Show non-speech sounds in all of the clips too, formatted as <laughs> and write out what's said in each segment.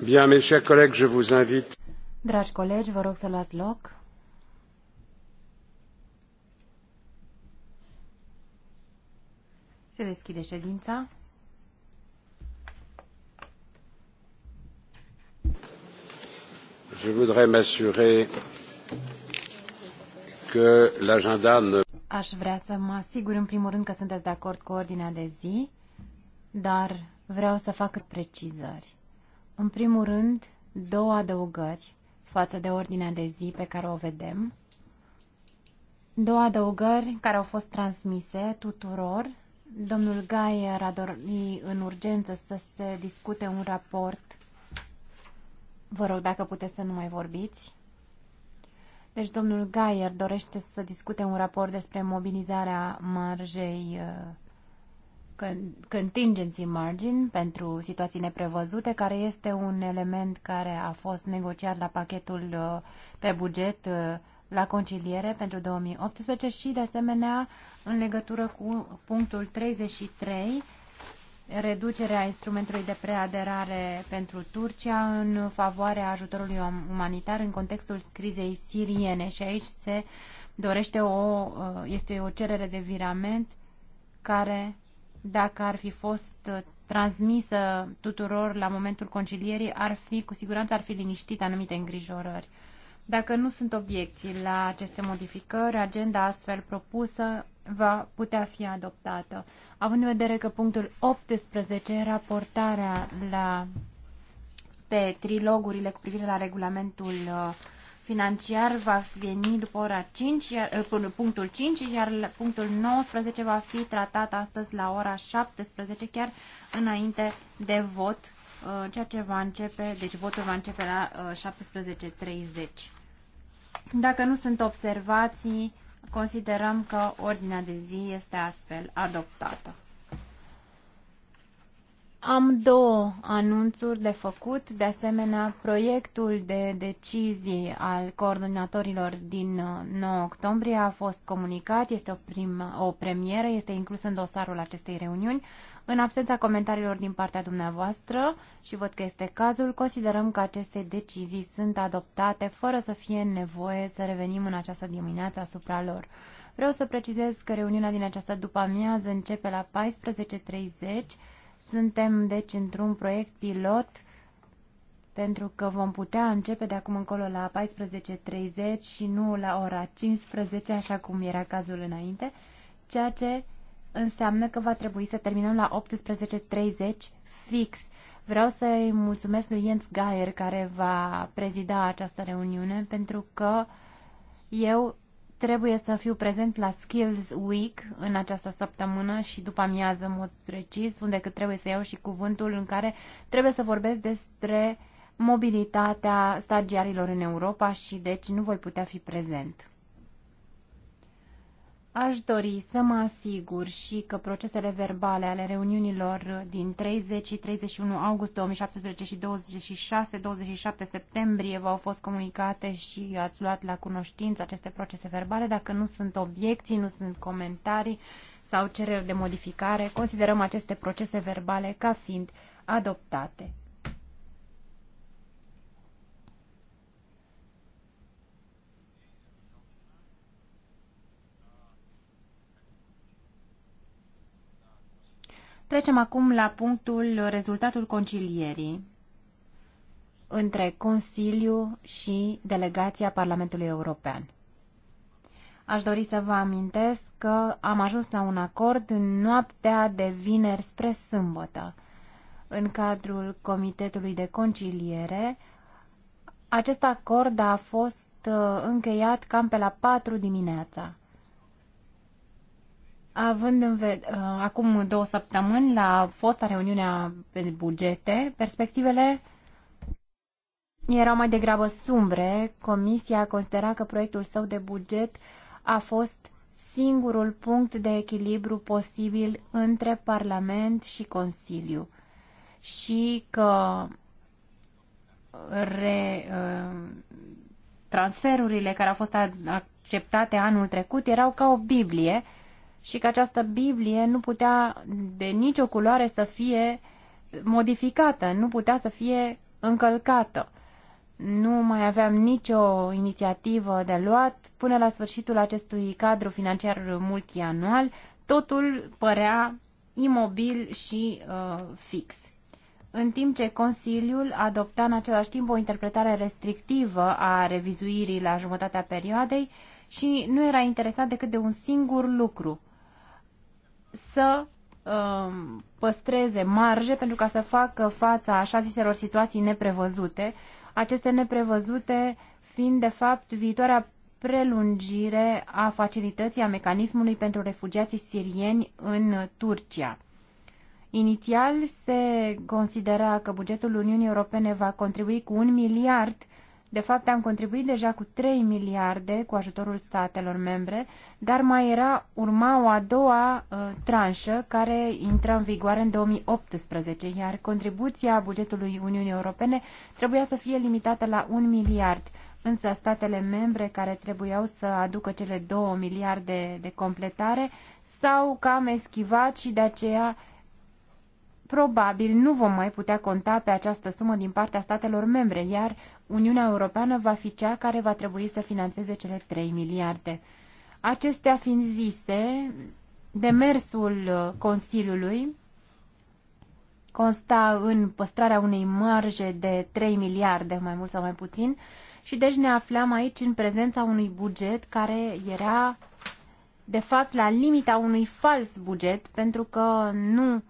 Bien, mes chers collègues, je vous invite. Dragi colegi, vă rog să luați loc. Se deschide ședința. Je voudrais m'assurer que l'agenda ne... Aș vrea să mă asigur în primul rând că sunteți de acord cu ordinea de zi, dar vreau să fac precizări. În primul rând, două adăugări față de ordinea de zi pe care o vedem. Două adăugări care au fost transmise tuturor. Domnul Gaier a dorit în urgență să se discute un raport. Vă rog dacă puteți să nu mai vorbiți. Deci domnul Gaier dorește să discute un raport despre mobilizarea marjei uh, contingency margin pentru situații neprevăzute, care este un element care a fost negociat la pachetul uh, pe buget uh, la conciliere pentru 2018 și, de asemenea, în legătură cu punctul 33, reducerea instrumentului de preaderare pentru Turcia în favoarea ajutorului um- umanitar în contextul crizei siriene și aici se dorește o, uh, este o cerere de virament care dacă ar fi fost uh, transmisă tuturor la momentul concilierii, ar fi, cu siguranță ar fi liniștit anumite îngrijorări. Dacă nu sunt obiecții la aceste modificări, agenda astfel propusă va putea fi adoptată. Având în vedere că punctul 18, raportarea la, pe trilogurile cu privire la regulamentul uh, financiar va veni după ora 5, iar, eh, punctul 5, iar punctul 19 va fi tratat astăzi la ora 17, chiar înainte de vot, eh, ceea ce va începe, deci votul va începe la 17.30. Eh, Dacă nu sunt observații, considerăm că ordinea de zi este astfel adoptată. Am două anunțuri de făcut. De asemenea, proiectul de decizii al coordonatorilor din 9 uh, octombrie a fost comunicat, este o, prim, o premieră, este inclus în dosarul acestei reuniuni. În absența comentariilor din partea dumneavoastră, și văd că este cazul, considerăm că aceste decizii sunt adoptate fără să fie nevoie să revenim în această dimineață asupra lor. Vreau să precizez că reuniunea din această după amiază începe la 14.30 suntem, deci, într-un proiect pilot pentru că vom putea începe de acum încolo la 14.30 și nu la ora 15, așa cum era cazul înainte, ceea ce înseamnă că va trebui să terminăm la 18.30 fix. Vreau să-i mulțumesc lui Jens Gaier care va prezida această reuniune pentru că eu Trebuie să fiu prezent la Skills Week în această săptămână și după amiază, în mod precis, unde că trebuie să iau și cuvântul în care trebuie să vorbesc despre mobilitatea stagiarilor în Europa și deci nu voi putea fi prezent. Aș dori să mă asigur și că procesele verbale ale reuniunilor din 30 și 31 august 2017 și 26-27 septembrie v-au fost comunicate și ați luat la cunoștință aceste procese verbale. Dacă nu sunt obiecții, nu sunt comentarii sau cereri de modificare, considerăm aceste procese verbale ca fiind adoptate. Trecem acum la punctul rezultatul concilierii între Consiliu și delegația Parlamentului European. Aș dori să vă amintesc că am ajuns la un acord în noaptea de vineri spre sâmbătă. În cadrul Comitetului de Conciliere, acest acord a fost uh, încheiat cam pe la 4 dimineața. Având în ved- uh, acum două săptămâni la fosta reuniune a bugete, perspectivele erau mai degrabă sumbre. Comisia considera că proiectul său de buget a fost singurul punct de echilibru posibil între Parlament și Consiliu și că re, uh, transferurile care au fost acceptate anul trecut erau ca o Biblie și că această Biblie nu putea de nicio culoare să fie modificată, nu putea să fie încălcată. Nu mai aveam nicio inițiativă de luat până la sfârșitul acestui cadru financiar multianual. Totul părea imobil și uh, fix. În timp ce Consiliul adopta în același timp o interpretare restrictivă a revizuirii la jumătatea perioadei și nu era interesat decât de un singur lucru, să um, păstreze marje pentru ca să facă fața așa ziselor situații neprevăzute, aceste neprevăzute fiind de fapt viitoarea prelungire a facilității a mecanismului pentru refugiații sirieni în Turcia. Inițial se considera că bugetul Uniunii Europene va contribui cu un miliard de fapt, am contribuit deja cu 3 miliarde cu ajutorul statelor membre, dar mai era urma o a doua uh, tranșă care intră în vigoare în 2018, iar contribuția bugetului Uniunii Europene trebuia să fie limitată la 1 miliard. Însă statele membre care trebuiau să aducă cele 2 miliarde de completare s-au cam eschivat și de aceea probabil nu vom mai putea conta pe această sumă din partea statelor membre, iar Uniunea Europeană va fi cea care va trebui să financeze cele 3 miliarde. Acestea fiind zise, demersul uh, Consiliului consta în păstrarea unei marje de 3 miliarde, mai mult sau mai puțin, și deci ne aflam aici în prezența unui buget care era, de fapt, la limita unui fals buget, pentru că nu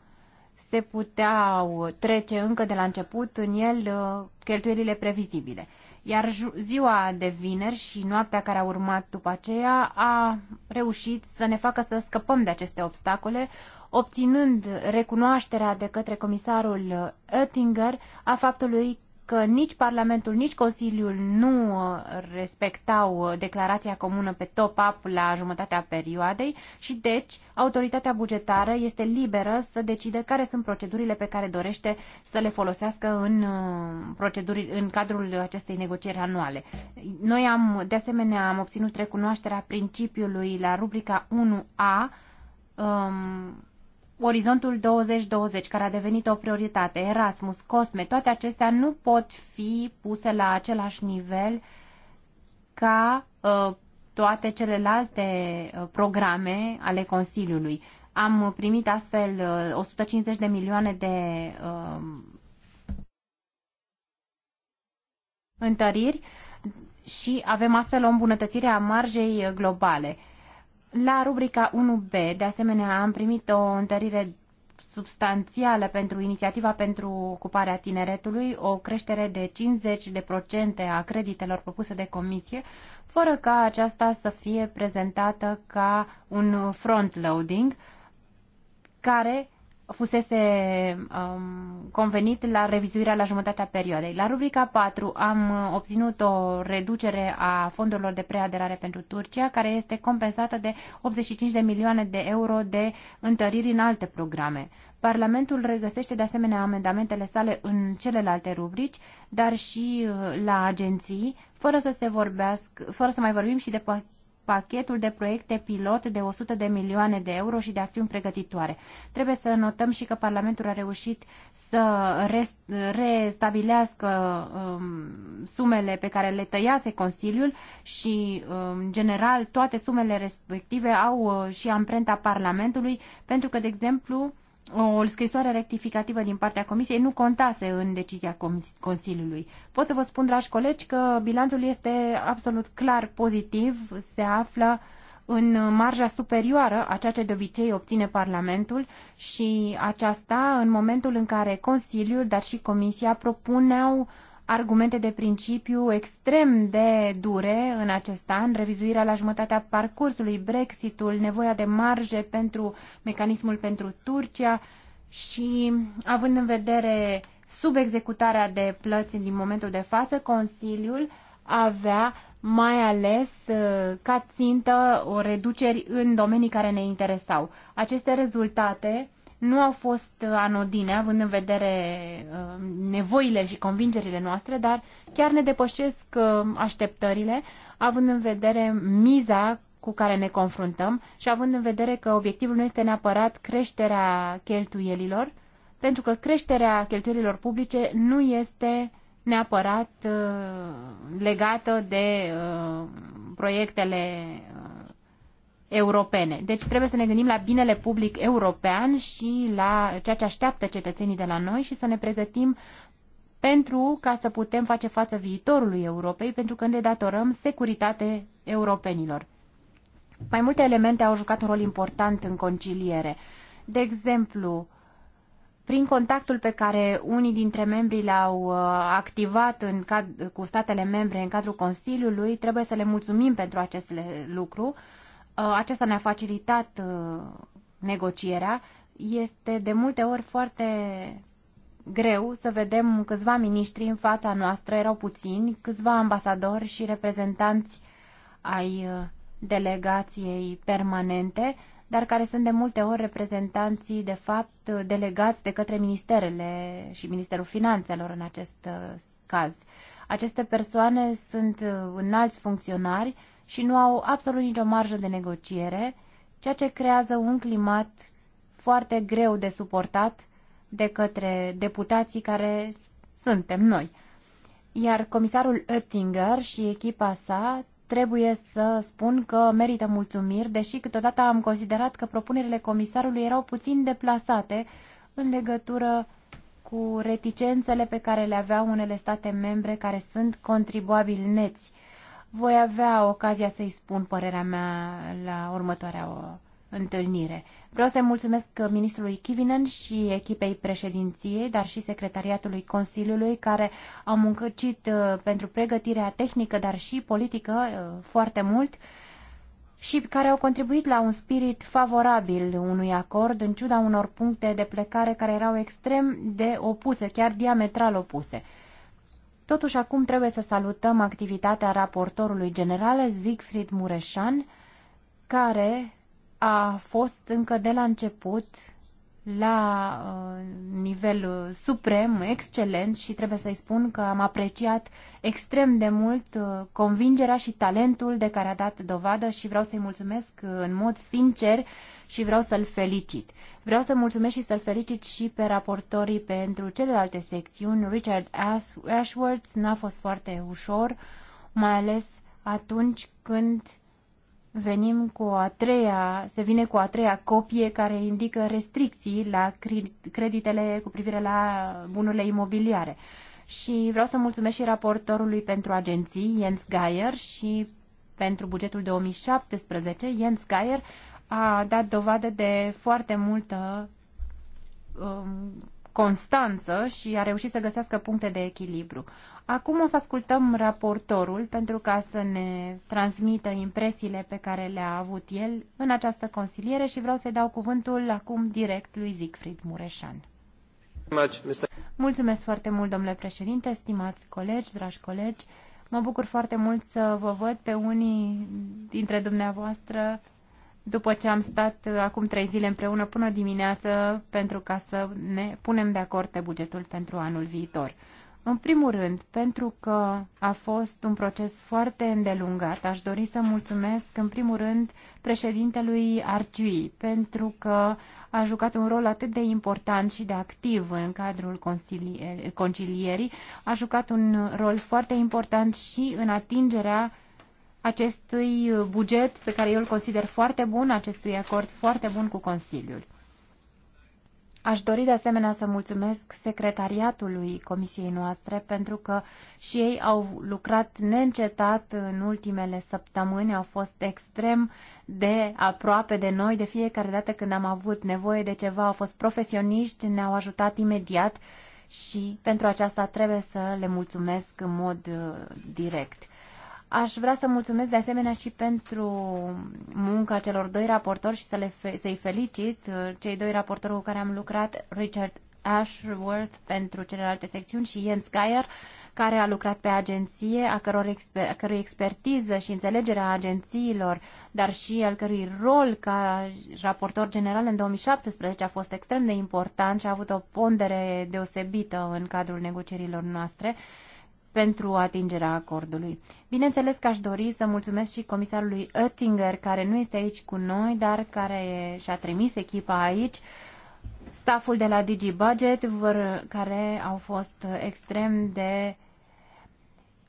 se puteau trece încă de la început în el uh, cheltuielile previzibile. Iar ziua de vineri și noaptea care a urmat după aceea a reușit să ne facă să scăpăm de aceste obstacole, obținând recunoașterea de către comisarul Oettinger a faptului că nici Parlamentul, nici Consiliul nu uh, respectau uh, declarația comună pe top-up la jumătatea perioadei și deci autoritatea bugetară este liberă să decide care sunt procedurile pe care dorește să le folosească în, uh, proceduri, în cadrul acestei negocieri anuale. Noi am, de asemenea, am obținut recunoașterea principiului la rubrica 1A um, Orizontul 2020, care a devenit o prioritate, Erasmus, Cosme, toate acestea nu pot fi puse la același nivel ca uh, toate celelalte uh, programe ale Consiliului. Am primit astfel ă, uh, 150 de milioane de uh, întăriri și avem astfel o îmbunătățire a marjei globale. Uh, la rubrica 1B, de asemenea, am primit o întărire substanțială pentru inițiativa pentru ocuparea tineretului, o creștere de 50% a creditelor propuse de comisie, fără ca aceasta să fie prezentată ca un front-loading, care fusese um, convenit la revizuirea la jumătatea perioadei. La rubrica 4 am uh, obținut o reducere a fondurilor de preaderare pentru Turcia, care este compensată de 85 de milioane de euro de întăriri în alte programe. Parlamentul regăsește de asemenea amendamentele sale în celelalte rubrici, dar și uh, la agenții, fără să se vorbească, fără să mai vorbim și de pachetul de proiecte pilot de 100 de milioane de euro și de acțiuni pregătitoare. Trebuie să notăm și că Parlamentul a reușit să restabilească um, sumele pe care le tăiase Consiliul și, um, în um, general, toate sumele respective au uh, și amprenta Parlamentului, pentru că, de exemplu, o scrisoare rectificativă din partea Comisiei nu contase în decizia Consiliului. Pot să vă spun, dragi colegi, că bilanțul este absolut clar pozitiv, se află în marja superioară a ceea ce de obicei obține Parlamentul și aceasta în momentul în care Consiliul, dar și Comisia propuneau uh, argumente de principiu extrem de dure în acest an, revizuirea la jumătatea parcursului, Brexitul, nevoia de marje pentru mecanismul pentru Turcia și având în vedere subexecutarea de plăți din momentul de față, Consiliul avea mai ales uh, ca țintă o reduceri în domenii care ne interesau. Aceste rezultate nu au fost uh, anodine, având în vedere uh, nevoile și convingerile noastre, dar chiar ne depășesc uh, așteptările, având în vedere miza cu care ne confruntăm și având în vedere că obiectivul nu este neapărat creșterea cheltuielilor, pentru că creșterea cheltuielilor publice nu este neapărat legată de proiectele europene. Deci trebuie să ne gândim la binele public european și la ceea ce așteaptă cetățenii de la noi și să ne pregătim pentru ca să putem face față viitorului Europei, pentru că ne datorăm securitate europenilor. Mai multe elemente au jucat un rol important în conciliere. De exemplu, prin contactul pe care unii dintre membrii l-au uh, activat în cad- cu statele membre în cadrul Consiliului, trebuie să le mulțumim pentru acest lucru Uh, aceasta ne-a facilitat uh, negocierea. Este de multe ori foarte greu să vedem câțiva miniștri în fața noastră, erau puțini, câțiva ambasadori și reprezentanți ai uh, delegației permanente, dar care sunt de multe ori reprezentanții, de fapt, delegați de către ministerele și Ministerul Finanțelor în acest caz. Aceste persoane sunt înalți funcționari și nu au absolut nicio marjă de negociere, ceea ce creează un climat foarte greu de suportat de către deputații care suntem noi. Iar comisarul Oettinger și echipa sa trebuie să spun că merită mulțumiri, deși câteodată am considerat că propunerile comisarului erau puțin deplasate în legătură cu reticențele pe care le aveau unele state membre care sunt contribuabili neți voi avea ocazia să-i spun părerea mea la următoarea o întâlnire. Vreau să-i mulțumesc ministrului Kivinen și echipei președinției, dar și secretariatului Consiliului, care au muncit uh, pentru pregătirea tehnică, dar și politică uh, foarte mult și care au contribuit la un spirit favorabil unui acord, în ciuda unor puncte de plecare care erau extrem de opuse, chiar diametral opuse. Totuși, acum trebuie să salutăm activitatea raportorului general Siegfried Mureșan, care a fost încă de la început la uh, nivel uh, suprem, excelent și trebuie să-i spun că am apreciat extrem de mult uh, convingerea și talentul de care a dat dovadă și vreau să-i mulțumesc în mod sincer și vreau să-l felicit. Vreau să mulțumesc și să-l felicit și pe raportorii pentru celelalte secțiuni. Richard Ashworth n-a fost foarte ușor, mai ales atunci când venim cu a treia, se vine cu a treia copie care indică restricții la creditele cu privire la bunurile imobiliare. Și vreau să mulțumesc și raportorului pentru agenții, Jens Geier, și pentru bugetul 2017, Jens Geier a dat dovadă de foarte multă um, constanță și a reușit să găsească puncte de echilibru. Acum o să ascultăm raportorul pentru ca să ne transmită impresiile pe care le-a avut el în această consiliere și vreau să-i dau cuvântul acum direct lui Siegfried Mureșan. Mulțumesc foarte mult, domnule președinte, stimați colegi, dragi colegi. Mă bucur foarte mult să vă văd pe unii dintre dumneavoastră după ce am stat acum trei zile împreună până dimineață pentru ca să ne punem de acord pe bugetul pentru anul viitor. În primul rând, pentru că a fost un proces foarte îndelungat, aș dori să mulțumesc în primul rând președintelui Arciui, pentru că a jucat un rol atât de important și de activ în cadrul concilierii, a jucat un rol foarte important și în atingerea acestui buget pe care eu îl consider foarte bun, acestui acord foarte bun cu Consiliul. Aș dori de asemenea să mulțumesc secretariatului comisiei noastre pentru că și ei au lucrat neîncetat în ultimele săptămâni, au fost extrem de aproape de noi, de fiecare dată când am avut nevoie de ceva, au fost profesioniști, ne-au ajutat imediat și pentru aceasta trebuie să le mulțumesc în mod uh, direct. Aș vrea să mulțumesc de asemenea și pentru munca celor doi raportori și să le fe- să-i felicit, uh, cei doi raportori cu care am lucrat, Richard Ashworth pentru celelalte secțiuni și Jens Geier, care a lucrat pe agenție, a, căror exper- a cărui expertiză și înțelegerea agențiilor, dar și al cărui rol ca raportor general în 2017 a fost extrem de important și a avut o pondere deosebită în cadrul negocierilor noastre. Uh, pentru atingerea acordului. Bineînțeles că aș dori să mulțumesc și comisarului Oettinger, care nu este aici cu noi, dar care și-a trimis echipa aici, stafful de la DigiBudget, care au fost extrem de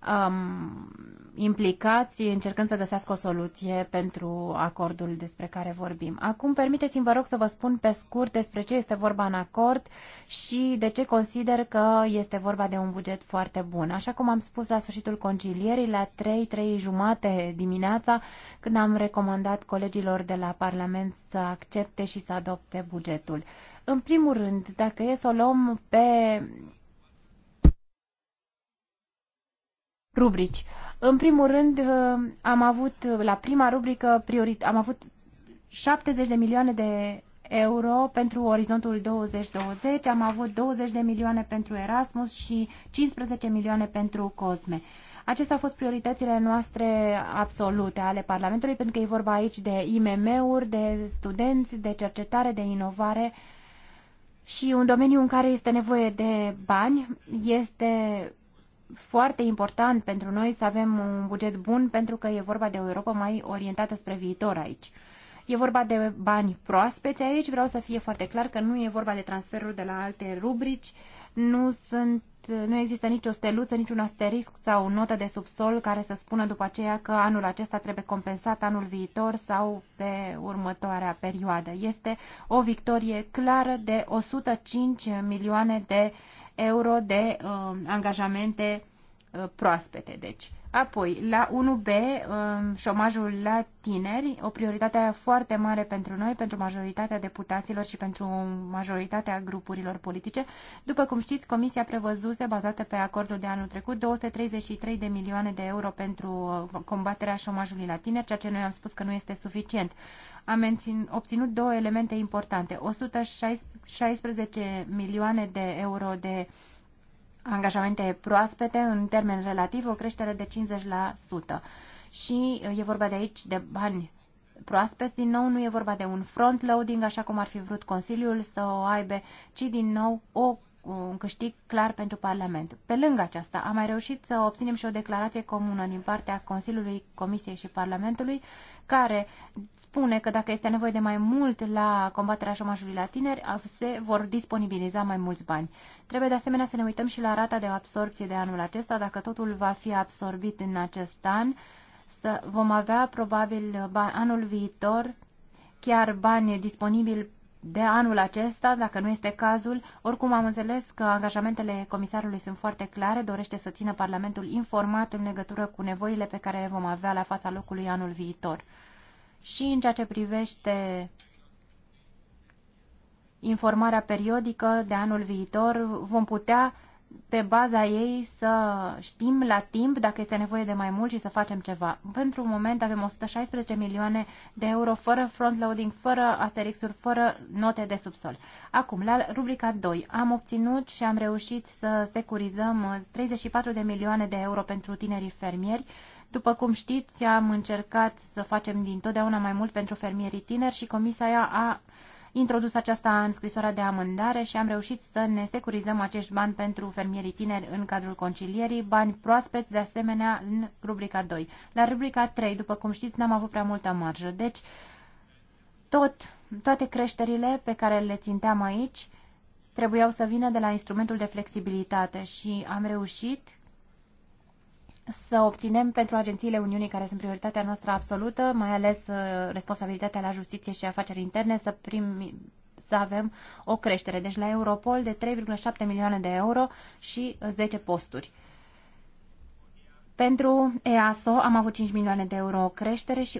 um, implicați încercând să găsească o soluție pentru acordul despre care vorbim. Acum permiteți-mi, vă rog, să vă spun pe scurt despre ce este vorba în acord și de ce consider că este vorba de un buget foarte bun. Așa cum am spus la sfârșitul concilierii, la 3, 3 jumate dimineața, când am recomandat colegilor de la Parlament să accepte și să adopte bugetul. În primul rând, dacă e să o luăm pe rubrici. În primul rând, uh, am avut uh, la prima rubrică priorit- am avut 70 de milioane de euro pentru orizontul 2020, am avut 20 de milioane pentru Erasmus și 15 milioane pentru Cosme. Acestea au fost prioritățile noastre absolute ale Parlamentului, pentru că e vorba aici de IMM-uri, de studenți, de cercetare, de inovare și un domeniu în care este nevoie de bani este foarte important pentru noi să avem un buget bun pentru că e vorba de o Europa mai orientată spre viitor aici. E vorba de bani proaspeți aici, vreau să fie foarte clar că nu e vorba de transferuri de la alte rubrici, nu, sunt, nu există nicio steluță, niciun asterisc sau notă de subsol care să spună după aceea că anul acesta trebuie compensat anul viitor sau pe următoarea perioadă. Este o victorie clară de 105 milioane de euro euro de uh, angajamente Uh, proaspete, deci. Apoi, la 1B, um, șomajul la tineri, o prioritate foarte mare pentru noi, pentru majoritatea deputaților și pentru majoritatea grupurilor politice. După cum știți, Comisia prevăzuse, bazată pe acordul de anul trecut, 233 de milioane de euro pentru uh, combaterea șomajului la tineri, ceea ce noi am spus că nu este suficient. Am obținut două elemente importante, 116 milioane de euro de uh, angajamente proaspete, în termen relativ, o creștere de 50%. Și e vorba de aici de bani proaspeți, din nou nu e vorba de un front-loading, așa cum ar fi vrut Consiliul să o aibă, ci din nou o un câștig clar pentru Parlament. Pe lângă aceasta, am mai reușit să obținem și o declarație comună din partea Consiliului, Comisiei și Parlamentului, care spune că dacă este nevoie de mai mult la combaterea șomajului la tineri, se vor disponibiliza mai mulți bani. Trebuie de asemenea să ne uităm și la rata de absorpție de anul acesta, dacă totul va fi absorbit în acest an, să vom avea probabil anul viitor chiar bani disponibili de anul acesta, dacă nu este cazul. Oricum am înțeles că angajamentele comisarului sunt foarte clare, dorește să țină Parlamentul informat în legătură cu nevoile pe care le vom avea la fața locului anul viitor. Și în ceea ce privește informarea periodică de anul viitor, vom putea pe baza ei să știm la timp dacă este nevoie de mai mult și să facem ceva. Pentru un moment avem 116 milioane de euro fără frontloading, fără asterixuri, fără note de subsol. Acum, la rubrica 2, am obținut și am reușit să securizăm 34 de milioane de euro pentru tinerii fermieri. După cum știți, am încercat să facem din totdeauna mai mult pentru fermierii tineri și comisia a introdus aceasta în scrisoarea de amândare și am reușit să ne securizăm acești bani pentru fermierii tineri în cadrul concilierii, bani proaspeți de asemenea în rubrica 2. La rubrica 3, după cum știți, n-am avut prea multă marjă, deci tot, toate creșterile pe care le ținteam aici trebuiau să vină de la instrumentul de flexibilitate și am reușit să obținem pentru agențiile Uniunii, care sunt prioritatea noastră absolută, mai ales uh, responsabilitatea la justiție și afaceri interne, să, primi, să avem o creștere. Deci la Europol de 3,7 milioane de euro și 10 uh, posturi. Pentru EASO am avut 5 milioane de euro o creștere și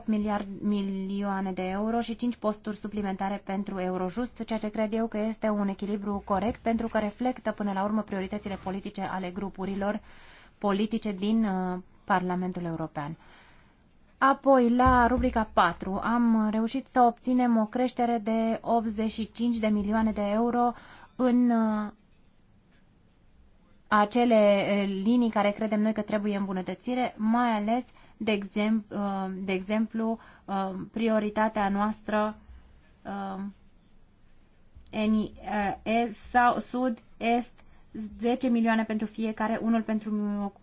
1,8 miliard milioane de euro și 5 posturi suplimentare pentru Eurojust, ceea ce cred eu că este un echilibru corect pentru că reflectă până la urmă prioritățile politice ale grupurilor politice din uh, Parlamentul European. Apoi, la rubrica 4, am reușit să obținem o creștere de 85 de milioane de euro în uh, acele uh, linii care credem noi că trebuie îmbunătățire, mai ales, de exemplu, de exemplu prioritatea noastră Est sau Sud, Est 10 milioane pentru fiecare, unul pentru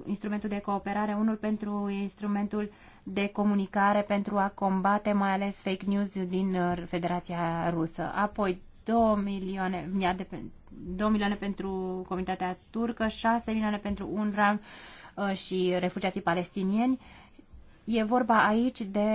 instrumentul de cooperare, unul pentru instrumentul de comunicare pentru a combate mai ales fake news din uh, Federația Rusă. Apoi 2 milioane, miliarde, 2 milioane pentru comunitatea turcă, 6 milioane pentru UNRWA uh, și refugiații palestinieni. E vorba aici de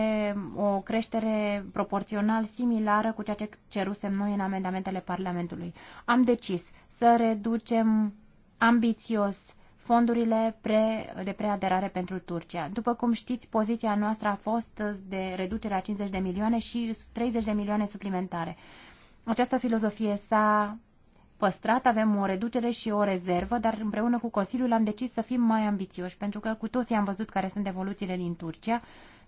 o creștere proporțional similară cu ceea ce cerusem noi în amendamentele Parlamentului. Am decis să reducem ambițios fondurile pre, de preaderare pentru Turcia. După cum știți, poziția noastră a fost de reducerea 50 de milioane și 30 de milioane suplimentare. Această filozofie s-a păstrat, avem o reducere și o rezervă, dar împreună cu Consiliul am decis să fim mai ambițioși, pentru că cu toții am văzut care sunt evoluțiile din Turcia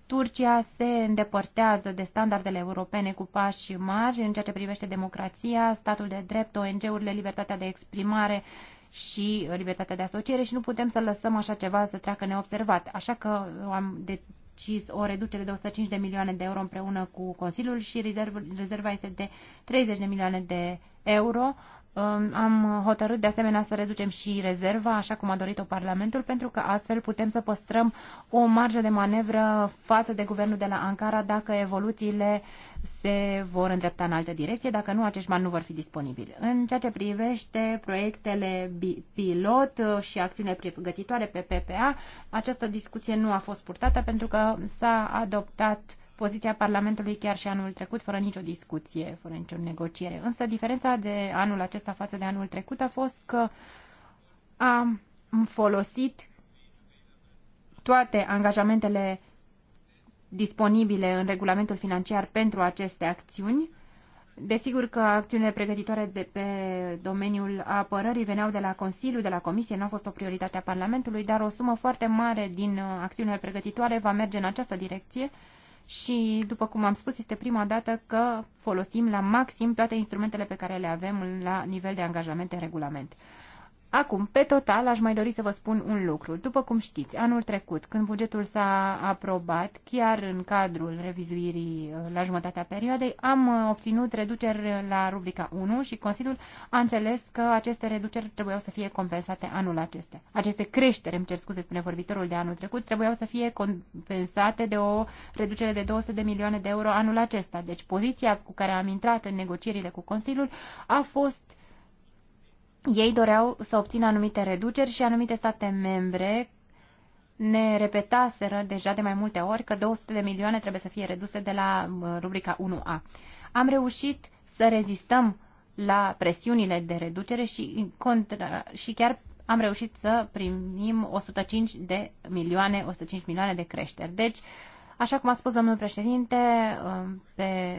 Turcia se îndepărtează de standardele europene cu pași mari în ceea ce privește democrația, statul de drept, ONG-urile, libertatea de exprimare și libertatea de asociere și nu putem să lăsăm așa ceva să treacă neobservat. Așa că am decis o reducere de 105 de milioane de euro împreună cu Consiliul și rezerv, rezerva este de 30 de milioane de euro Um, am hotărât de asemenea să reducem și rezerva, așa cum a dorit-o Parlamentul, pentru că astfel putem să păstrăm o marjă de manevră față de guvernul de la Ankara dacă evoluțiile se vor îndrepta în altă direcție, dacă nu, acești bani nu vor fi disponibili. În ceea ce privește proiectele pilot uh, și acțiunile pregătitoare pe PPA, această discuție nu a fost purtată pentru că s-a adoptat poziția Parlamentului chiar și anul trecut, fără nicio discuție, fără nicio negociere. Însă diferența de anul acesta față de anul trecut a fost că am folosit toate angajamentele disponibile în regulamentul financiar pentru aceste acțiuni. Desigur că acțiunile pregătitoare de pe domeniul apărării veneau de la Consiliu, de la Comisie, nu a fost o prioritate a Parlamentului, dar o sumă foarte mare din uh, acțiunile pregătitoare va merge în această direcție și, după cum am spus, este prima dată că folosim la maxim toate instrumentele pe care le avem la nivel de angajamente în regulament. Acum, pe total, aș mai dori să vă spun un lucru. După cum știți, anul trecut, când bugetul s-a aprobat, chiar în cadrul revizuirii uh, la jumătatea perioadei, am uh, obținut reduceri la rubrica 1 și Consiliul a înțeles că aceste reduceri trebuiau să fie compensate anul acesta. Aceste creșteri, îmi cer scuze, spune vorbitorul de anul trecut, trebuiau să fie compensate de o reducere de 200 de milioane de euro anul acesta. Deci poziția cu care am intrat în negocierile cu Consiliul a fost ei doreau să obțină anumite reduceri și anumite state membre ne repetaseră deja de mai multe ori că 200 de milioane trebuie să fie reduse de la uh, rubrica 1A. Am reușit să rezistăm la presiunile de reducere și, contra, și chiar am reușit să primim 105 de milioane, 105 milioane de creșteri. Deci, așa cum a spus domnul președinte, uh, pe,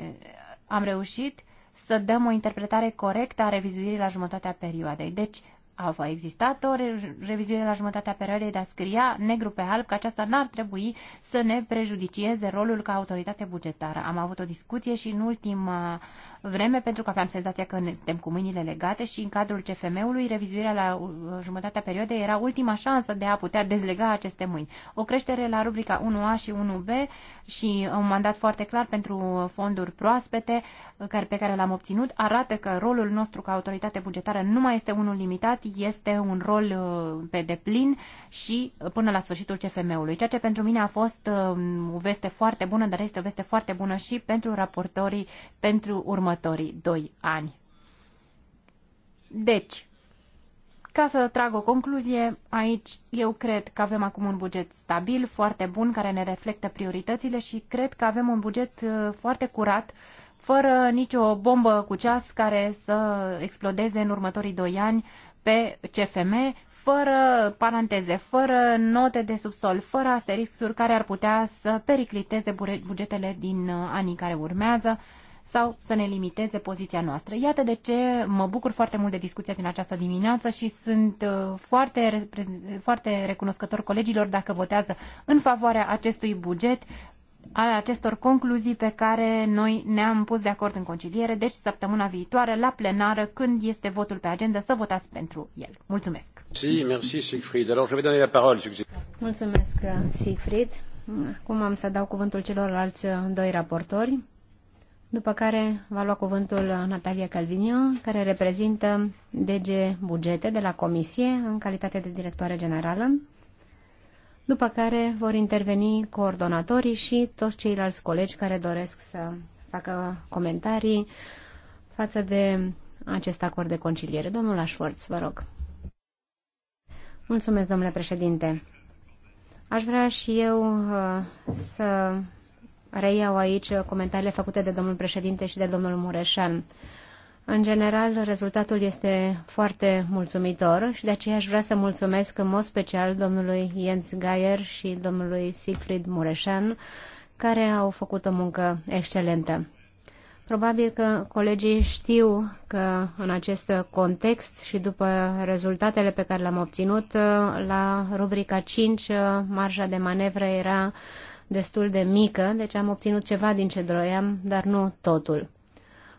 am reușit să dăm o interpretare corectă a revizuirii la jumătatea perioadei. Deci, a existat o revizuire la jumătatea perioadei, dar scria negru pe alb că aceasta n-ar trebui să ne prejudicieze rolul ca autoritate bugetară. Am avut o discuție și în ultima vreme pentru că aveam senzația că ne suntem cu mâinile legate și în cadrul CFM-ului revizuirea la uh, jumătatea perioadei era ultima șansă de a putea dezlega aceste mâini. O creștere la rubrica 1A și 1B și un mandat foarte clar pentru fonduri proaspete uh, care, pe care l-am obținut arată că rolul nostru ca autoritate bugetară nu mai este unul limitat, este un rol uh, pe deplin și până la sfârșitul CFM-ului, ceea ce pentru mine a fost o veste foarte bună, dar este o veste foarte bună și pentru raportorii pentru urmă următorii doi ani. Deci, ca să trag o concluzie, aici eu cred că avem acum un buget stabil, foarte bun, care ne reflectă prioritățile și cred că avem un buget uh, foarte curat, fără nicio bombă cu ceas care să explodeze în următorii doi ani pe CFM, fără paranteze, fără note de subsol, fără asterisuri care ar putea să pericliteze bugetele din uh, anii care urmează, sau să ne limiteze poziția noastră. Iată de ce mă bucur foarte mult de discuția din această dimineață și sunt uh, foarte, foarte recunoscător colegilor dacă votează în favoarea acestui buget, ale acestor concluzii pe care noi ne-am pus de acord în conciliere, deci săptămâna viitoare, la plenară, când este votul pe agenda, să votați pentru el. Mulțumesc! Si, merci, Siegfried. la Mulțumesc, Siegfried. Acum am să dau cuvântul celorlalți doi raportori după care va lua cuvântul Natalia Calvinion, care reprezintă DG Bugete de la Comisie în calitate de directoare generală, după care vor interveni coordonatorii și toți ceilalți colegi care doresc să facă comentarii față de acest acord de conciliere. Domnul Ashworth, vă rog. Mulțumesc, domnule președinte. Aș vrea și eu uh, să Reiau aici comentariile făcute de domnul președinte și de domnul Mureșan. În general, rezultatul este foarte mulțumitor și de aceea aș vrea să mulțumesc în mod special domnului Jens Geier și domnului Siegfried Mureșan, care au făcut o muncă excelentă. Probabil că colegii știu că în acest context și după rezultatele pe care le-am obținut, la rubrica 5, marja de manevră era destul de mică, deci am obținut ceva din ce doream, dar nu totul.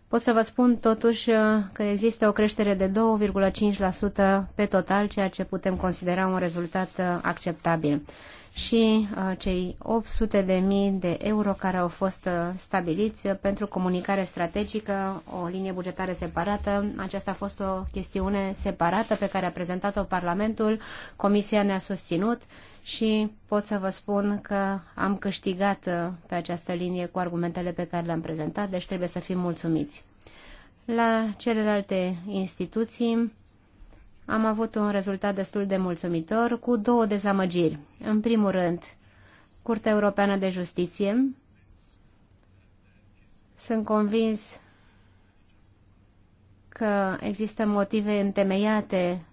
Pot să vă spun totuși uh, că există o creștere de 2,5% pe total, ceea ce putem considera un rezultat uh, acceptabil și uh, cei 800 de mii de euro care au fost uh, stabiliți uh, pentru comunicare strategică, o linie bugetară separată. Aceasta a fost o chestiune separată pe care a prezentat-o Parlamentul, Comisia ne-a susținut și pot să vă spun că am câștigat pe această linie cu argumentele pe care le-am prezentat, deci trebuie să fim mulțumiți. La celelalte instituții, am avut un rezultat destul de mulțumitor cu două dezamăgiri. În primul rând, Curtea Europeană de Justiție. Sunt convins că există motive întemeiate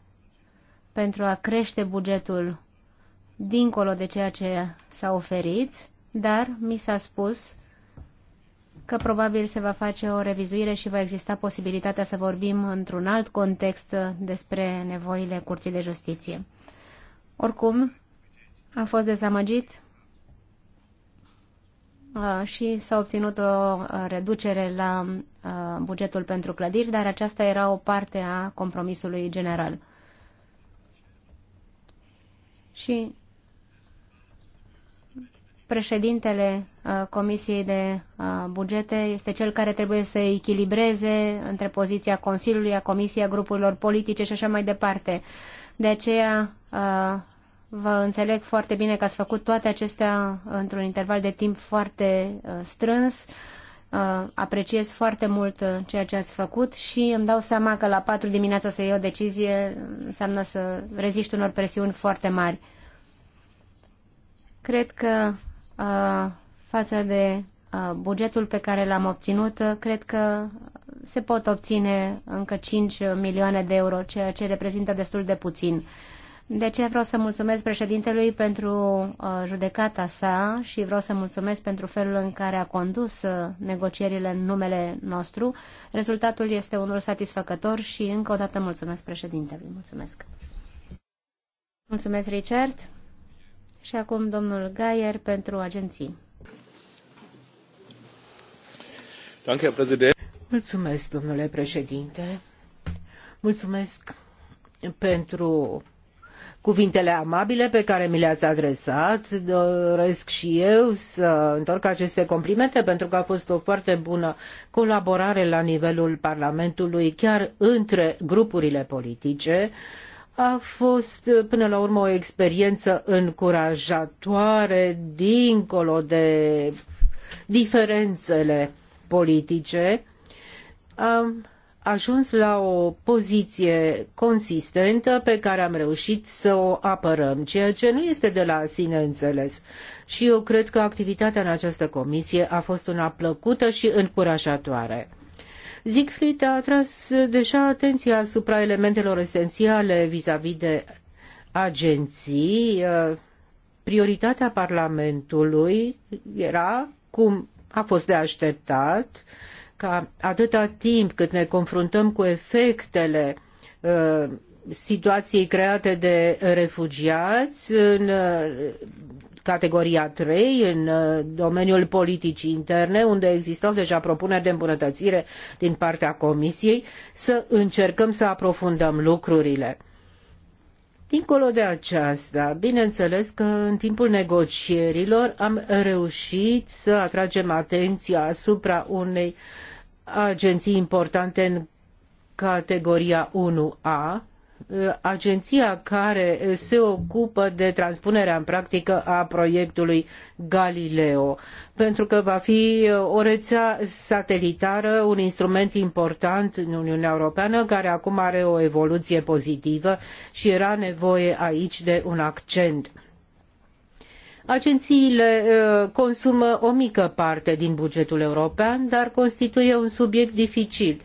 pentru a crește bugetul dincolo de ceea ce s-a oferit, dar mi s-a spus că probabil se va face o revizuire și va exista posibilitatea să vorbim într-un alt context despre nevoile Curții de Justiție. Oricum, am fost dezamăgit uh, și s-a obținut o uh, reducere la uh, bugetul pentru clădiri, dar aceasta era o parte a compromisului general. Și Președintele uh, Comisiei de uh, Bugete este cel care trebuie să echilibreze între poziția Consiliului, a Comisiei, a grupurilor politice și așa mai departe. De aceea uh, vă înțeleg foarte bine că ați făcut toate acestea într-un interval de timp foarte strâns. Apreciez foarte mult ceea ce ați făcut și îmi dau seama că la 4 dimineața să iei o decizie înseamnă să reziști unor presiuni foarte mari. Cred că față de bugetul pe care l-am obținut, cred că se pot obține încă 5 milioane de euro, ceea ce reprezintă destul de puțin. De ce vreau să mulțumesc președintelui pentru judecata sa și vreau să mulțumesc pentru felul în care a condus negocierile în numele nostru. Rezultatul este unul satisfăcător și încă o dată mulțumesc președintelui. Mulțumesc. Mulțumesc, Richard. Și acum domnul Gaier pentru agenții. Mulțumesc, domnule președinte. Mulțumesc pentru cuvintele amabile pe care mi le-ați adresat. Doresc și eu să întorc aceste complimente pentru că a fost o foarte bună colaborare la nivelul Parlamentului, chiar între grupurile politice. Uh, a fost până la urmă o experiență încurajatoare dincolo de diferențele politice. Am ajuns la o poziție consistentă pe care am reușit să o apărăm, ceea ce nu este de la sine înțeles. Și eu cred că activitatea în această comisie a fost una plăcută și încurajatoare. Siegfried a atras deja atenția asupra elementelor esențiale vis-a-vis -vis de agenții. Prioritatea Parlamentului era, cum a fost de așteptat, ca atâta timp cât ne confruntăm cu efectele uh, situației create de refugiați în categoria 3 în uh, domeniul politicii interne, unde existau deja propuneri de îmbunătățire din partea Comisiei, să încercăm să aprofundăm lucrurile. Dincolo de aceasta, bineînțeles că în timpul negocierilor am reușit să atragem atenția asupra unei agenții importante în categoria 1A, Eh, agenția care eh, se ocupă de transpunerea în practică a proiectului Galileo, pentru că va fi eh, o rețea satelitară, un instrument important în Uniunea Europeană, care acum are o evoluție pozitivă și era nevoie aici de un accent. Agențiile consumă o mică parte din bugetul european, dar constituie un subiect dificil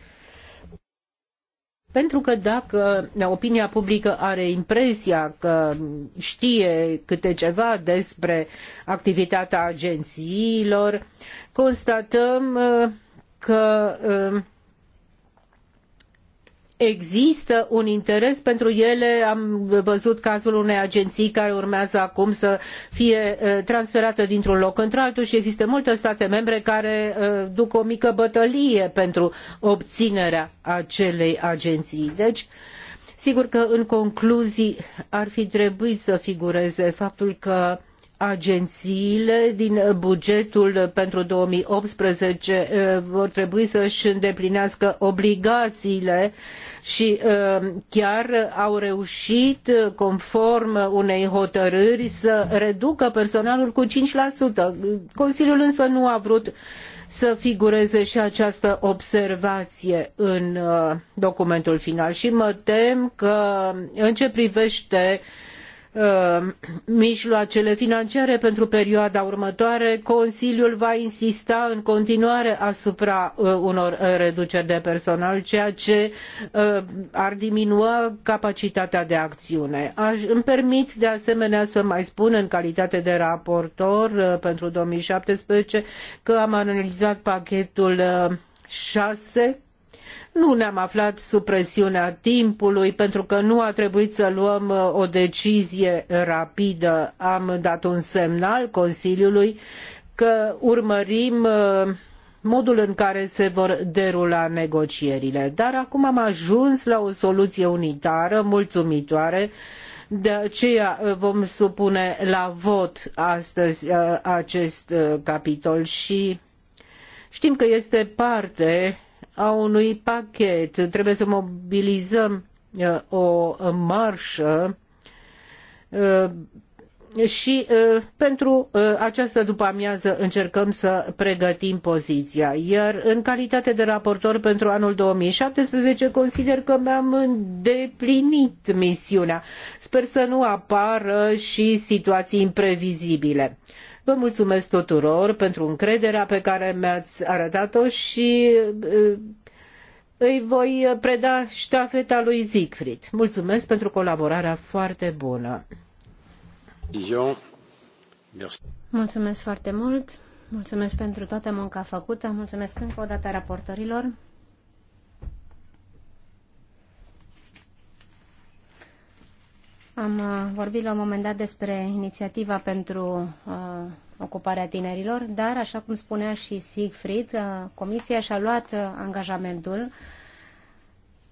pentru că dacă opinia publică are impresia că știe câte ceva despre activitatea agențiilor, constatăm uh, că uh, există un interes pentru ele. Am văzut cazul unei agenții care urmează acum să fie uh, transferată dintr-un loc într-altul și există multe state membre care uh, duc o mică bătălie pentru obținerea acelei agenții. Deci, sigur că în concluzii ar fi trebuit să figureze faptul că agențiile din bugetul pentru 2018 eh, vor trebui să își îndeplinească obligațiile și eh, chiar au reușit, conform unei hotărâri, să reducă personalul cu 5%. Consiliul însă nu a vrut să figureze și această observație în eh, documentul final și mă tem că în ce privește uh, Uh, mijloacele financiare pentru perioada următoare, Consiliul va insista în continuare asupra uh, unor uh, reduceri de personal, ceea ce ar diminua capacitatea de acțiune. îmi permit de asemenea să mai spun în calitate de raportor pentru 2017 că am analizat pachetul șase. Nu ne-am aflat sub presiunea timpului pentru că nu a trebuit să luăm uh, o decizie rapidă. Am dat un semnal Consiliului că urmărim uh, modul în care se vor derula negocierile. Dar acum am ajuns la o soluție unitară, mulțumitoare, de aceea uh, vom supune la vot astăzi acest capitol și știm că este parte a unui pachet. Trebuie să mobilizăm uh, o marșă uh, și uh, pentru această după amiază încercăm să pregătim poziția. Iar în calitate de raportor pentru anul 2017 consider că mi-am îndeplinit misiunea. Sper să nu apară și situații imprevizibile. Vă mulțumesc tuturor pentru încrederea pe care mi-ați arătat-o și uh, îi voi preda ștafeta lui Siegfried. Mulțumesc pentru colaborarea foarte bună. Mulțumesc foarte mult. Mulțumesc pentru toată munca făcută. Mulțumesc încă o dată raportorilor. Am uh, vorbit la un moment dat despre inițiativa pentru uh, ocuparea tinerilor, dar, așa cum spunea și Siegfried, uh, Comisia și-a luat uh, angajamentul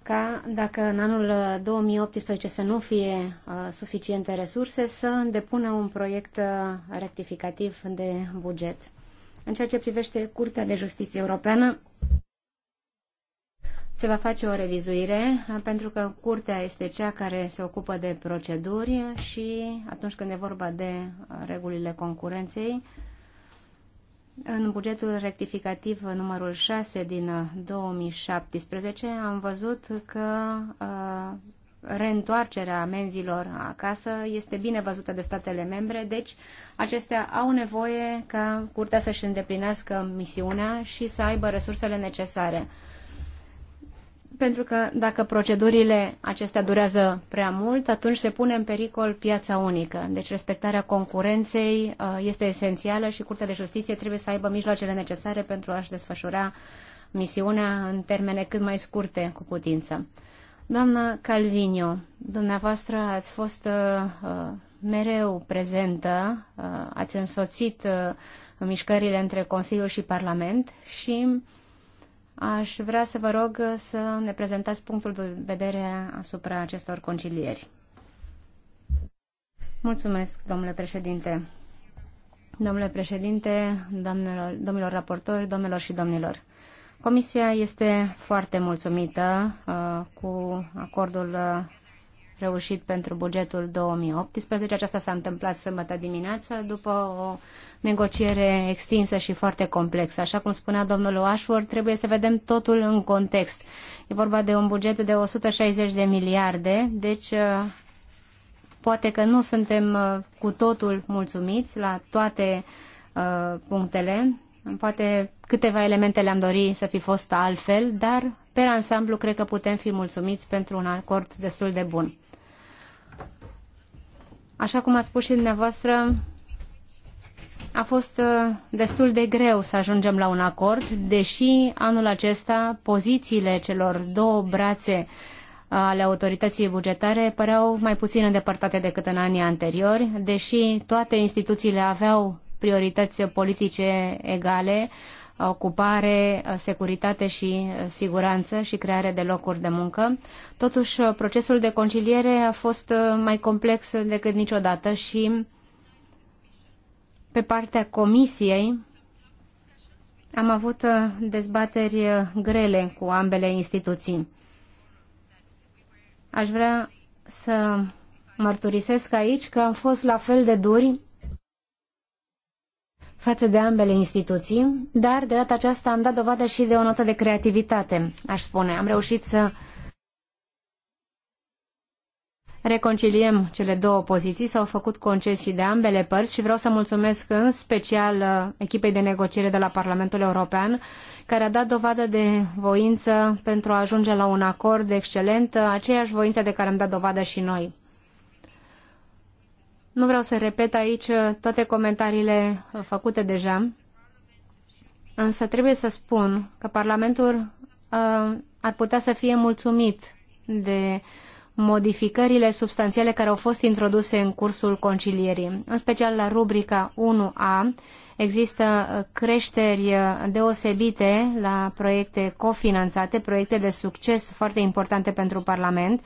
ca, dacă în anul 2018 uh, să nu fie uh, suficiente resurse, să îndepună un proiect uh, rectificativ de buget. În ceea ce privește Curtea de Justiție Europeană, se va face o revizuire, pentru că curtea este cea care se ocupă de proceduri și atunci când e vorba de uh, regulile concurenței, în bugetul rectificativ numărul 6 din 2017 uh, am văzut că uh, reîntoarcerea amenzilor acasă este bine văzută de statele membre, deci acestea au nevoie ca curtea să-și îndeplinească misiunea și să aibă resursele necesare pentru că dacă procedurile acestea durează prea mult, atunci se pune în pericol piața unică. Deci respectarea concurenței uh, este esențială și Curtea de Justiție trebuie să aibă mijloacele necesare pentru a-și desfășura misiunea în termene cât mai scurte cu putință. Doamna Calvinio, dumneavoastră ați fost uh, uh mereu prezentă, uh, ați însoțit uh, mișcările între Consiliu și Parlament și uh, Aș vrea să vă rog să ne prezentați punctul de vedere asupra acestor concilieri. Mulțumesc, domnule președinte. Domnule președinte, domnilor, domnilor raportori, domnilor și domnilor. Comisia este foarte mulțumită uh, cu acordul uh, reușit pentru bugetul 2018. Aceasta s-a întâmplat sâmbătă dimineață după o negociere extinsă și foarte complexă. Așa cum spunea domnul Ashworth, trebuie să vedem totul în context. E vorba de un buget de 160 de miliarde, deci uh, poate că nu suntem uh, cu totul mulțumiți la toate uh, punctele. Poate câteva elemente le-am dorit să fi fost altfel, dar pe ansamblu cred că putem fi mulțumiți pentru un acord destul de bun. Așa cum a spus și dumneavoastră, a fost uh, destul de greu să ajungem la un acord, deși anul acesta pozițiile celor două brațe uh, ale autorității bugetare păreau mai puțin îndepărtate decât în anii anteriori, deși toate instituțiile aveau priorități politice egale, ocupare, securitate și uh, siguranță și creare de locuri de muncă. Totuși, uh, procesul de conciliere a fost uh, mai complex decât niciodată și pe partea comisiei am avut dezbateri grele cu ambele instituții. Aș vrea să mărturisesc aici că am fost la fel de duri față de ambele instituții, dar de data aceasta am dat dovadă și de o notă de creativitate, aș spune. Am reușit să reconciliem cele două poziții, s-au făcut concesii de ambele părți și vreau să mulțumesc în special uh, echipei de negociere de la Parlamentul European, care a dat dovadă de voință pentru a ajunge la un acord excelent, uh, aceeași voință de care am dat dovadă și noi. Nu vreau să repet aici uh, toate comentariile uh, făcute deja, însă trebuie să spun că Parlamentul uh, ar putea să fie mulțumit de modificările substanțiale care au fost introduse în cursul concilierii. În special la rubrica 1A există creșteri deosebite la proiecte cofinanțate, proiecte de succes foarte importante pentru Parlament,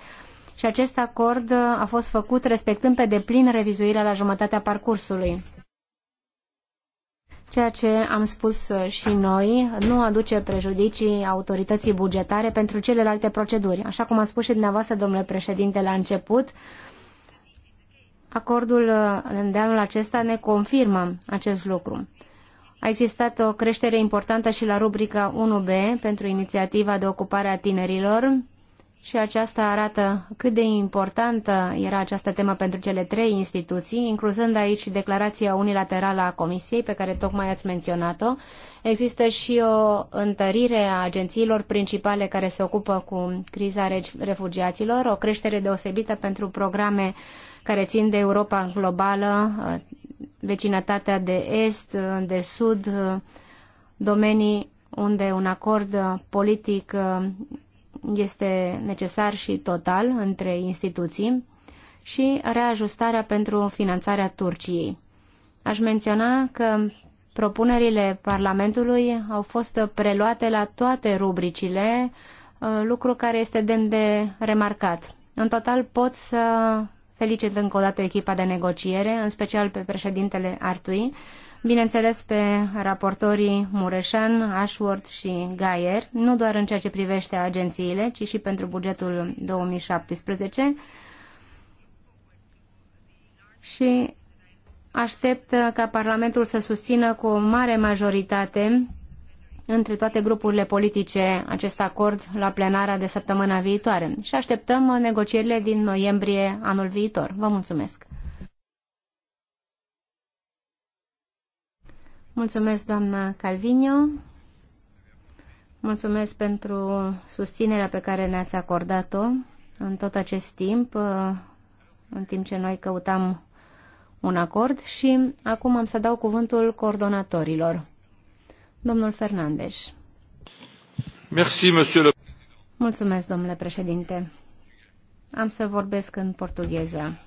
și acest acord a fost făcut respectând pe deplin revizuirea la jumătatea parcursului. Ceea ce am spus și noi nu aduce prejudicii autorității bugetare pentru celelalte proceduri. Așa cum a spus și dumneavoastră, domnule președinte, la început, acordul de anul acesta ne confirmă acest lucru. A existat o creștere importantă și la rubrica 1B pentru inițiativa de ocupare a tinerilor, și aceasta arată cât de importantă era această temă pentru cele trei instituții, incluzând aici declarația unilaterală a Comisiei, pe care tocmai ați menționat-o. Există și o întărire a agențiilor principale care se ocupă cu criza refugiaților, o creștere deosebită pentru programe care țin de Europa globală, vecinătatea de est, de sud, domenii unde un acord politic este necesar și total între instituții și reajustarea pentru finanțarea Turciei. Aș menționa că propunerile Parlamentului au fost preluate la toate rubricile, uh, lucru care este demn de remarcat. În total pot să felicit încă o dată echipa de negociere, în special pe președintele Artui, bineînțeles pe raportorii Mureșan, Ashworth și Gaier, nu doar în ceea ce privește agențiile, ci și pentru bugetul 2017. Și aștept ca Parlamentul să susțină cu o mare majoritate între toate grupurile politice acest acord la plenara de săptămâna viitoare și așteptăm negocierile din noiembrie anul viitor. Vă mulțumesc! Mulțumesc, doamna Calvinio. Mulțumesc pentru susținerea pe care ne-ați acordat-o în tot acest timp, uh, în timp ce noi căutam un acord și acum am să dau cuvântul coordonatorilor. Domnul Fernandez. Merci, monsieur le... Mulțumesc, domnule președinte. Am să vorbesc în portugheză.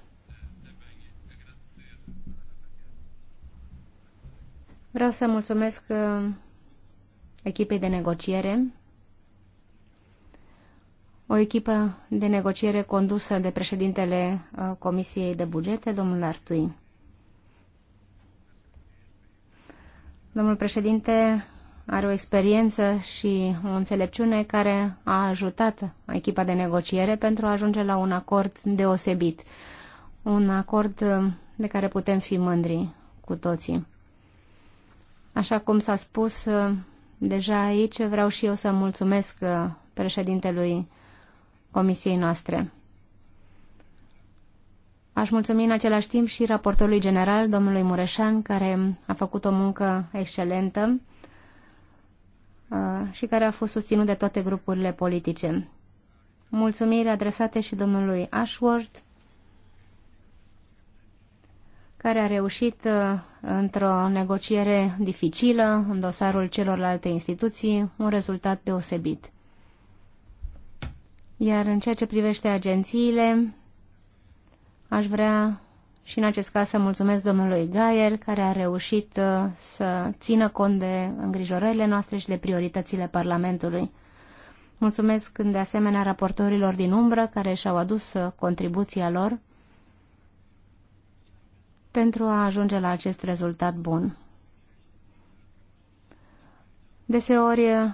Vreau să mulțumesc uh, echipei de negociere, o echipă de negociere condusă de președintele uh, Comisiei de Bugete, domnul Artui. Domnul președinte are o experiență și o înțelepciune care a ajutat echipa de negociere pentru a ajunge la un acord deosebit, un acord uh, de care putem fi mândri cu toții. Așa cum s-a spus uh, deja aici, vreau și eu să mulțumesc uh, președintelui comisiei noastre. Aș mulțumi în același timp și raportorului general, domnului Mureșan, care a făcut o muncă excelentă uh, și care a fost susținut de toate grupurile politice. Mulțumiri adresate și domnului Ashworth, care a reușit într-o negociere dificilă în dosarul celorlalte instituții un rezultat deosebit. Iar în ceea ce privește agențiile, aș vrea și în acest caz să mulțumesc domnului Gaier, care a reușit uh, să țină cont de îngrijorările noastre și de prioritățile Parlamentului. Mulțumesc de asemenea raportorilor din umbră care și-au adus uh, contribuția lor pentru a ajunge la acest rezultat bun. Deseori uh,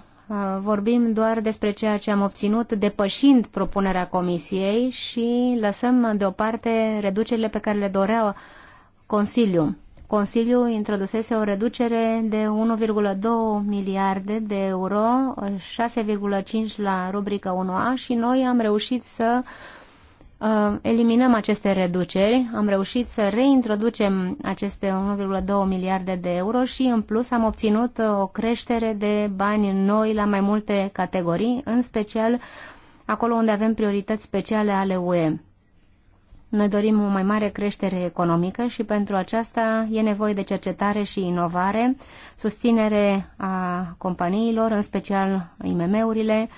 vorbim doar despre ceea ce am obținut depășind propunerea comisiei și lăsăm deoparte reducerile pe care le dorea Consiliul. Consiliul introdusese o reducere de 1,2 miliarde de euro, 6,5 la rubrica 1A și noi am reușit să uh, Uh, eliminăm aceste reduceri, am reușit să reintroducem aceste 1,2 miliarde de euro și în plus am obținut uh, o creștere de bani noi la mai multe categorii, în special acolo unde avem priorități speciale ale UE. Noi dorim o mai mare creștere economică și pentru aceasta e nevoie de cercetare și inovare, susținere a companiilor, în special IMM-urile,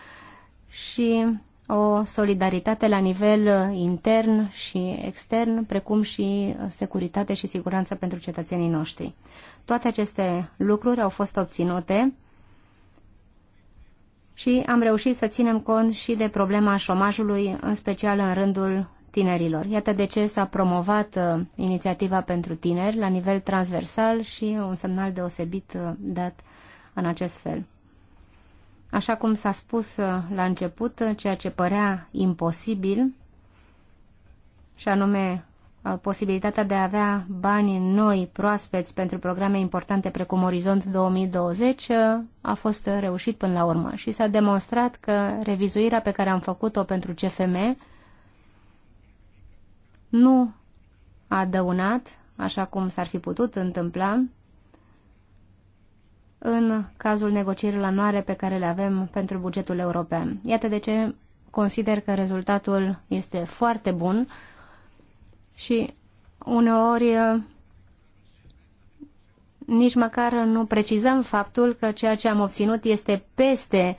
și o solidaritate la nivel uh, intern și extern, precum și uh, securitate și siguranță pentru cetățenii noștri. Toate aceste lucruri au fost obținute și am reușit să ținem cont și de problema șomajului, în special în rândul tinerilor. Iată de ce s-a promovat uh, inițiativa pentru tineri la nivel transversal și un semnal deosebit dat în acest fel. Așa cum s-a spus uh, la început, uh, ceea ce părea imposibil, și anume uh, posibilitatea de a avea bani noi, proaspeți pentru programe importante precum Orizont 2020 a fost reușit până la urmă și s-a demonstrat că revizuirea pe care am făcut-o pentru CFM nu a dăunat, așa cum s-ar fi putut întâmpla, în cazul negocierilor anuale pe care le avem pentru bugetul european. Iată de ce consider că rezultatul este foarte bun și uneori eh, nici măcar nu precizăm faptul că ceea ce am obținut este peste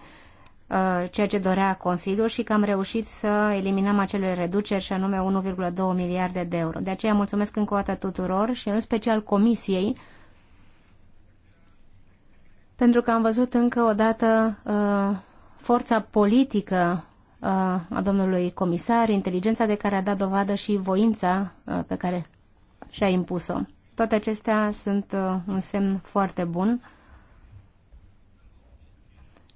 uh, ceea ce dorea Consiliul și că am reușit să eliminăm acele reduceri și anume 1,2 miliarde de euro. De aceea mulțumesc încă o dată tuturor și în special Comisiei pentru că am văzut încă o dată uh, forța politică uh, a domnului comisar, inteligența de care a dat dovadă și voința uh, pe care și-a impus-o. Toate acestea sunt uh, un semn foarte bun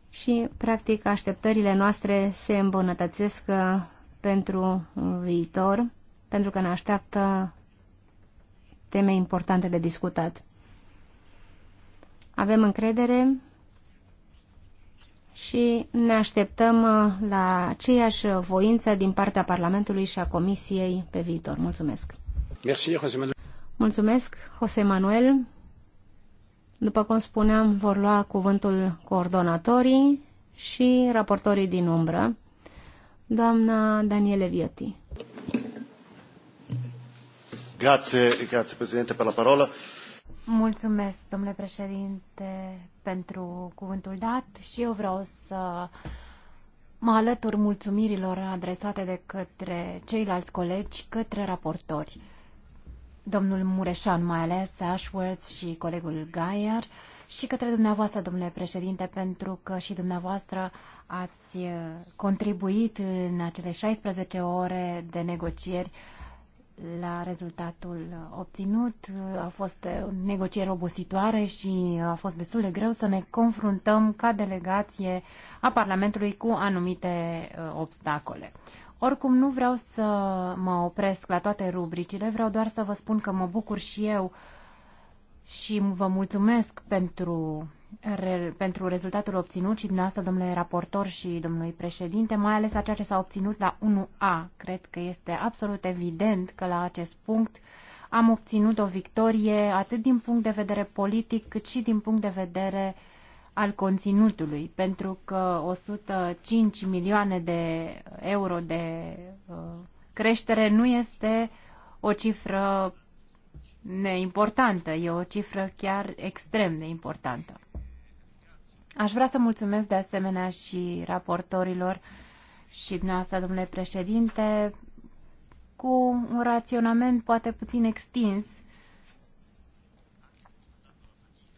și, practic, așteptările noastre se îmbunătățesc uh, pentru viitor, pentru că ne așteaptă teme importante de discutat. Avem încredere și ne așteptăm uh, la aceeași voință din partea Parlamentului și a Comisiei pe viitor. Mulțumesc! Merci, José Manuel. Mulțumesc, José Manuel. După cum spuneam, vor lua cuvântul coordonatorii și raportorii din umbră, doamna Daniele Viotti. Grazie, grazie Presidente per la parola. Mulțumesc, domnule președinte, pentru cuvântul dat și eu vreau să mă alătur mulțumirilor adresate de către ceilalți colegi, către raportori. Domnul Mureșan, mai ales Ashworth și colegul Gaier, și către dumneavoastră, domnule președinte, pentru că și dumneavoastră ați contribuit în acele 16 ore de negocieri la rezultatul obținut. A fost uh, negociere obositoare și a fost destul de greu să ne confruntăm ca delegație a Parlamentului cu anumite uh, obstacole. Oricum, nu vreau să mă opresc la toate rubricile, vreau doar să vă spun că mă bucur și eu și vă mulțumesc pentru re, pentru rezultatul obținut și dumneavoastră, domnule raportor și domnului președinte, mai ales la ceea ce s-a obținut la 1A. Cred că este absolut evident că la acest punct am obținut o victorie atât din punct de vedere politic cât și din punct de vedere al conținutului, pentru că 105 milioane de euro de uh, creștere nu este o cifră neimportantă, e o cifră chiar extrem de importantă. Aș vrea să mulțumesc de asemenea și raportorilor și dumneavoastră, domnule președinte, cu un raționament poate puțin extins,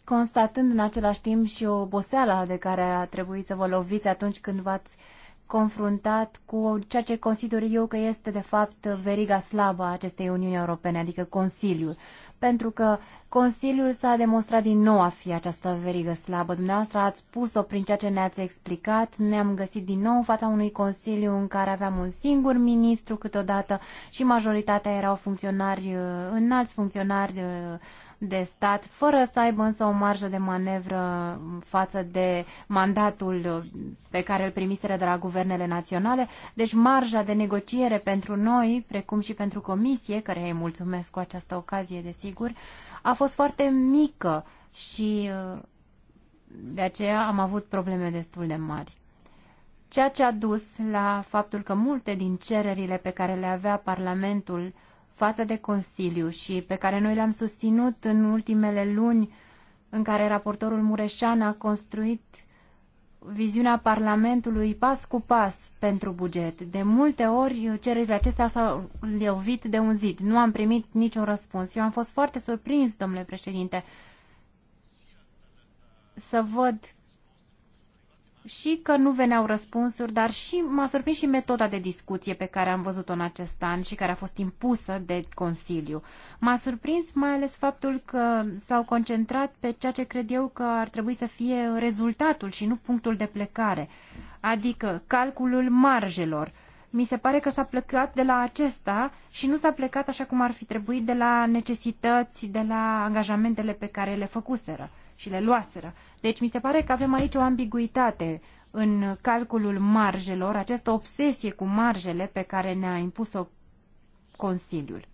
constatând în același timp și o oboseală de care a trebuit să vă loviți atunci când v-ați uh, confruntat cu ceea ce consider eu că este de fapt veriga slabă a acestei Uniuni Europene, adică Consiliul. Pentru că Consiliul s-a demonstrat din nou a fi această verigă slabă. Dumneavoastră ați spus-o prin ceea ce ne-ați explicat. Ne-am găsit din nou în fața unui Consiliu în care aveam un singur ministru câteodată și majoritatea erau funcționari, uh, înalți funcționari uh, de stat, fără să aibă însă o marjă de manevră față de mandatul pe care îl primiseră de la guvernele naționale. Deci marja de negociere pentru noi, precum și pentru comisie, care îi mulțumesc cu această ocazie, desigur, a fost foarte mică și de aceea am avut probleme destul de mari ceea ce a dus la faptul că multe din cererile pe care le avea Parlamentul față de Consiliu și pe care noi le-am susținut în ultimele luni în care raportorul Mureșan a construit viziunea Parlamentului pas cu pas pentru buget. De multe ori cererile acestea s-au lovit de un zid. Nu am primit niciun răspuns. Eu am fost foarte surprins, domnule președinte, să văd și că nu veneau răspunsuri, dar și m-a surprins și metoda de discuție pe care am văzut-o în acest an și care a fost impusă de Consiliu. M-a surprins mai ales faptul că s-au concentrat pe ceea ce cred eu că ar trebui să fie rezultatul și nu punctul de plecare, adică calculul marjelor. Mi se pare că s-a plecat de la acesta și nu s-a plecat așa cum ar fi trebuit de la necesități, de la angajamentele pe care le făcuseră și le luaseră. Deci mi se pare că avem aici o ambiguitate în calculul marjelor, această obsesie cu marjele pe care ne-a impus-o Consiliul.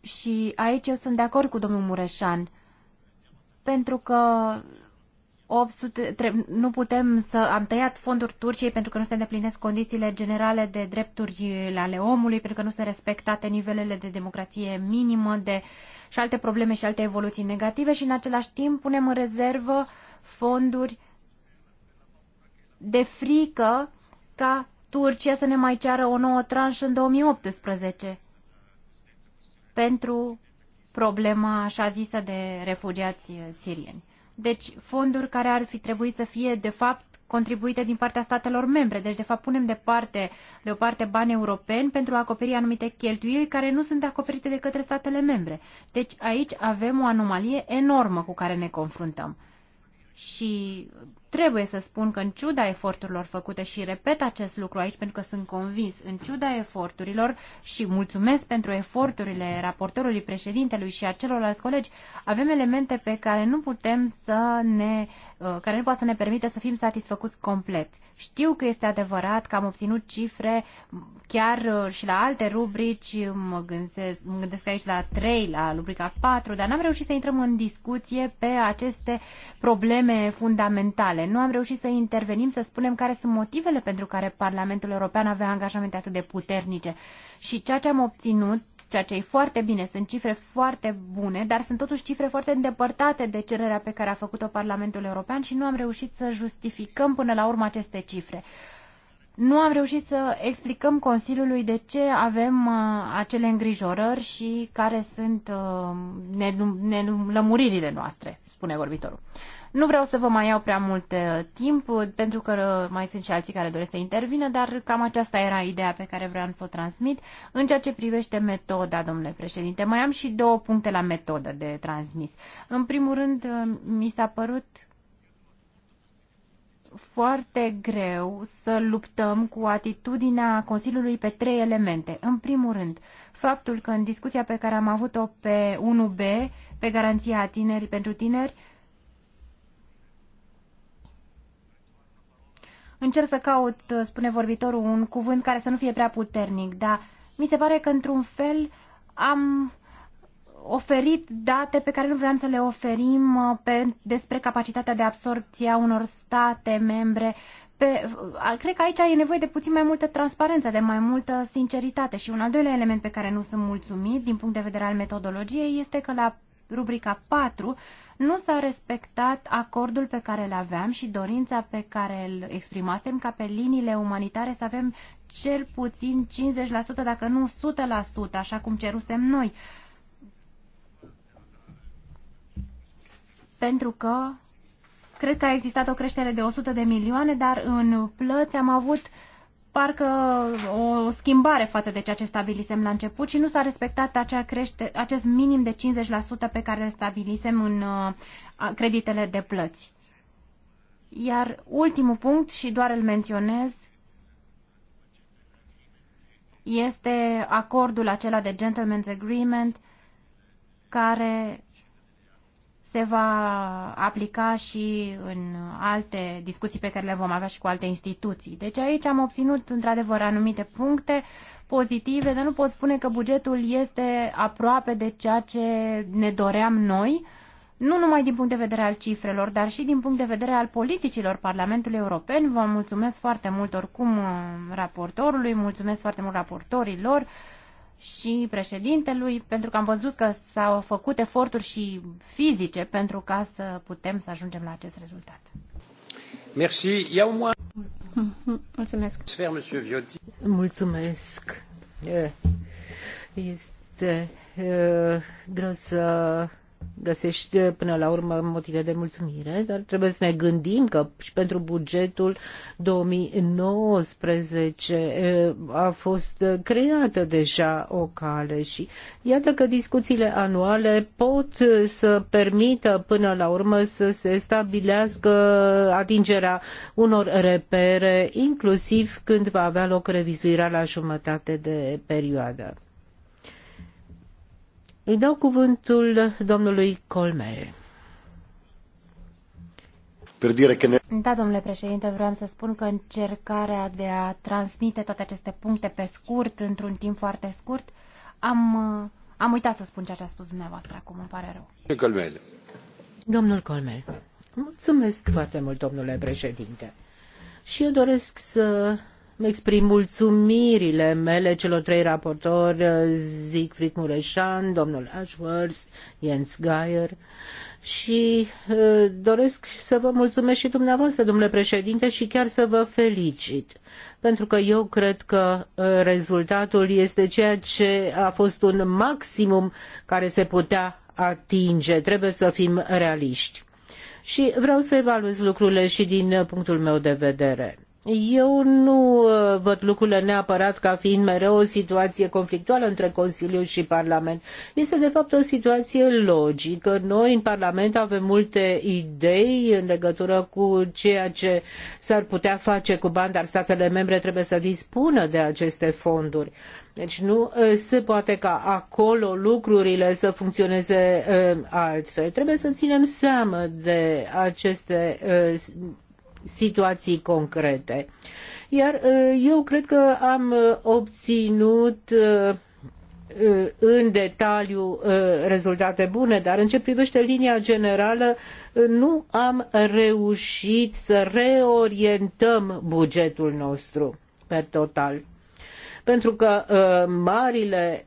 Și aici eu sunt de acord cu domnul Mureșan, pentru că 800, tre- nu putem să am tăiat fonduri Turciei pentru că nu se îndeplinesc condițiile generale de drepturi ale omului, pentru că nu sunt respectate nivelele de democrație minimă, de uh, și alte probleme și alte evoluții negative și în același timp punem în rezervă fonduri de frică ca Turcia să ne mai ceară o nouă tranșă în 2018 pentru problema așa zisă de refugiați sirieni. Deci fonduri care ar fi trebuit să fie de fapt contribuite din partea statelor membre. Deci, de fapt, punem de o parte bani europeni pentru a acoperi anumite cheltuieli care nu sunt acoperite de către statele membre. Deci, aici avem o anomalie enormă cu care ne confruntăm. Și trebuie să spun că în ciuda eforturilor făcute și repet acest lucru aici pentru că sunt convins, în ciuda eforturilor și mulțumesc pentru eforturile raportorului președintelui și a celorlalți colegi, avem elemente pe care nu putem să ne uh, Uh, care nu poate să ne permită să fim satisfăcuți complet. Știu că este adevărat că am obținut cifre chiar uh, și la alte rubrici, mă gândesc, mă gândesc aici la 3, la rubrica 4, dar n-am reușit să intrăm în discuție pe aceste probleme fundamentale. Nu am reușit să intervenim, să spunem care sunt motivele pentru care Parlamentul European avea angajamente atât de puternice. Și ceea ce am obținut ceea ce e foarte bine, sunt cifre foarte bune, dar sunt totuși cifre foarte îndepărtate de cererea pe care a făcut-o Parlamentul European și nu am reușit să justificăm până la urmă aceste cifre. Nu am reușit să explicăm Consiliului de ce avem uh, acele îngrijorări și care sunt uh, nelămuririle noastre, spune vorbitorul. Uh, nu vreau să vă mai iau prea mult uh, timp, uh, pentru că uh, mai sunt și alții care doresc să intervină, dar cam aceasta era ideea pe care vreau să o transmit. În ceea ce privește metoda, domnule președinte, mai am și două puncte la metodă de transmis. În primul rând, mi s-a părut foarte greu să luptăm cu atitudinea Consiliului pe trei elemente. În primul rând, faptul că în discuția pe care am avut-o pe 1B, pe garanția tineri pentru tineri, Încerc să caut, uh, spune vorbitorul, un cuvânt care să nu fie prea puternic, dar mi se pare că într-un fel am oferit date pe care nu vreau să le oferim uh, pe, despre capacitatea de absorpție a unor state membre. Pe, uh, cred că aici e nevoie de puțin mai multă transparență, de mai multă sinceritate. Și un al doilea element pe care nu sunt mulțumit din punct de vedere al metodologiei este că la rubrica 4 nu s-a respectat acordul pe care îl aveam și dorința pe care îl exprimasem ca pe liniile umanitare să avem cel puțin 50%, dacă nu 100%, așa cum cerusem noi. Pentru că cred că a existat o creștere de 100 de milioane, dar în plăți am avut uh, parcă o schimbare față de ceea ce stabilisem la început și nu s-a respectat acea crește, acest minim de 50% pe care îl stabilisem în uh, creditele de plăți. Iar ultimul punct, și doar îl menționez, este acordul acela de Gentleman's Agreement, care se va aplica și în alte discuții pe care le vom avea și cu alte instituții. Deci aici am obținut într-adevăr anumite puncte pozitive, dar nu pot spune că bugetul este aproape de ceea ce ne doream noi, nu numai din punct de vedere al cifrelor, dar și din punct de vedere al politicilor Parlamentului European. Vă mulțumesc foarte mult oricum raportorului, mulțumesc foarte mult raportorilor, și președintelui, pentru că am văzut că s-au făcut eforturi și fizice pentru ca să putem să ajungem la acest rezultat. Merci. Ia mă... Mulțumesc. Mulțumesc. Este greu să găsești eh, până la urmă motive de mulțumire, dar trebuie să ne gândim că și pentru bugetul 2019 eh, a fost eh, creată deja o cale și iată că discuțiile anuale pot să permită până la urmă să se stabilească atingerea unor repere, inclusiv când va avea loc revizuirea la jumătate de perioadă. Îi dau cuvântul domnului Colmel. Da, domnule președinte, vreau să spun că încercarea de a transmite toate aceste puncte pe scurt, într-un timp foarte scurt, am, am uitat să spun ceea ce a spus dumneavoastră acum, îmi pare rău. Colmel. Domnul Colmel, mulțumesc foarte mult, domnule președinte. Și eu doresc să exprim mulțumirile mele celor trei raportori, Siegfried Mureșan, domnul Ashworth, Jens Geier și uh, doresc să vă mulțumesc și dumneavoastră, domnule președinte, și chiar să vă felicit, pentru că eu cred că uh, rezultatul este ceea ce a fost un maximum care se putea atinge. Trebuie să fim realiști. Și vreau să evaluez lucrurile și din punctul meu de vedere eu nu uh, văd lucrurile neapărat ca fiind mereu o situație conflictuală între Consiliu și Parlament. Este de fapt o situație logică. Noi în Parlament avem multe idei în legătură cu ceea ce s-ar putea face cu bani, dar statele membre trebuie să dispună de aceste fonduri. Deci nu uh, se poate ca acolo lucrurile să funcționeze uh, altfel. Trebuie să ținem seama de aceste situații concrete. Iar uh, eu cred că am uh, obținut uh, în detaliu rezultate bune, dar în ce privește linia generală nu am reușit să reorientăm bugetul nostru pe total. Pentru că marile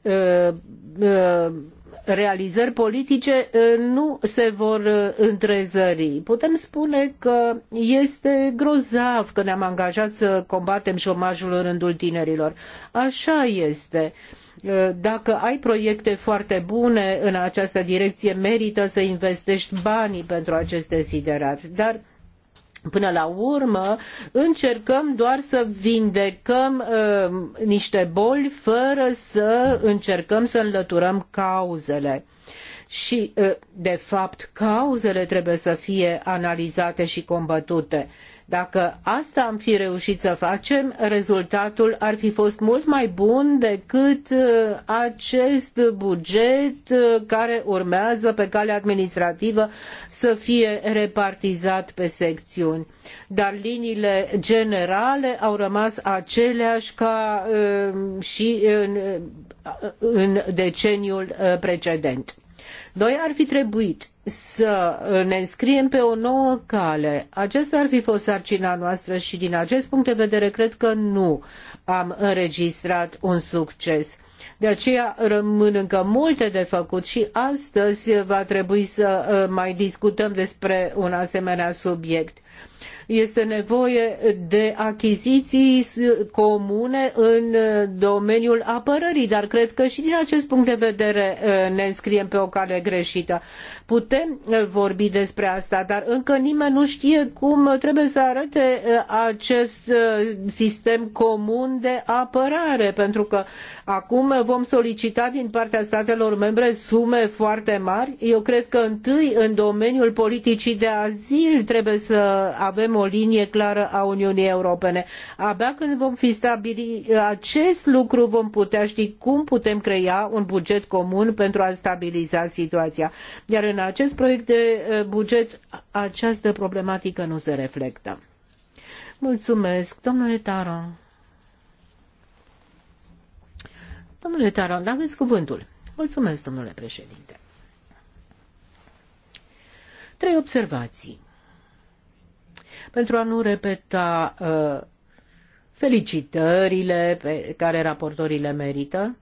realizări politice uh, nu se vor uh, întrezări. Putem spune că este grozav că ne-am angajat să combatem șomajul în rândul tinerilor. Așa este uh, dacă ai proiecte foarte bune în această direcție, merită să investești banii pentru acest desiderat. Dar Până la urmă, încercăm doar să vindecăm uh, niște boli fără să încercăm să înlăturăm cauzele. Și, uh, de fapt, cauzele trebuie să fie analizate și combătute. Uh, dacă asta am fi reușit să facem, rezultatul ar fi fost mult mai bun decât uh, acest buget uh, care urmează pe cale administrativă să fie repartizat pe secțiuni. Dar liniile generale au rămas aceleași ca uh, și în, în deceniul precedent. Noi ar fi trebuit să uh, ne înscriem pe o nouă cale. Aceasta ar fi fost sarcina noastră și din acest punct de vedere cred că nu am înregistrat un succes. De aceea rămân încă multe de făcut și astăzi va trebui să uh, mai discutăm despre un asemenea subiect. Este nevoie de achiziții comune în domeniul apărării, dar cred că și din acest punct de vedere eh, ne înscriem pe o cale greșită. Putem eh, vorbi despre asta, dar încă nimeni nu știe cum trebuie să arate eh, acest sistem comun de apărare, pentru că acum vom solicita din partea statelor membre sume foarte mari. Eu cred că întâi în domeniul politicii de azil trebuie să avem o linie clară a Uniunii Europene. Abia când vom fi stabili acest lucru, vom putea ști cum putem crea un buget comun pentru a stabiliza situația. Iar în acest proiect de eh, buget, această problematică nu se reflectă. Mulțumesc, domnule Taron. Domnule Taron, aveți cuvântul. Mulțumesc, domnule președinte. Trei observații pentru a nu repeta uh, felicitările pe care raportorii le merită.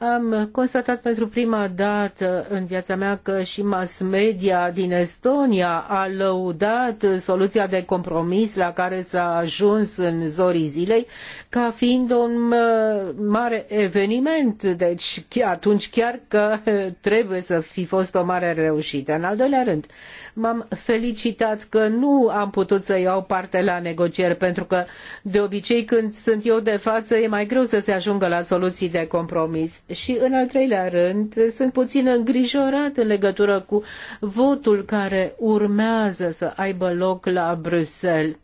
Am constatat pentru prima dată în viața mea că și mass media din Estonia a lăudat soluția de compromis la care s-a ajuns în zorii zilei ca fiind un uh, mare eveniment. Deci atunci chiar că <laughs> trebuie să fi fost o mare reușită. În al doilea rând, m-am felicitat că nu am putut să iau parte la negocieri pentru că de obicei când sunt eu de față e mai greu să se ajungă la soluții de compromis și în al treilea rând, sunt puțin îngrijorat în legătură cu votul care urmează să aibă loc la Bruxelles.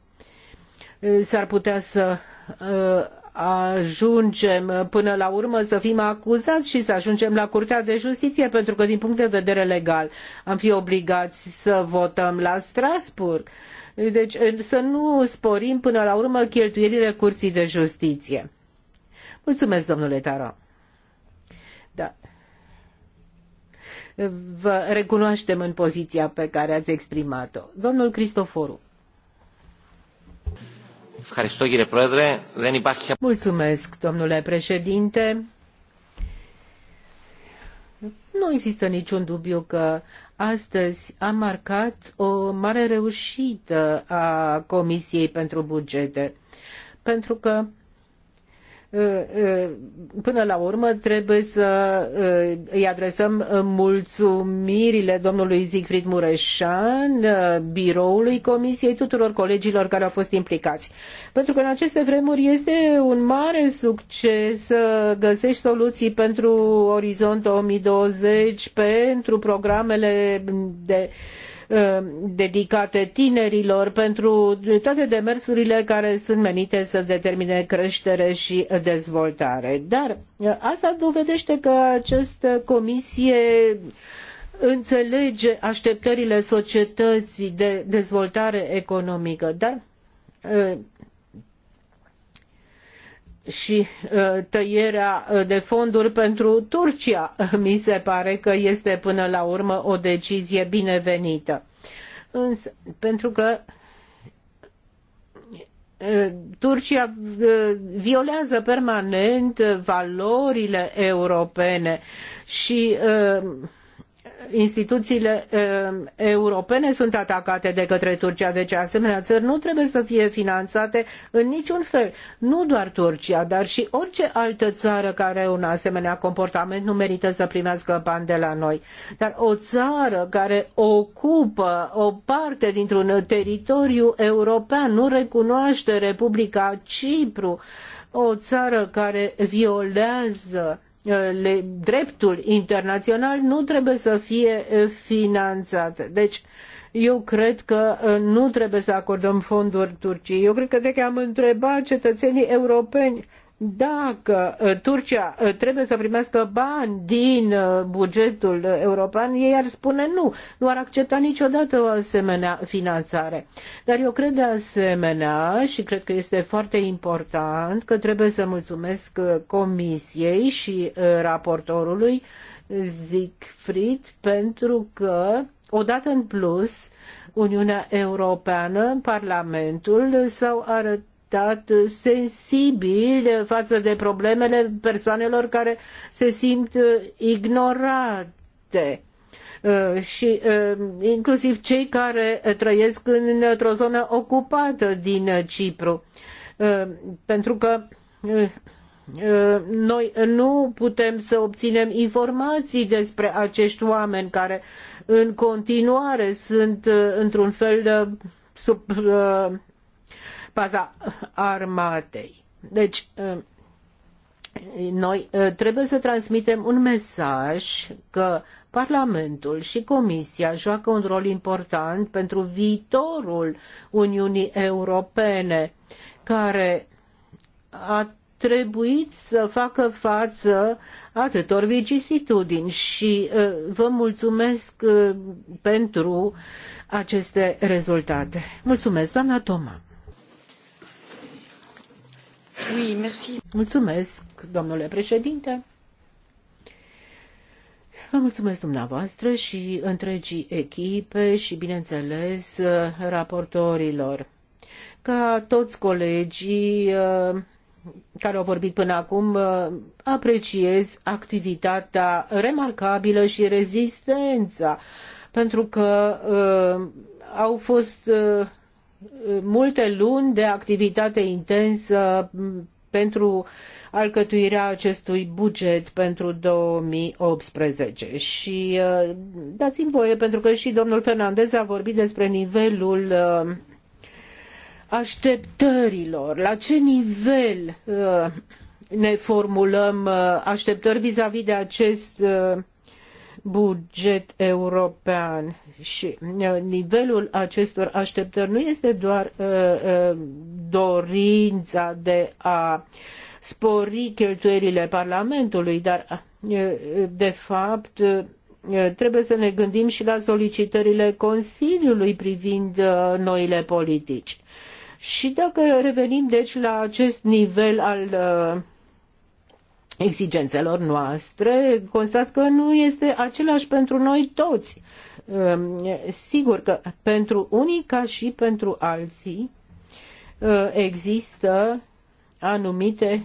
S-ar putea să uh, ajungem până la urmă să fim acuzați și să ajungem la Curtea de Justiție, pentru că din punct de vedere legal am fi obligați să votăm la Strasbourg. Deci uh, să nu sporim până la urmă cheltuielile Curții de Justiție. Mulțumesc, domnule Tara. vă recunoaștem în poziția pe care ați exprimat-o. Domnul Cristoforu. Mulțumesc, domnule președinte. Nu există niciun dubiu că astăzi a marcat o mare reușită a Comisiei pentru Bugete, pentru că Uh, uh, până la urmă trebuie să uh, îi adresăm mulțumirile domnului Siegfried Mureșan, biroului Comisiei, tuturor colegilor care au fost implicați. Pentru că în aceste vremuri este un mare succes să găsești soluții pentru Orizont 2020, pentru programele de uh, Uh, dedicate tinerilor, pentru toate demersurile care sunt menite să determine creștere și dezvoltare. Dar uh, asta dovedește că această comisie înțelege așteptările societății de dezvoltare economică, dar uh, și uh, tăierea uh, de fonduri pentru Turcia. <laughs> Mi se pare că este până la urmă o decizie binevenită. Însă, pentru că uh, Turcia violează permanent valorile europene și uh, instituțiile europene sunt atacate de către Turcia, deci asemenea ări nu trebuie să fie finanțate în niciun fel. Nu doar Turcia, dar și orice altă țară care are un asemenea comportament nu merită să primească bani de la noi. Dar o țară care ocupă o parte dintr-un teritoriu european nu recunoaște Republica Cipru, o țară care violează dreptul internațional nu trebuie să fie finanțate. Deci, eu cred că nu trebuie să acordăm fonduri Turciei. Eu cred că de am întrebat cetățenii europeni dacă uh, Turcia uh, trebuie să primească bani din uh, bugetul european, ei ar spune nu, nu ar accepta niciodată o asemenea finanțare. Dar eu cred de asemenea și cred că este foarte important că trebuie să mulțumesc Comisiei și raportorului Siegfried pentru că odată în plus Uniunea Europeană, Parlamentul s-au arătat stat sensibil față de problemele persoanelor care se simt uh, ignorate uh, și uh, inclusiv cei care trăiesc într-o zonă ocupată din Cipru. Pentru că noi nu putem să obținem informații despre acești oameni care în continuare sunt într-un fel sub baza armatei. Deci, eh, noi eh, trebuie să transmitem un mesaj că Parlamentul și Comisia joacă un rol important pentru viitorul Uniunii Europene, care a trebuit să facă față atâtor vicisitudini și eh, vă mulțumesc pentru aceste rezultate. Mulțumesc, doamna Toma. Mulțumesc, domnule președinte. Vă mulțumesc dumneavoastră și întregii echipe și, bineînțeles, raportorilor. Ca toți colegii uh, care au vorbit până acum, uh, apreciez activitatea remarcabilă și rezistența, pentru că uh, au fost multe luni de activitate intensă pentru alcătuirea acestui buget pentru 2018. Și uh, dați-mi voie, pentru că și domnul Fernandez a vorbit despre nivelul uh, așteptărilor, la ce nivel uh, ne formulăm așteptări vis-a-vis -vis de acest buget european și nivelul acestor așteptări nu este doar dorința de a spori cheltuierile Parlamentului, dar de fapt trebuie să ne gândim și la solicitările Consiliului privind noile politici. Și dacă revenim deci la acest nivel al exigențelor noastre, constat că nu este același pentru noi toți. Ehm, sigur că pentru unii ca și pentru alții ehm, există anumite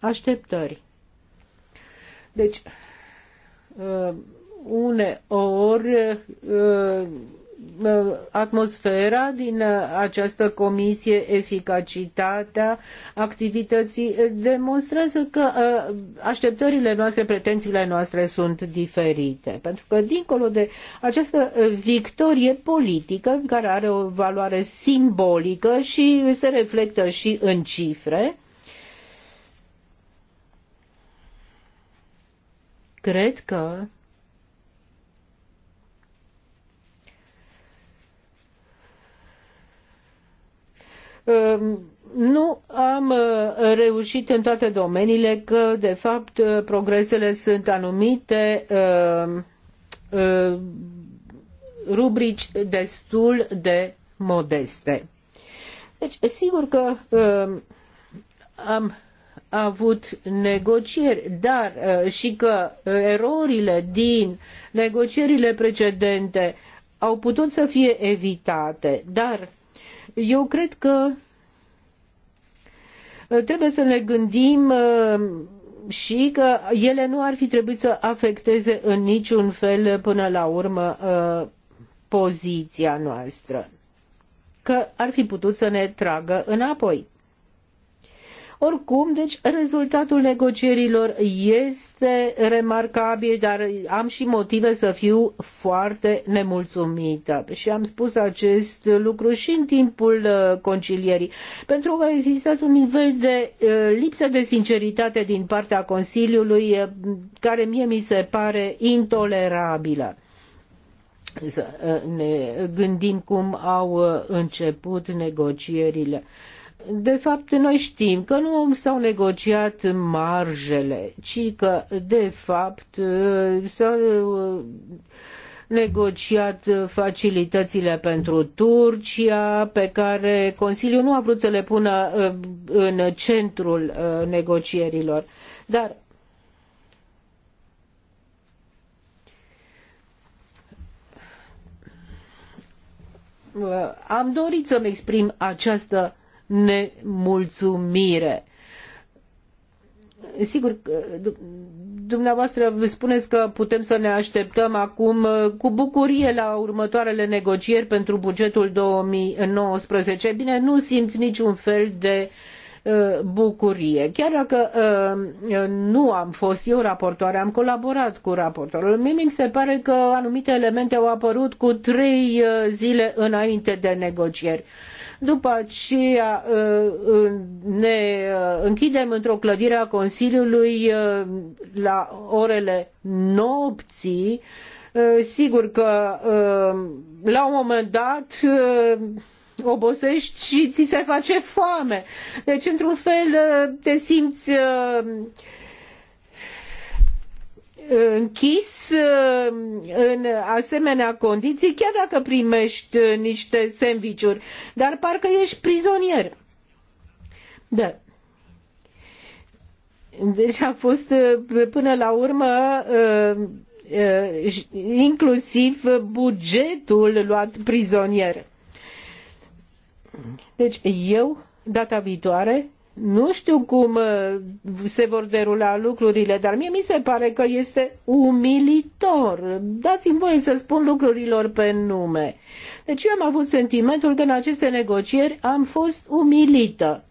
așteptări. Deci, ehm, uneori Uh, atmosfera din uh, această comisie, eficacitatea activității uh, demonstrează că așteptările noastre, pretențiile noastre sunt diferite. Pentru că dincolo de această victorie politică, care are o valoare simbolică și se reflectă și în cifre, cred că Ehm, nu am eh, reușit în toate domeniile că, de fapt, eh, progresele sunt anumite ehm, eh, rubrici destul de modeste. Deci, sigur că ehm, am avut negocieri, dar și că erorile din negocierile precedente au putut să fie evitate, dar eu cred că uh, trebuie să ne gândim uh, și că ele nu ar fi trebuit să afecteze în niciun fel uh, până la urmă poziția noastră, că ar fi putut să ne tragă înapoi. Oricum, deci rezultatul negocierilor este remarcabil, dar am și motive să fiu foarte nemulțumită. Și am spus acest lucru și în timpul uh, concilierii, pentru că a existat un nivel de uh, lipsă de sinceritate din partea Consiliului uh, care mie mi se pare intolerabilă să ne gândim cum au început negocierile de fapt, noi știm că nu s-au negociat marjele, ci că, de fapt, s-au uh, negociat facilitățile pentru Turcia, pe care Consiliul nu a vrut să le pună uh, în centrul uh, negocierilor. Dar am dorit să-mi exprim această nemulțumire. Sigur, dumneavoastră spuneți că putem să ne așteptăm acum uh, cu bucurie la următoarele negocieri pentru bugetul 2019. Bine, nu simt niciun fel de uh, bucurie. Chiar dacă uh, nu am fost eu raportoare, am colaborat cu raportorul. Mie mi se pare că anumite elemente au apărut cu trei zile înainte de negocieri. După aceea uh, uh, ne uh, închidem într-o clădire a Consiliului la orele nopții. Sigur că la un moment dat obosești și ți se face foame. Deci, într-un fel, te simți închis uh, în asemenea condiții, chiar dacă primești uh, niște sandvișuri, dar parcă ești prizonier. Da. Deci a fost uh, până la urmă inclusiv bugetul luat prizonier. Deci eu, data viitoare, nu știu cum uh, se vor derula lucrurile, dar mie mi se pare că este umilitor. Dați-mi voie să spun lucrurilor pe nume. Deci eu am avut sentimentul că în aceste negocieri am fost umilită.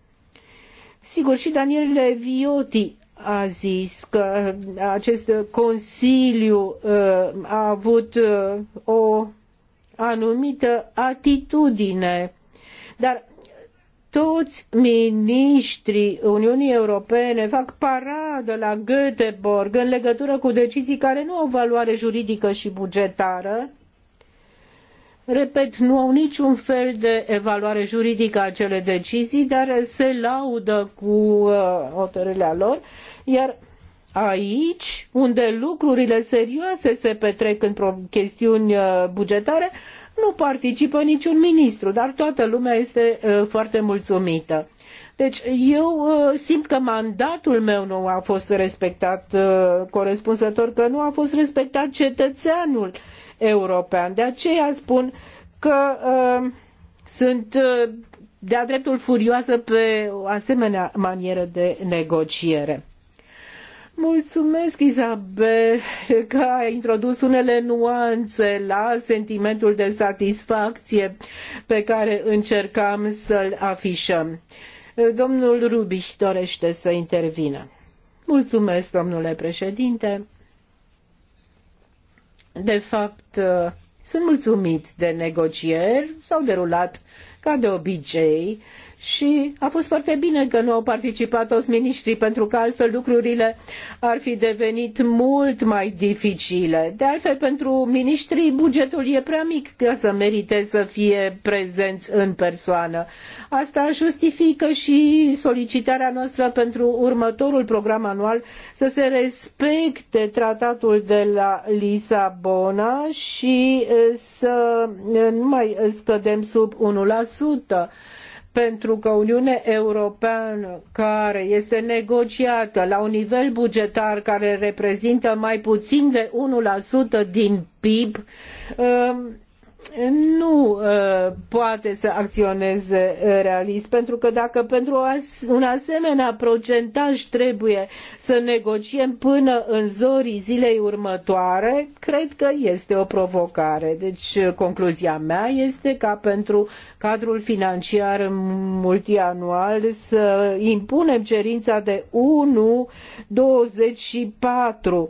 Sigur, și Daniel Levioti a zis că acest Consiliu uh, a avut uh, o anumită atitudine. Dar toți miniștrii Uniunii Europene fac paradă la Göteborg în legătură cu decizii care nu au valoare juridică și bugetară. Repet, nu au niciun fel de evaluare juridică a acele decizii, dar se laudă cu uh, hotărârea lor, iar aici, unde lucrurile serioase se petrec în chestiuni uh, bugetare, nu participă niciun ministru, dar toată lumea este uh, foarte mulțumită. Deci eu uh, simt că mandatul meu nu a fost respectat uh, corespunzător, că nu a fost respectat cetățeanul european. De aceea spun că uh, sunt de-a dreptul furioasă pe o asemenea manieră de negociere. Mulțumesc, Isabel, că ai introdus unele nuanțe la sentimentul de satisfacție pe care încercam să-l afișăm. Domnul Rubiș dorește să intervină. Mulțumesc, domnule președinte. De fapt, sunt mulțumit de negocieri, s-au derulat ca de obicei și a fost foarte bine că nu au participat toți miniștrii, pentru că altfel lucrurile ar fi devenit mult mai dificile. De altfel, pentru miniștrii, bugetul e prea mic ca să merite să fie prezenți în persoană. Asta justifică și solicitarea noastră pentru următorul program anual să se respecte tratatul de la Lisabona și eh, să eh, nu mai scădem sub 1% pentru că Uniunea Europeană care este negociată la un nivel bugetar care reprezintă mai puțin de 1% din PIB, um, nu uh, poate să acționeze uh, realist, pentru că dacă pentru un asemenea procentaj trebuie să negociem până în zorii zilei următoare, cred că este o provocare. Deci uh, concluzia mea este ca pentru cadrul financiar multianual să impunem cerința de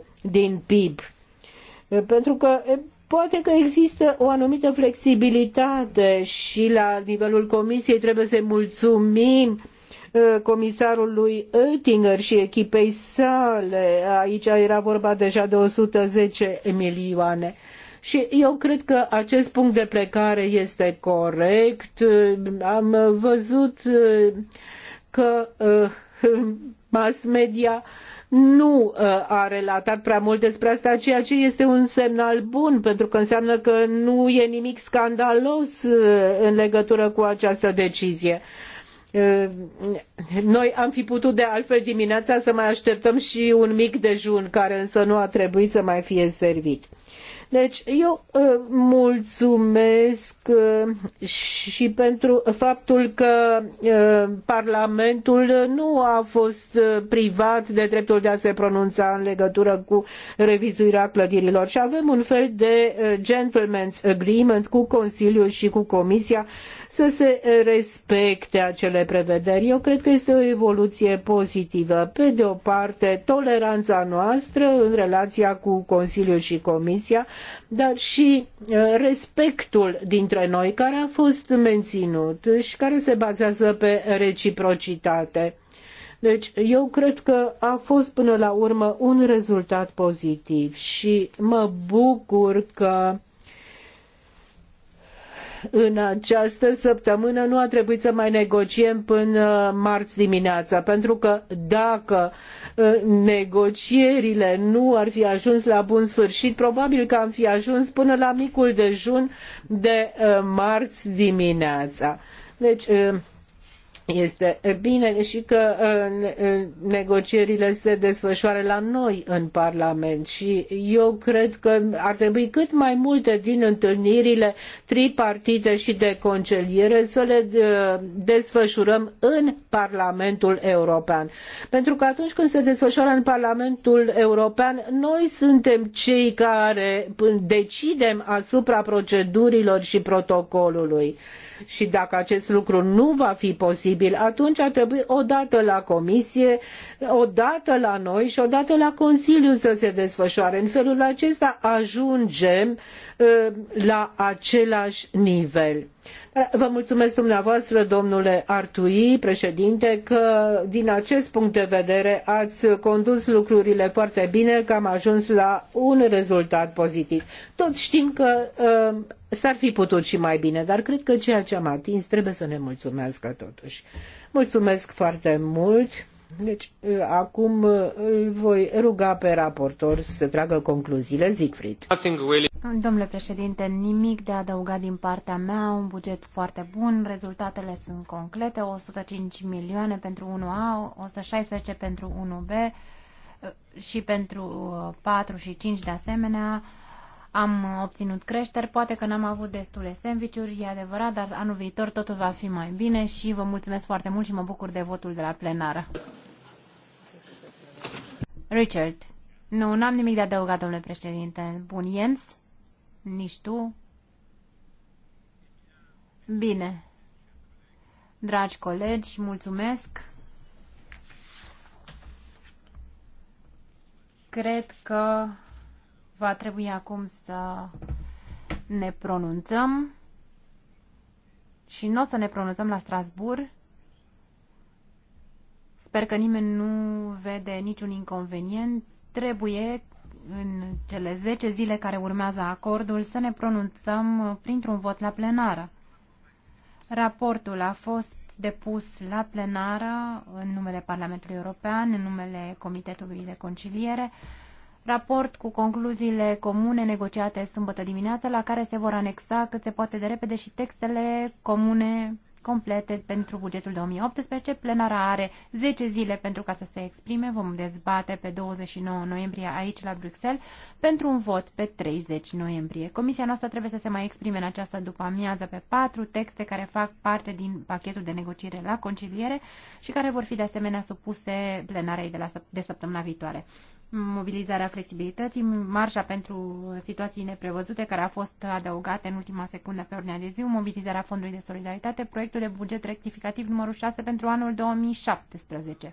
1,24 din PIB uh, pentru că Poate că există o anumită flexibilitate și la nivelul comisiei trebuie să mulțumim uh, comisarului Oettinger și echipei sale. Aici era vorba deja de 110 milioane. Și eu cred că acest punct de plecare este corect. Uh, am văzut uh, că <laughs> mass media nu uh, a relatat prea mult despre asta, ceea ce este un semnal bun, pentru că înseamnă că nu e nimic scandalos uh, în legătură cu această decizie uh, noi am fi putut de altfel dimineața să mai așteptăm și un mic dejun care însă nu a trebuit să mai fie servit. Deci eu uh, mulțumesc uh, și pentru faptul că uh, Parlamentul nu a fost privat de dreptul de a se pronunța în legătură cu revizuirea clădirilor și avem un fel de gentleman's agreement cu Consiliul și cu Comisia să se respecte acele prevederi. Eu cred că este o evoluție pozitivă. Pe de o parte, toleranța noastră în relația cu Consiliul și Comisia, dar și uh, respectul dintre noi care a fost menținut și care se bazează pe reciprocitate. Deci eu cred că a fost până la urmă un rezultat pozitiv și mă bucur că în această săptămână nu a trebuit să mai negociem până marți dimineața, pentru că dacă ă, negocierile nu ar fi ajuns la bun sfârșit, probabil că am fi ajuns până la micul dejun de ă, marți dimineața. Deci, ă, este bine și că negocierile se desfășoară la noi în Parlament și eu cred că ar trebui cât mai multe din întâlnirile tripartite și de conciliere să le uh, desfășurăm în Parlamentul European. Pentru că atunci când se desfășoară în Parlamentul European, noi suntem cei care decidem asupra procedurilor și protocolului. Și dacă acest lucru nu va fi posibil, posibil, atunci ar trebui odată la Comisie, odată la noi și odată la Consiliu să se desfășoare. În felul acesta ajungem uh, la același nivel. Vă mulțumesc dumneavoastră, domnule Artui, președinte, că din acest punct de vedere ați condus lucrurile foarte bine, că am ajuns la un rezultat pozitiv. Toți știm că uh, s-ar fi putut și mai bine, dar cred că ceea ce am atins trebuie să ne mulțumească totuși. Mulțumesc foarte mult! Deci, ă, acum ă, îl voi ruga pe raportor să tragă concluziile. Siegfried. Domnule președinte, nimic de adăugat din partea mea, un buget foarte bun, rezultatele sunt concrete, 105 milioane pentru 1A, 116 pentru 1B ă, și pentru 4 și 5 de asemenea, am obținut creșteri, poate că n-am avut destule sandvișuri, e adevărat, dar anul viitor totul va fi mai bine și vă mulțumesc foarte mult și mă bucur de votul de la plenară. Richard. Nu, n-am nimic de adăugat, domnule președinte. Bun, Jens? Nici tu? Bine. Dragi colegi, mulțumesc. Cred că va trebui acum să ne pronunțăm și nu o să ne pronunțăm la Strasbourg. Sper că nimeni nu vede niciun inconvenient. Trebuie în cele 10 zile care urmează acordul să ne pronunțăm printr-un vot la plenară. Raportul a fost depus la plenară în numele Parlamentului European, în numele Comitetului de Conciliere raport cu concluziile comune negociate sâmbătă dimineață, la care se vor anexa cât se poate de repede și textele comune complete pentru bugetul 2018. Plenara are 10 zile pentru ca să se exprime. Vom dezbate pe 29 noiembrie aici la Bruxelles pentru un vot pe 30 noiembrie. Comisia noastră trebuie să se mai exprime în această după amiază pe patru texte care fac parte din pachetul de negociere la conciliere și care vor fi de asemenea supuse plenarei de, la, de săptămâna viitoare mobilizarea flexibilității, marșa pentru situații neprevăzute care a fost adăugată în ultima secundă pe ordinea de zi, mobilizarea Fondului de Solidaritate, proiectul de buget rectificativ numărul 6 pentru anul 2017.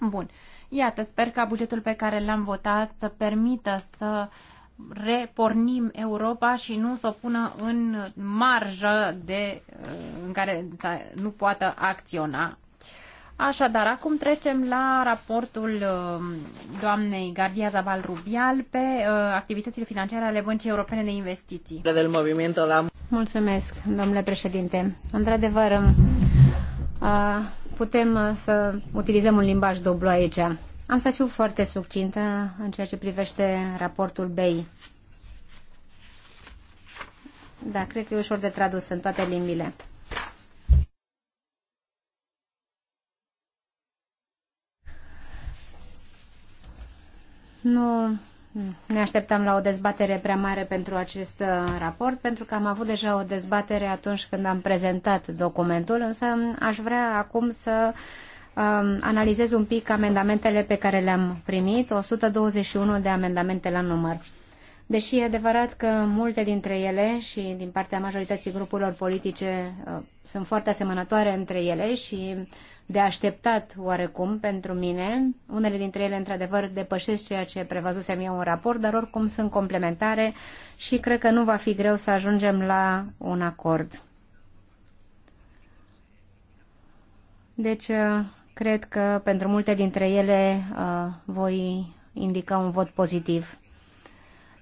Bun. Iată, sper ca bugetul pe care l-am votat să permită să repornim Europa și nu să o pună în marjă de, în care nu poată acționa Așadar, acum trecem la raportul uh, doamnei Gardia Zabal Rubial pe uh, activitățile financiare ale Băncii Europene de Investiții. Del movimento Mulțumesc, domnule președinte. Într-adevăr, uh, putem să utilizăm un limbaj dublu aici. Am să fiu foarte succintă în ceea ce privește raportul BEI. Da, cred că e ușor de tradus în toate limbile. Nu ne așteptăm la o dezbatere prea mare pentru acest uh, raport, pentru că am avut deja o dezbatere atunci când am prezentat documentul, însă aș vrea acum să um, analizez un pic amendamentele pe care le-am primit, 121 de amendamente la număr. Deși e adevărat că multe dintre ele și din partea majorității grupurilor politice uh, sunt foarte asemănătoare între ele și uh, de așteptat oarecum pentru mine. Unele dintre ele, într-adevăr, depășesc ceea ce prevăzusem eu în raport, dar oricum sunt complementare și cred că nu va fi greu să ajungem la un acord. Deci, uh, cred că pentru multe dintre ele uh, voi indica un vot pozitiv.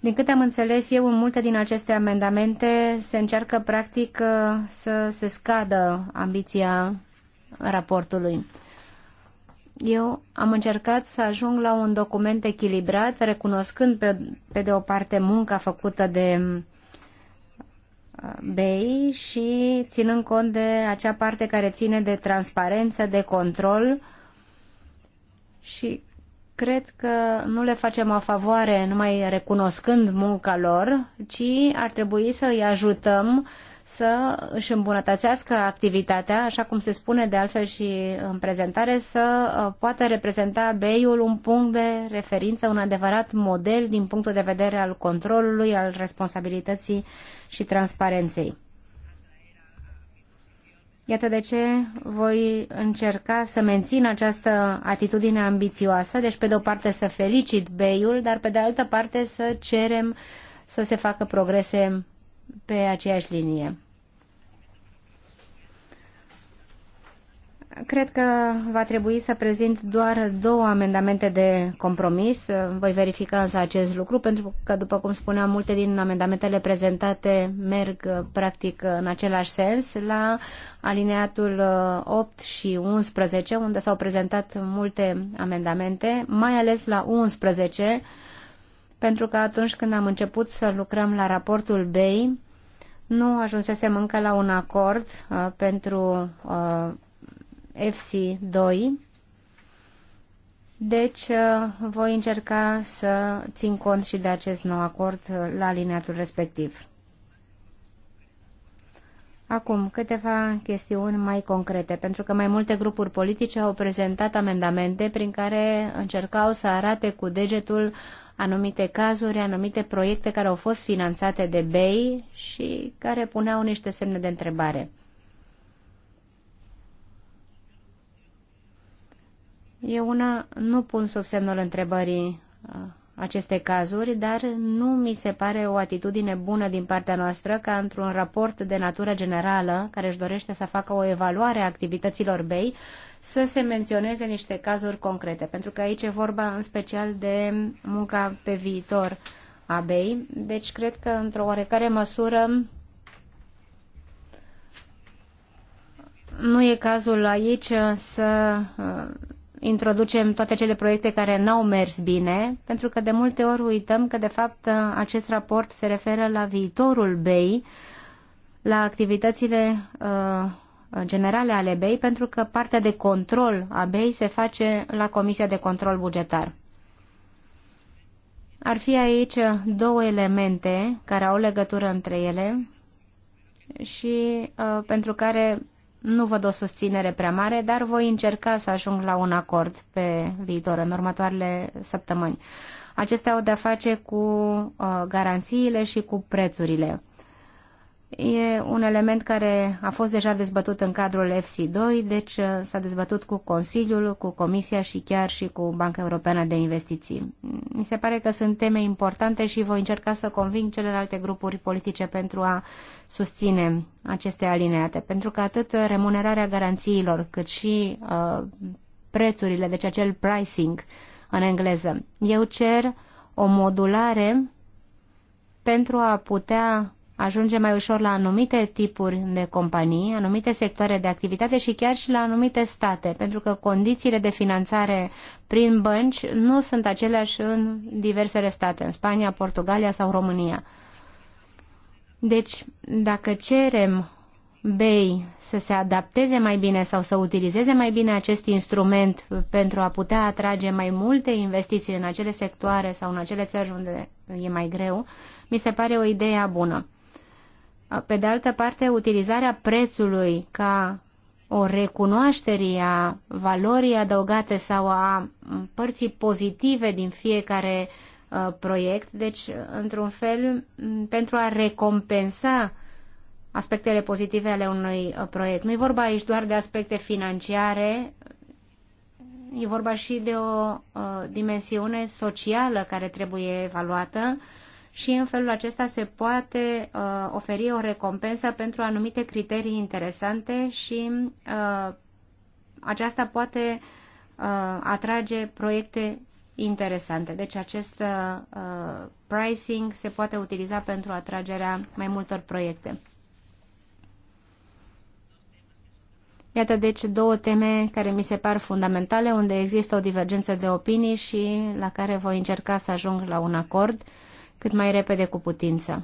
Din câte am înțeles eu, în multe din aceste amendamente se încearcă practic uh, să se scadă ambiția raportului. Eu am încercat să ajung la un document echilibrat, recunoscând pe, pe de o parte munca făcută de uh, BEI și ținând cont de acea parte care ține de transparență, de control și cred că nu le facem o favoare numai recunoscând munca lor, ci ar trebui să îi ajutăm uh, să își îmbunătățească activitatea, așa cum se spune de altfel și în prezentare, să uh, poată reprezenta BEI-ul un punct de referință, un adevărat model din punctul de vedere al controlului, al responsabilității și transparenței. Iată de ce voi încerca să mențin această atitudine ambițioasă, deci pe de o parte să felicit BEI-ul, dar pe de altă parte să cerem să se facă progrese pe aceeași linie. Cred că va trebui să prezint doar două amendamente de compromis. Voi verifica însă acest lucru pentru că, după cum spuneam, multe din amendamentele prezentate merg practic în același sens la alineatul 8 uh, și 11, unde s-au prezentat multe amendamente, mai ales la 11, pentru că atunci când am început să lucrăm la raportul BEI, nu ajunsesem încă la un acord uh, pentru uh, FC2. Deci uh, voi încerca să țin cont și de acest nou acord uh, la alineatul respectiv. Acum, câteva chestiuni mai concrete, pentru că mai multe grupuri politice au prezentat amendamente prin care încercau să arate cu degetul anumite cazuri, anumite proiecte care au fost finanțate de BEI și care puneau niște semne de întrebare. Eu una nu pun sub semnul întrebării uh, aceste cazuri, dar nu mi se pare o atitudine bună din partea noastră ca într-un raport de natură generală care își dorește să facă o evaluare a activităților BEI să se menționeze niște cazuri concrete, pentru că aici e vorba în special de munca pe viitor a BEI, deci cred că într-o oarecare măsură nu e cazul aici să uh, introducem toate cele proiecte care n-au mers bine, pentru că de multe ori uităm că, de fapt, acest raport se referă la viitorul BEI, la activitățile uh, generale ale BEI, pentru că partea de control a BEI se face la Comisia de Control Bugetar. Ar fi aici două elemente care au legătură între ele și uh, pentru care nu văd o susținere prea mare, dar voi încerca să ajung la un acord pe viitor, în următoarele săptămâni. Acestea au de-a face cu uh, garanțiile și cu prețurile. E un element care a fost deja dezbătut în cadrul FC2, deci uh, s-a dezbătut cu Consiliul, cu Comisia și chiar și cu Banca Europeană de Investiții. Mi se pare că sunt teme importante și voi încerca să conving celelalte grupuri politice pentru a susține aceste alineate, pentru că atât remunerarea garanțiilor cât și uh, prețurile, deci acel pricing în engleză. Eu cer o modulare pentru a putea ajunge mai ușor la anumite tipuri de companii, anumite sectoare de activitate și chiar și la anumite state, pentru că condițiile de finanțare prin bănci nu sunt aceleași în diversele state, în Spania, Portugalia sau România. Deci, dacă cerem BEI să se adapteze mai bine sau să utilizeze mai bine acest instrument pentru a putea atrage mai multe investiții în acele sectoare sau în acele țări unde e mai greu, mi se pare o idee bună. Pe de altă parte, utilizarea prețului ca o recunoaștere a valorii adăugate sau a părții pozitive din fiecare uh, proiect, deci, într-un fel, pentru a recompensa aspectele pozitive ale unui uh, proiect. Nu e vorba aici doar de aspecte financiare, e vorba și de o uh, dimensiune socială care trebuie evaluată și în felul acesta se poate uh, oferi o recompensă pentru anumite criterii interesante și uh, aceasta poate uh, atrage proiecte interesante. Deci acest uh, uh, pricing se poate utiliza pentru atragerea mai multor proiecte. Iată deci două teme care mi se par fundamentale, unde există o divergență de opinii și la care voi încerca să ajung la un acord cât mai repede cu putință.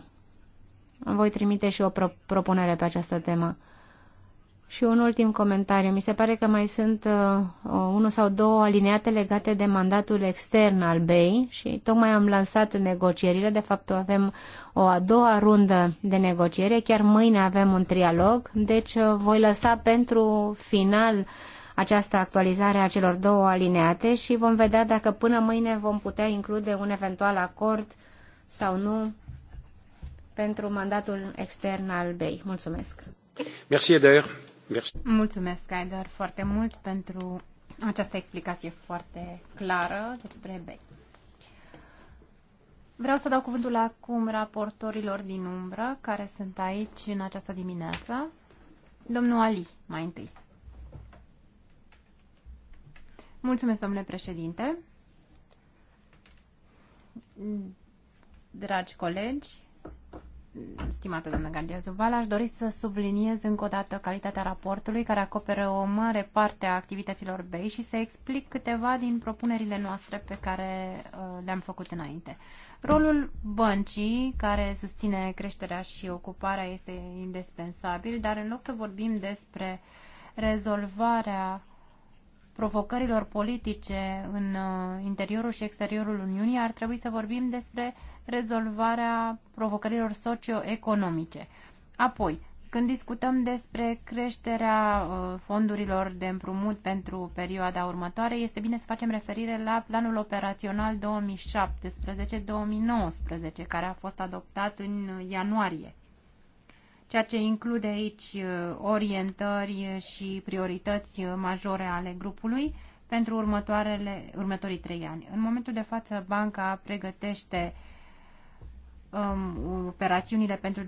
voi trimite și o pro- propunere pe această temă. Și un ultim comentariu. Mi se pare că mai sunt uh, unul sau două alineate legate de mandatul extern al BEI și tocmai am lansat negocierile. De fapt, avem o a doua rundă de negociere. Chiar mâine avem un trialog. Deci uh, voi lăsa pentru final această actualizare a celor două alineate și vom vedea dacă până mâine vom putea include un eventual acord uh, sau nu pentru mandatul extern al BEI. Mulțumesc! Merci, Eder. Merci. Mulțumesc, Eder, foarte mult pentru această explicație foarte clară despre BEI. Vreau să dau cuvântul acum raportorilor din umbră care sunt aici în această dimineață. Domnul Ali, mai întâi. Mulțumesc, domnule președinte. Dragi colegi, stimată doamnă Gandia Zuval, aș dori să subliniez încă o dată calitatea raportului care acoperă o mare parte a activităților BEI și să explic câteva din propunerile noastre pe care uh, le-am făcut înainte. Rolul băncii, care susține creșterea și ocuparea, este indispensabil, dar în loc să vorbim despre rezolvarea provocărilor politice în uh, interiorul și exteriorul Uniunii, ar trebui să vorbim despre rezolvarea provocărilor socioeconomice. Apoi, când discutăm despre creșterea uh, fondurilor de împrumut pentru perioada următoare, este bine să facem referire la planul operațional 2017-2019, care a fost adoptat în ianuarie, ceea ce include aici uh, orientări și priorități uh, majore ale grupului pentru următoarele, următorii trei ani. În momentul de față, banca pregătește uh, um, operațiunile pentru 2018-2020.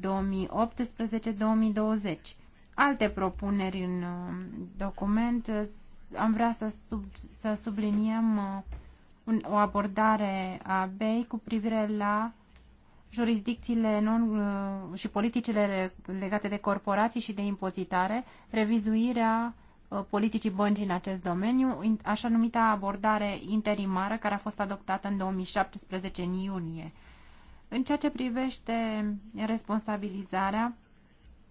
Alte propuneri în um, uh, document, am vrea să, sub, să subliniem uh, un, o abordare a BEI cu privire la jurisdicțiile non, uh, și politicile legate de corporații și de impozitare, revizuirea uh, politicii băncii în acest domeniu, așa numita abordare interimară care a fost adoptată în 2017 în iunie. În ceea ce privește responsabilizarea,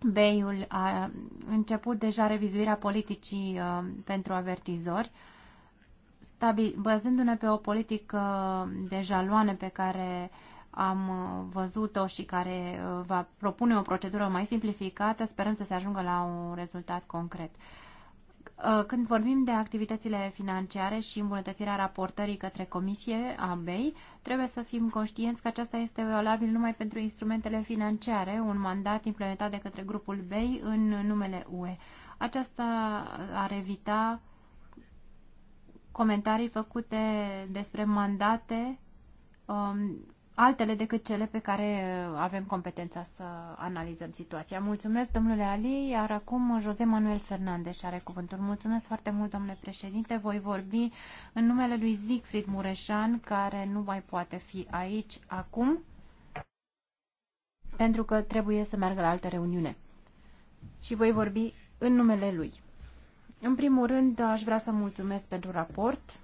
Beiul a început deja revizuirea politicii uh, pentru avertizori, bazându-ne pe o politică de jaloane pe care am uh, văzut-o și care uh, va propune o procedură mai simplificată, sperăm să se ajungă la un rezultat concret. Uh, când vorbim de activitățile financiare și îmbunătățirea raportării către Comisie a BEI, trebuie să fim conștienți că aceasta este valabil numai pentru instrumentele financiare, un mandat implementat de către grupul BEI în numele UE. Aceasta ar evita comentarii făcute despre mandate um, altele decât cele pe care uh, avem competența să analizăm situația. Mulțumesc, domnule Ali, iar acum Jose Manuel Fernandez are cuvântul. Mulțumesc foarte mult, domnule președinte. Voi vorbi în numele lui Siegfried Mureșan, care nu mai poate fi aici acum, pentru că trebuie să meargă la altă reuniune. Și voi vorbi în numele lui. În primul rând, aș vrea să mulțumesc pentru raport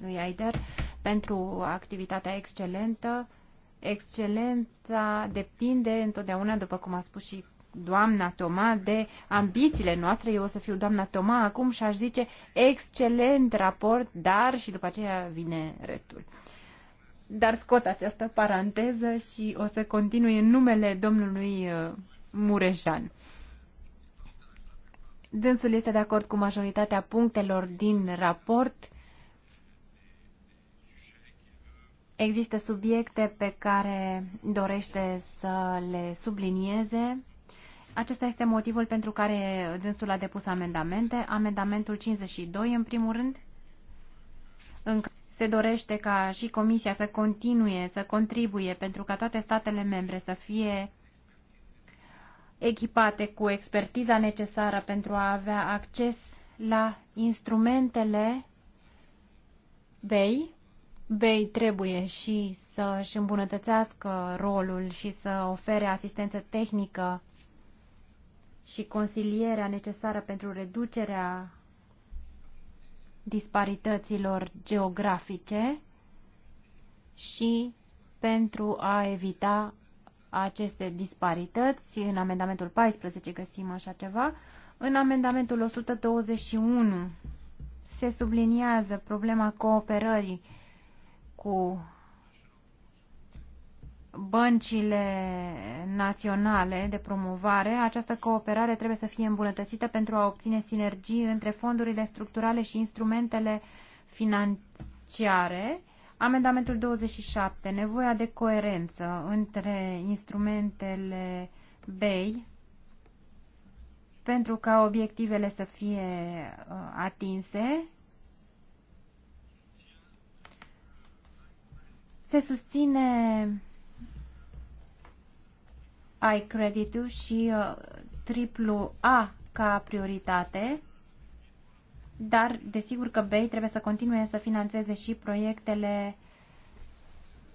lui Aider pentru activitatea excelentă. Excelența depinde întotdeauna, după cum a spus și doamna Toma, de ambițiile noastre. Eu o să fiu doamna Toma acum și aș zice excelent raport, dar și după aceea vine restul. Dar scot această paranteză și o să continui în numele domnului uh, Mureșan. Dânsul este de acord cu majoritatea punctelor din raport Există subiecte pe care dorește să le sublinieze. Acesta este motivul pentru care dânsul a depus amendamente. Amendamentul 52, în primul rând, în se dorește ca și Comisia să continue, să contribuie pentru ca toate statele membre să fie echipate cu expertiza necesară pentru a avea acces la instrumentele BEI BEI trebuie și să-și îmbunătățească rolul și să ofere asistență tehnică și consilierea necesară pentru reducerea disparităților geografice și pentru a evita aceste disparități. În amendamentul 14 găsim așa ceva. În amendamentul 121 se subliniază problema cooperării cu băncile naționale de promovare, această cooperare trebuie să fie îmbunătățită pentru a obține sinergii între fondurile structurale și instrumentele financiare. Amendamentul 27. Nevoia de coerență între instrumentele BEI pentru ca obiectivele să fie uh, atinse Se susține ai creditul și uh, triplu A ca prioritate, dar desigur că BEI trebuie să continue să financeze și proiectele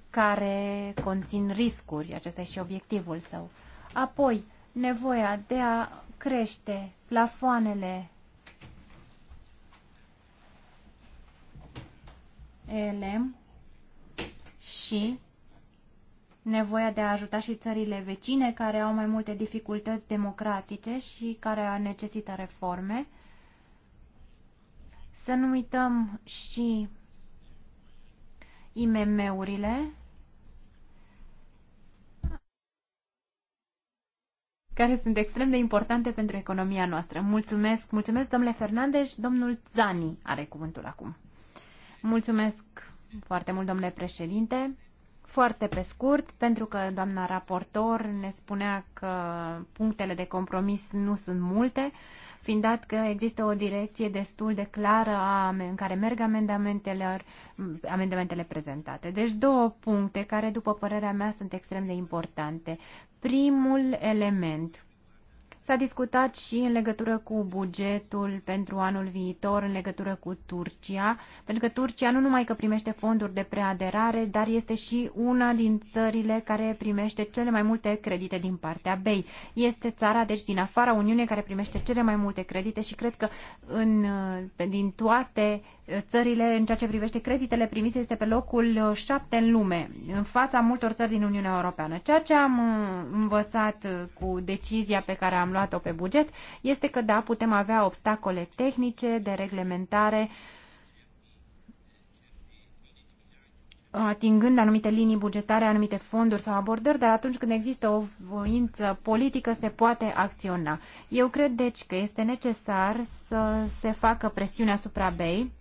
care conțin riscuri. Acesta e și obiectivul său. Apoi, nevoia de a crește plafoanele LM și nevoia de a ajuta și țările vecine care au mai multe dificultăți democratice și care necesită reforme. Să nu uităm și IMM-urile care sunt extrem de importante pentru economia noastră. Mulțumesc, mulțumesc domnule Fernandez, domnul Zani are cuvântul acum. Mulțumesc foarte mult, domnule președinte. Foarte pe scurt, pentru că doamna raportor ne spunea că punctele de compromis nu sunt multe, fiind dat că există o direcție destul de clară a, în care merg amendamentele, amendamentele prezentate. Deci două puncte care, după părerea mea, sunt extrem de importante. Primul element, S-a discutat și în legătură cu bugetul pentru anul viitor, în legătură cu Turcia, pentru că Turcia nu numai că primește fonduri de preaderare, dar este și una din țările care primește cele mai multe credite din partea BEI. Este țara, deci, din afara Uniunii care primește cele mai multe credite și cred că în, din toate țările, în ceea ce privește creditele primite, este pe locul uh, șapte în lume, în fața multor țări din Uniunea Europeană. Ceea ce am uh, învățat uh, cu decizia pe care am luat-o pe buget, este că, da, putem avea obstacole tehnice de reglementare, atingând anumite linii bugetare, anumite fonduri sau abordări, dar atunci când există o voință politică se poate acționa. Eu cred deci că este necesar să se facă presiune asupra BEI.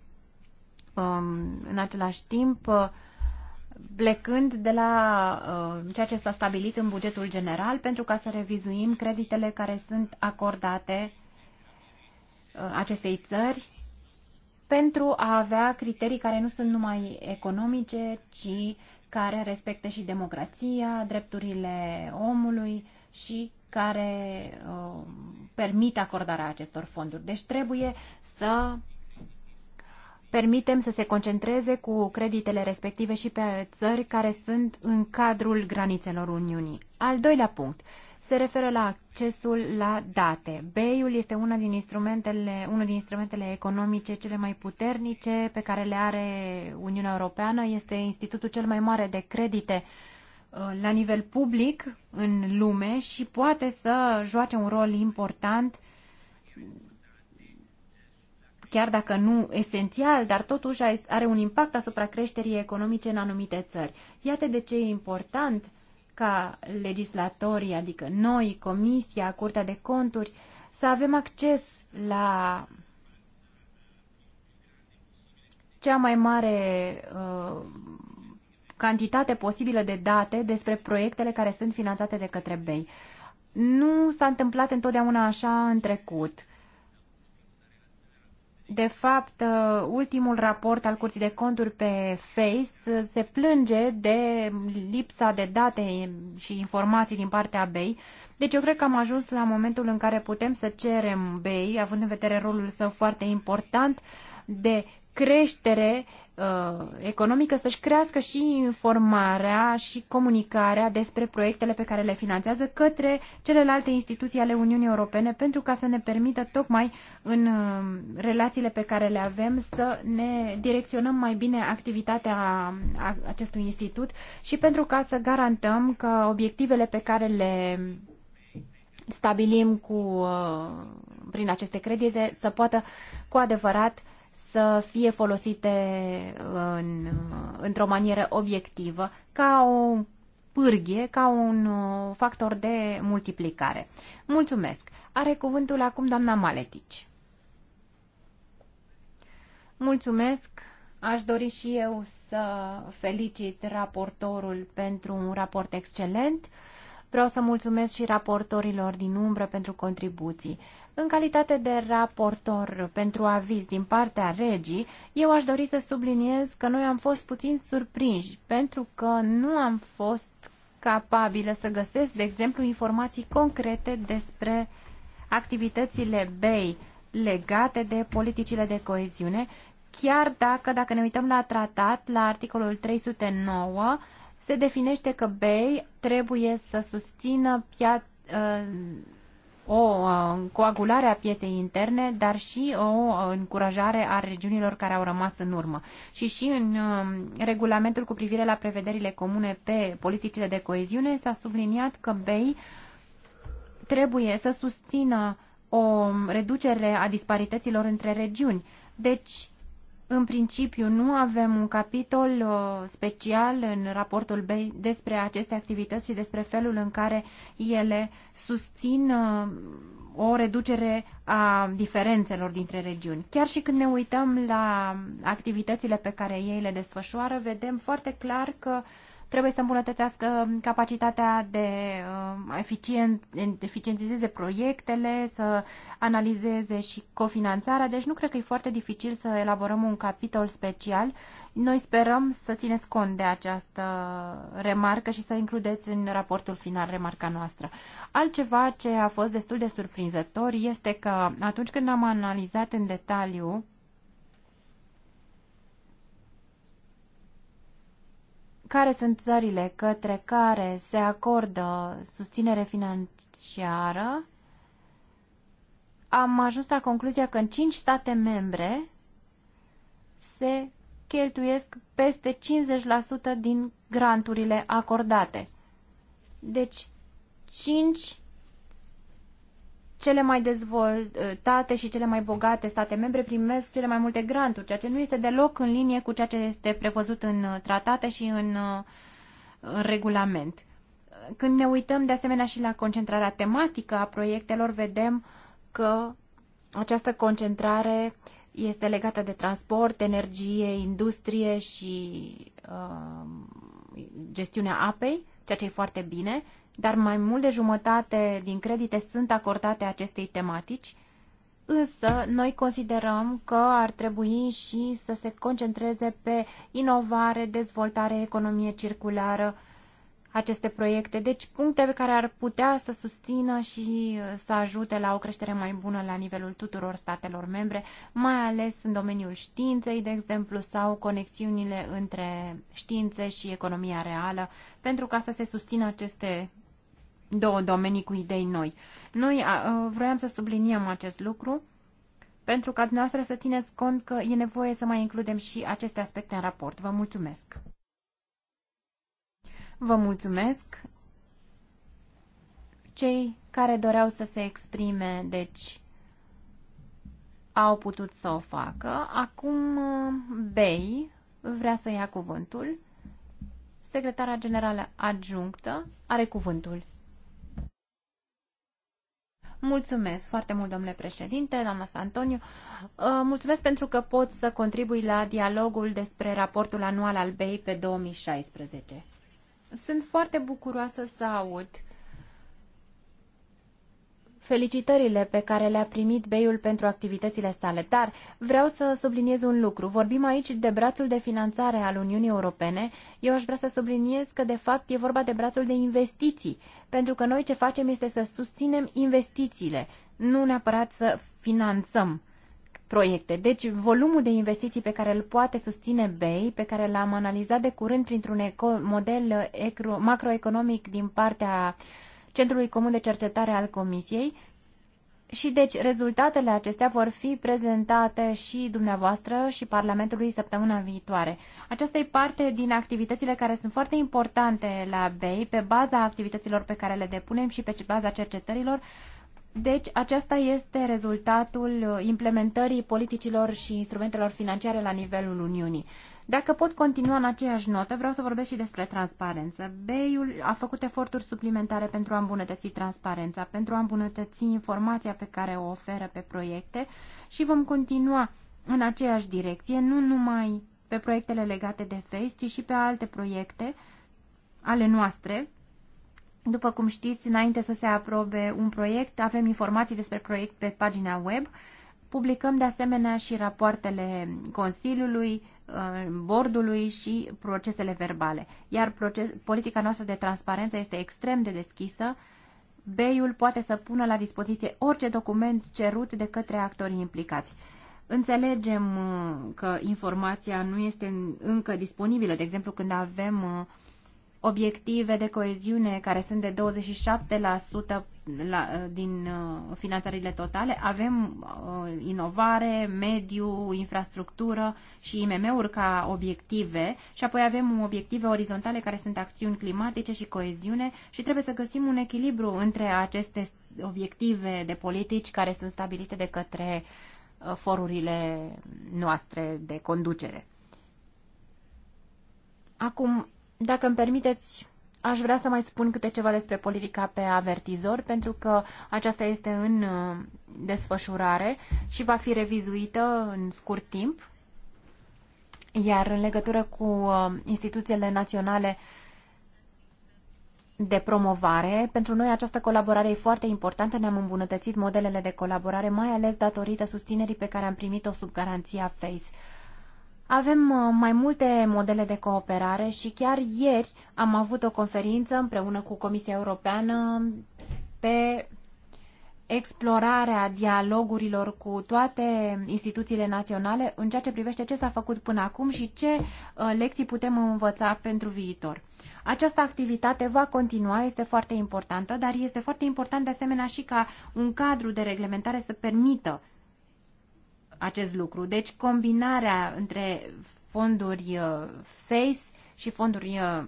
Um, în același timp, plecând de la uh, ceea ce s-a stabilit în bugetul general pentru ca să revizuim creditele care sunt acordate uh, acestei țări pentru a avea criterii care nu sunt numai economice, ci care respectă și democrația, drepturile omului și care uh, permit acordarea acestor fonduri. Deci trebuie să permitem să se concentreze cu creditele respective și pe țări care sunt în cadrul granițelor Uniunii. Al doilea punct se referă la accesul la date. BEI-ul este una din instrumentele, unul din instrumentele economice cele mai puternice pe care le are Uniunea Europeană. Este institutul cel mai mare de credite uh, la nivel public în lume și poate să joace un rol important chiar dacă nu esențial, dar totuși are un impact asupra creșterii economice în anumite țări. Iată de ce e important ca legislatorii, adică noi, Comisia, Curtea de Conturi, să avem acces la cea mai mare uh, cantitate posibilă de date despre proiectele care sunt finanțate de către BEI. Nu s-a întâmplat întotdeauna așa în trecut. De fapt, uh, ultimul raport al Curții de Conturi pe Face uh, se plânge de lipsa de date și informații din partea BEI. Deci eu cred că am ajuns la momentul în care putem să cerem BEI, având în vedere rolul său foarte important de creștere uh, economică să-și crească și informarea și comunicarea despre proiectele pe care le finanțează către celelalte instituții ale Uniunii Europene pentru ca să ne permită tocmai în uh, relațiile pe care le avem să ne direcționăm mai bine activitatea acestui institut și pentru ca să garantăm că obiectivele pe care le stabilim cu, uh, prin aceste credite să poată cu adevărat să fie folosite în, într-o manieră obiectivă, ca o pârghie, ca un uh, factor de multiplicare. Mulțumesc! Are cuvântul acum doamna Maletici. Mulțumesc! Aș dori și eu să felicit raportorul pentru un raport excelent. Vreau să mulțumesc și raportorilor din umbră pentru contribuții. În calitate de raportor pentru aviz din partea regii, eu aș dori să subliniez că noi am fost puțin surprinși, pentru că nu am fost capabilă să găsesc, de exemplu, informații concrete despre activitățile BEI legate de politicile de coeziune, chiar dacă, dacă ne uităm la tratat, la articolul 309, se definește că BEI trebuie să susțină Uh, o uh, coagulare a pieței interne, dar și o uh, încurajare a regiunilor care au rămas în urmă. Și și în um, regulamentul cu privire la prevederile comune pe politicile de coeziune s-a subliniat că BEI trebuie să susțină o reducere a disparităților între regiuni. Deci, în principiu, nu avem un capitol uh, special în raportul BEI despre aceste activități și despre felul în care ele susțin uh, o reducere a diferențelor dintre regiuni. Chiar și când ne uităm la activitățile pe care ei le desfășoară, vedem foarte clar că uh, Trebuie să îmbunătățească um, capacitatea de um, eficient, eficientizeze proiectele, să analizeze și cofinanțarea. Deci nu cred că e foarte dificil să elaborăm un capitol special. Noi sperăm să țineți cont de această remarcă și să includeți în raportul final remarca noastră. Altceva ce a fost destul de surprinzător este că atunci când am analizat în detaliu care sunt țările către care se acordă susținere financiară, am ajuns la concluzia că în 5 state membre se cheltuiesc peste 50% din granturile acordate. Deci, 5 cele mai dezvoltate și cele mai bogate state membre primesc cele mai multe granturi, ceea ce nu este deloc în linie cu ceea ce este prevăzut în uh, tratate și în, uh, în regulament. Când ne uităm de asemenea și la concentrarea tematică a proiectelor, vedem că această concentrare este legată de transport, energie, industrie și uh, gestiunea apei, ceea ce e foarte bine, dar mai mult de jumătate din credite sunt acordate acestei tematici, însă noi considerăm că ar trebui și să se concentreze pe inovare, dezvoltare, economie circulară, aceste proiecte, deci puncte pe care ar putea să susțină și să ajute la o creștere mai bună la nivelul tuturor statelor membre, mai ales în domeniul științei, de exemplu, sau conexiunile între științe și economia reală, pentru ca să se susțină aceste două domenii cu idei noi. Noi vroiam să subliniem acest lucru pentru ca dumneavoastră să țineți cont că e nevoie să mai includem și aceste aspecte în raport. Vă mulțumesc! Vă mulțumesc! Cei care doreau să se exprime, deci, au putut să o facă. Acum, Bei vrea să ia cuvântul. Secretara Generală Adjunctă are cuvântul. Mulțumesc foarte mult, domnule președinte, doamna Santoniu. Uh, mulțumesc pentru că pot să contribui la dialogul despre raportul anual al BEI pe 2016. Sunt foarte bucuroasă să aud felicitările pe care le-a primit Beiul pentru activitățile sale, dar vreau să subliniez un lucru. Vorbim aici de brațul de finanțare al Uniunii Europene. Eu aș vrea să subliniez că, de fapt, e vorba de brațul de investiții, pentru că noi ce facem este să susținem investițiile, nu neapărat să finanțăm proiecte. Deci, volumul de investiții pe care îl poate susține BEI, pe care l-am analizat de curând printr-un model macroeconomic din partea uh, Centrului Comun de Cercetare al Comisiei. Și deci rezultatele acestea vor fi prezentate și dumneavoastră și Parlamentului săptămâna viitoare. Aceasta e parte din activitățile care sunt foarte importante la BEI pe baza activităților pe care le depunem și pe baza cercetărilor. Deci acesta este rezultatul implementării politicilor și instrumentelor financiare la nivelul Uniunii. Dacă pot continua în aceeași notă, vreau să vorbesc și despre transparență. BEIUL a făcut eforturi suplimentare pentru a îmbunătăți transparența, pentru a îmbunătăți informația pe care o oferă pe proiecte și vom continua în aceeași direcție, nu numai pe proiectele legate de FACE, ci și pe alte proiecte ale noastre. După cum știți, înainte să se aprobe un proiect, avem informații despre proiect pe pagina web. Publicăm de asemenea și rapoartele Consiliului, Uh, bordului și procesele verbale. Iar proces, politica noastră de transparență este extrem de deschisă. Beiul poate să pună la dispoziție orice document cerut de către actorii implicați. Înțelegem uh, că informația nu este încă disponibilă, de exemplu când avem uh, obiective de coeziune care sunt de 27% la, din uh, finanțările totale, avem uh, inovare, mediu, infrastructură și IMM-uri ca obiective și apoi avem obiective orizontale care sunt acțiuni climatice și coeziune și trebuie să găsim un echilibru între aceste obiective de politici care sunt stabilite de către uh, forurile noastre de conducere. Acum, dacă îmi permiteți, aș vrea să mai spun câte ceva despre politica pe avertizor, pentru că aceasta este în uh, desfășurare și va fi revizuită în scurt timp. Iar în legătură cu uh, instituțiile naționale de promovare. Pentru noi această colaborare e foarte importantă, ne-am îmbunătățit modelele de colaborare, mai ales datorită susținerii pe care am primit-o sub garanția FACE. Avem uh, mai multe modele de cooperare și chiar ieri am avut o conferință împreună cu Comisia Europeană pe explorarea dialogurilor cu toate instituțiile naționale în ceea ce privește ce s-a făcut până acum și ce uh, lecții putem învăța pentru viitor. Această activitate va continua, este foarte importantă, dar este foarte important de asemenea și ca un cadru de reglementare să permită acest lucru. Deci combinarea între fonduri uh, FACE și fonduri uh,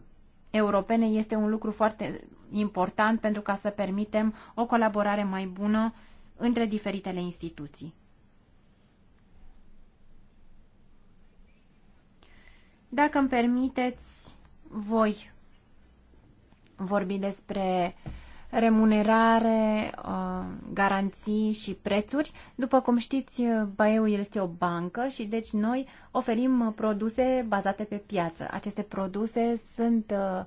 europene este un lucru foarte important pentru ca să permitem o colaborare mai bună între diferitele instituții. Dacă îmi permiteți, voi vorbi despre uh, remunerare, uh, garanții și prețuri. După cum știți, Baeu este o bancă și deci noi oferim produse bazate pe piață. Aceste produse sunt uh,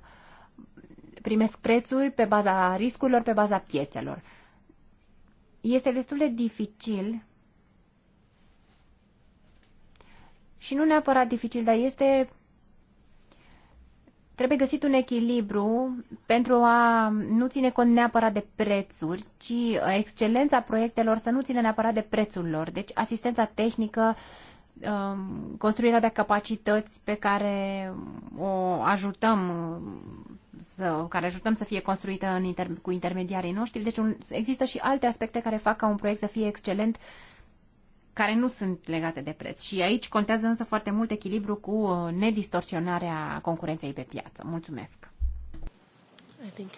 primesc prețuri pe baza riscurilor, pe baza piețelor. Este destul de dificil și nu neapărat dificil, dar este Trebuie găsit un echilibru pentru a nu ține cont neapărat de prețuri, ci excelența proiectelor să nu ține neapărat de prețul lor. Deci asistența tehnică, um, construirea de capacități pe care o ajutăm să, care ajutăm să fie construită în inter, cu intermediarii noștri. Deci un, există și alte aspecte care fac ca un proiect să fie excelent uh, care nu sunt legate de preț. Și aici contează însă foarte mult echilibru cu uh, nedistorsionarea concurenței pe piață. Mulțumesc. I think.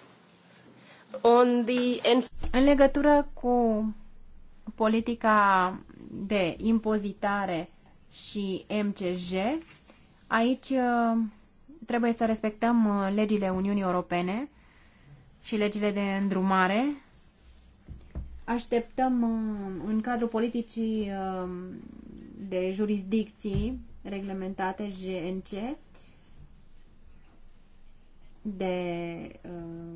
On the... În legătură cu politica de impozitare și MCJ, aici uh, trebuie să respectăm uh, legile Uniunii Europene și legile de îndrumare Așteptăm uh, în cadrul politicii uh, de jurisdicții reglementate GNC de uh,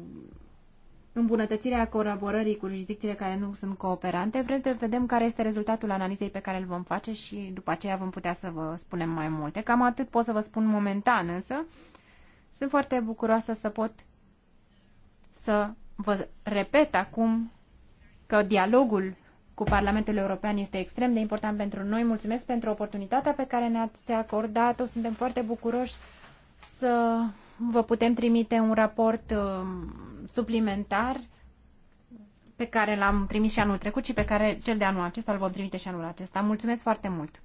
îmbunătățirea colaborării cu jurisdicțiile care nu sunt cooperante. Vrem să vedem care este rezultatul analizei pe care îl vom face și după aceea vom putea să vă spunem mai multe. Cam atât pot să vă spun momentan, însă sunt foarte bucuroasă să pot să vă repet acum că dialogul cu Parlamentul European este extrem de important pentru noi. Mulțumesc pentru oportunitatea pe care ne-ați acordat-o. Suntem foarte bucuroși să vă putem trimite un raport uh, suplimentar pe care l-am trimis și anul trecut și pe care cel de anul acesta îl vom trimite și anul acesta. Mulțumesc foarte mult!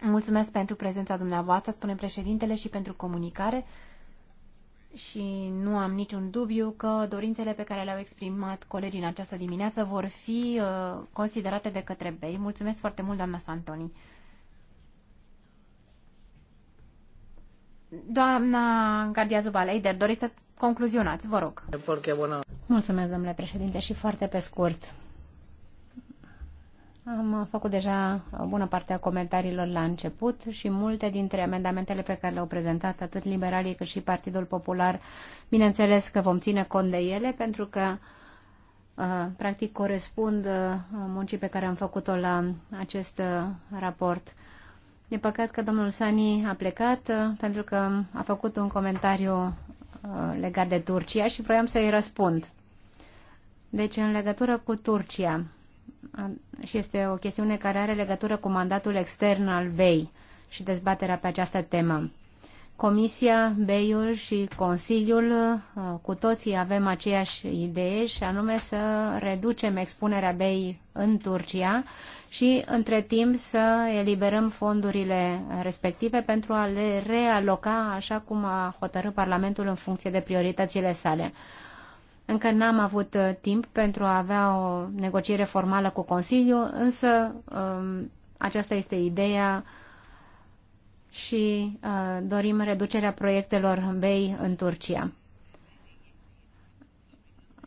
Mulțumesc pentru prezența dumneavoastră, spune președintele, și pentru comunicare și nu am niciun dubiu că dorințele pe care le-au exprimat colegii în această dimineață vor fi uh, considerate de către BEI. Mulțumesc foarte mult, doamna Santoni. Doamna Gardia Zubaleider, doriți să concluzionați, vă rog. Mulțumesc, domnule președinte, și foarte pe scurt. Am făcut deja o bună parte a comentariilor la început și multe dintre amendamentele pe care le-au prezentat atât liberalii cât și Partidul Popular, bineînțeles că vom ține cont de ele pentru că uh, practic corespund uh, muncii pe care am făcut-o la acest uh, raport. E păcat că domnul Sani a plecat pentru că a făcut un comentariu legat de Turcia și vroiam să-i răspund. Deci, în legătură cu Turcia, și este o chestiune care are legătură cu mandatul extern al BEI și dezbaterea pe această temă. Comisia, BEI-ul și Consiliul, uh, cu toții avem aceeași idee și anume să reducem expunerea BEI în Turcia și între timp să eliberăm fondurile respective pentru a le realoca așa cum a hotărât Parlamentul în funcție de prioritățile sale. Încă n-am avut uh, timp pentru a avea o negociere formală cu Consiliul, însă um, aceasta este ideea și uh, dorim reducerea proiectelor BEI în Turcia.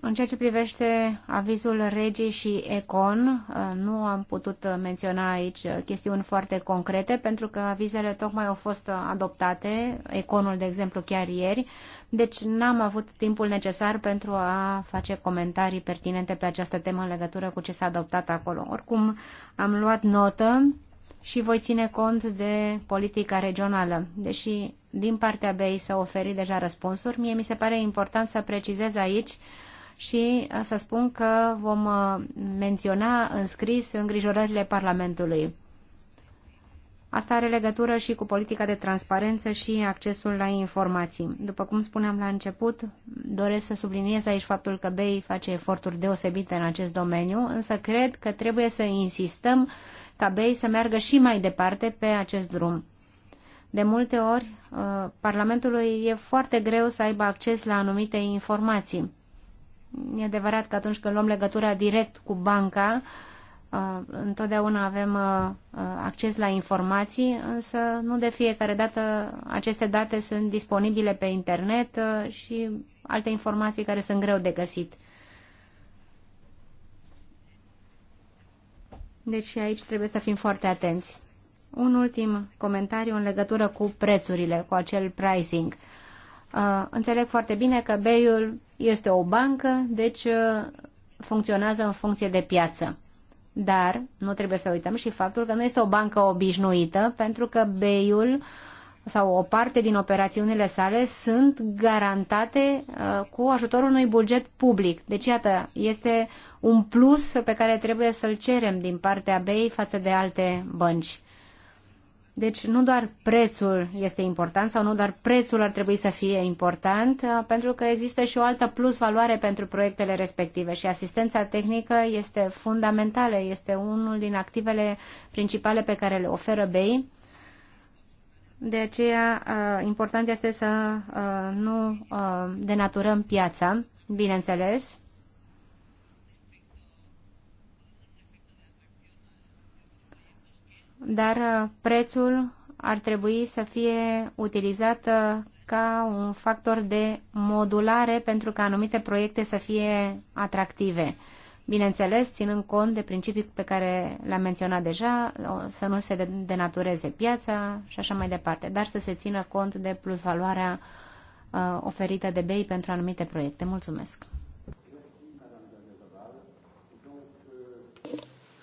În ceea ce privește avizul Regii și Econ, uh, nu am putut uh, menționa aici uh, chestiuni foarte concrete, pentru că avizele tocmai au fost adoptate, Econul, de exemplu, chiar ieri, deci n-am avut timpul necesar pentru a face comentarii pertinente pe această temă în legătură cu ce s-a adoptat acolo. Oricum, am luat notă și voi ține cont de politica regională. Deși din partea BEI s-au oferit deja răspunsuri, mie mi se pare important să precizez aici și să spun că vom menționa în scris îngrijorările Parlamentului. Asta are legătură și cu politica de transparență și accesul la informații. După cum spuneam la început, doresc să subliniez aici faptul că BEI face eforturi deosebite în acest domeniu, însă cred că trebuie să insistăm ca BEI să meargă și mai departe pe acest drum. De multe ori, Parlamentului e foarte greu să aibă acces la anumite informații. E adevărat că atunci când luăm legătura direct cu banca, uh, întotdeauna avem uh, uh, acces la informații, însă nu de fiecare dată aceste date sunt disponibile pe internet și alte informații care sunt greu de găsit. Deci aici trebuie să fim foarte atenți. Un ultim comentariu în legătură cu prețurile, cu acel pricing. Uh, Înțeleg foarte bine că BEI-ul este o bancă, deci funcționează în funcție de piață. Dar nu trebuie să uităm și faptul că nu este o bancă obișnuită, pentru că BEI-ul sau o parte din operațiunile sale sunt garantate cu ajutorul unui buget public. Deci, iată, este un plus pe care trebuie să-l cerem din partea BEI față de alte bănci. Deci nu doar prețul este important sau nu doar prețul ar trebui să fie important, uh, pentru că există și o altă plus valoare pentru proiectele respective și asistența tehnică este fundamentală, este unul din activele principale pe care le oferă BEI. De aceea, uh, important este să uh, nu denaturăm piața, bineînțeles, dar uh, prețul ar trebui să fie utilizat uh, ca un factor de modulare pentru ca anumite proiecte să fie atractive. Bineînțeles, ținând cont de principii pe care le-am menționat deja, să nu se denatureze piața și așa mai departe, dar să se țină cont de plusvaloarea uh, oferită de BEI pentru anumite proiecte. Mulțumesc!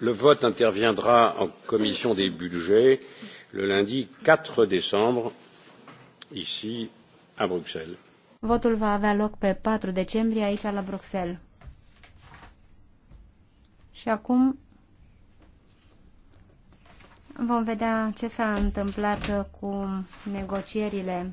le vote interviendra en commission des budgets le lundi quatre décembre ici à bruxelles. votul va avea loc pe 4 decembrie aici la bruxelles. și acum vom vedea ce s a întâmplat cu negocierile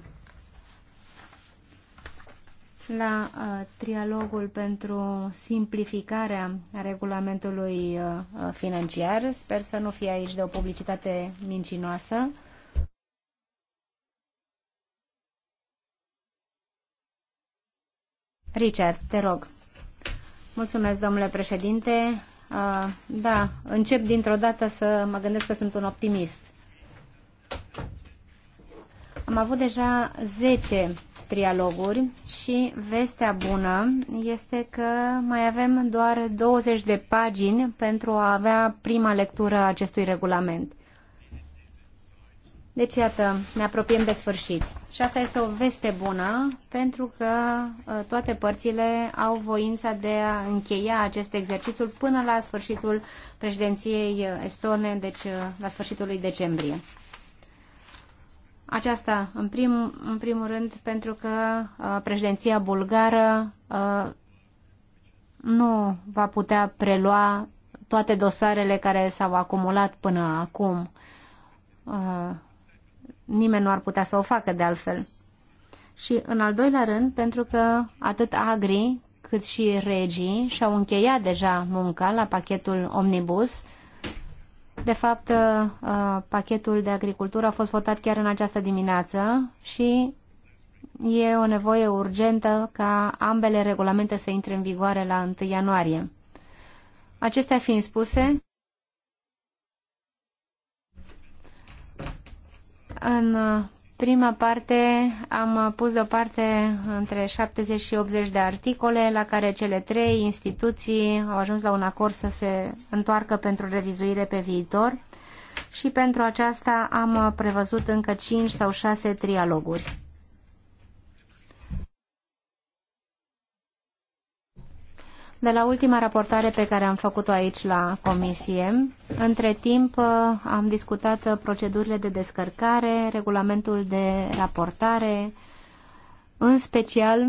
la uh, trialogul pentru simplificarea regulamentului uh, uh, financiar. Sper să nu fie aici de o publicitate mincinoasă. Richard, te rog. Mulțumesc, domnule președinte. Uh, da, încep dintr-o dată să mă gândesc că sunt un optimist. Am avut deja 10 trialoguri și vestea bună este că mai avem doar 20 de pagini pentru a avea prima lectură a acestui regulament. Deci, iată, ne apropiem de sfârșit. Și asta este o veste bună, pentru că ă, toate părțile au voința de a încheia acest exercițiu până la sfârșitul președinției estone, deci ă, la sfârșitul lui decembrie. Aceasta, în, prim, în primul rând, pentru că uh, președinția bulgară uh, nu va putea prelua toate dosarele care s-au acumulat până acum. Uh, nimeni nu ar putea să o facă de altfel. Și, în al doilea rând, pentru că atât Agri cât și Regii și-au încheiat deja munca la pachetul Omnibus, uh, de fapt, uh, uh, pachetul de agricultură a fost votat chiar în această dimineață și e o nevoie urgentă ca ambele regulamente să intre în vigoare la 1 ianuarie. Acestea fiind spuse, în uh, prima parte am pus deoparte între 70 și 80 de articole la care cele trei instituții au ajuns la un acord să se întoarcă pentru revizuire pe viitor și pentru aceasta am prevăzut încă 5 sau 6 trialoguri. de la ultima raportare pe care am făcut-o aici la comisie. Între timp uh, am discutat uh, procedurile de descărcare, regulamentul de raportare, în special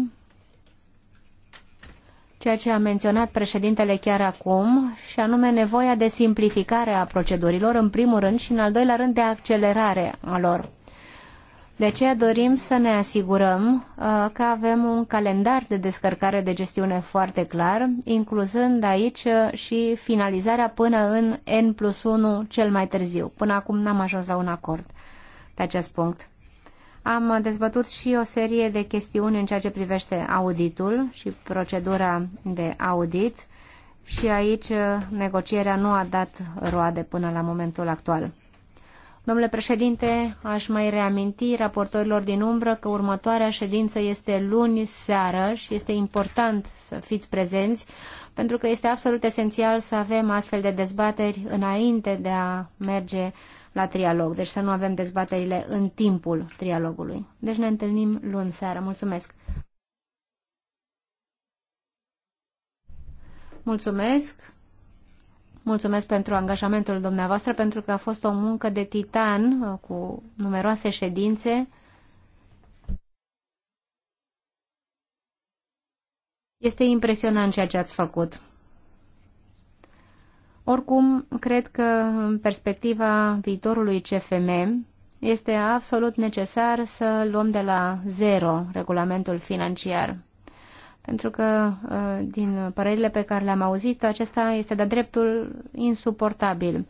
ceea ce a menționat președintele chiar acum, și anume nevoia de simplificare a procedurilor, în primul rând, și în al doilea rând de accelerare a lor. De aceea dorim să ne asigurăm uh, că avem un calendar de descărcare de gestiune foarte clar, incluzând aici uh, și finalizarea până în N plus 1 cel mai târziu. Până acum n-am ajuns la un acord pe acest punct. Am dezbătut și o serie de chestiuni în ceea ce privește auditul și procedura de audit și aici uh, negocierea nu a dat roade până la momentul actual. Domnule președinte, aș mai reaminti raportorilor din umbră că următoarea ședință este luni seară și este important să fiți prezenți, pentru că este absolut esențial să avem astfel de dezbateri înainte de a merge la trialog, deci să nu avem dezbaterile în timpul trialogului. Deci ne întâlnim luni seară. Mulțumesc! Mulțumesc! Mulțumesc pentru angajamentul dumneavoastră, pentru că a fost o muncă de titan uh, cu numeroase ședințe. Este impresionant ceea ce ați făcut. Oricum, cred că în perspectiva viitorului CFM este absolut necesar să luăm de la zero regulamentul financiar pentru că uh, din părerile pe care le-am auzit, acesta este de dreptul insuportabil.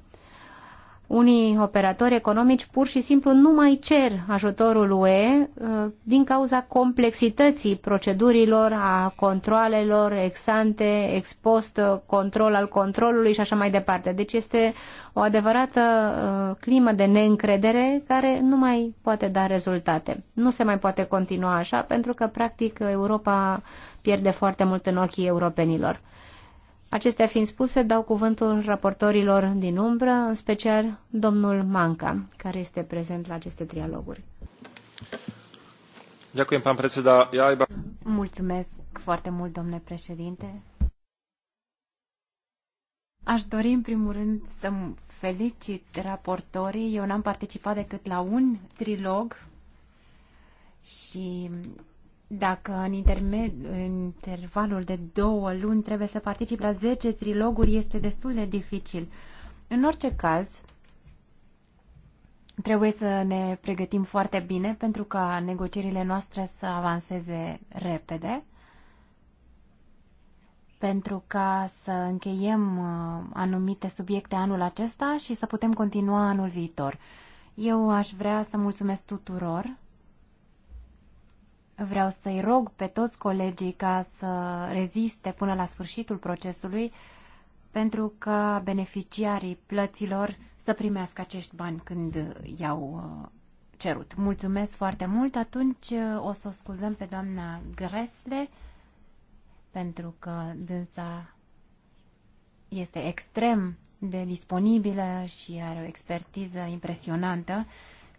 Unii operatori economici pur și simplu nu mai cer ajutorul UE uh, din cauza complexității procedurilor, a controalelor, exante, expost, uh, control al controlului și așa mai departe. Deci este o adevărată uh, climă de neîncredere care nu mai poate da rezultate. Nu se mai poate continua așa pentru că, practic, Europa pierde foarte mult în ochii europenilor. Acestea fiind spuse, dau cuvântul raportorilor din umbră, în special domnul Manca, care este prezent la aceste trialoguri. Mulțumesc foarte mult, domnule președinte. Aș dori, în primul rând, să felicit raportorii. Eu n-am participat decât la un trilog și dacă în, interme- în intervalul de două luni trebuie să participi la 10 triloguri, este destul de dificil. În orice caz, trebuie să ne pregătim foarte bine pentru ca negocierile noastre să avanseze repede, pentru ca să încheiem uh, anumite subiecte anul acesta și să putem continua anul viitor. Eu aș vrea să mulțumesc tuturor Vreau să-i rog pe toți colegii ca să reziste până la sfârșitul procesului pentru ca beneficiarii plăților să primească acești bani când i-au uh, cerut. Mulțumesc foarte mult. Atunci uh, o să o scuzăm pe doamna Gresle pentru că dânsa este extrem de disponibilă și are o expertiză impresionantă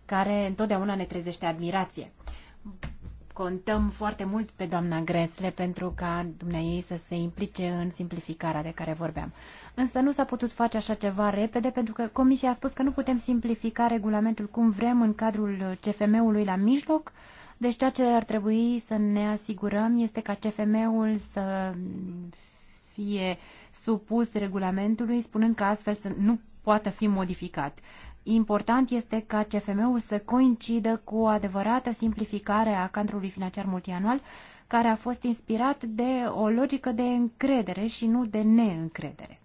care întotdeauna ne trezește admirație contăm foarte mult pe doamna Gresle pentru ca ei să se implice în simplificarea de care vorbeam. Însă nu s-a putut face așa ceva repede pentru că Comisia a spus că nu putem simplifica regulamentul cum vrem în cadrul CFM-ului la mijloc, deci ceea ce ar trebui să ne asigurăm este ca CFM-ul să fie supus regulamentului, spunând că astfel să nu poată fi modificat. Important este ca CFM-ul să coincidă cu o adevărată simplificare a cadrului financiar multianual, care a fost inspirat de o logică de încredere și nu de neîncredere.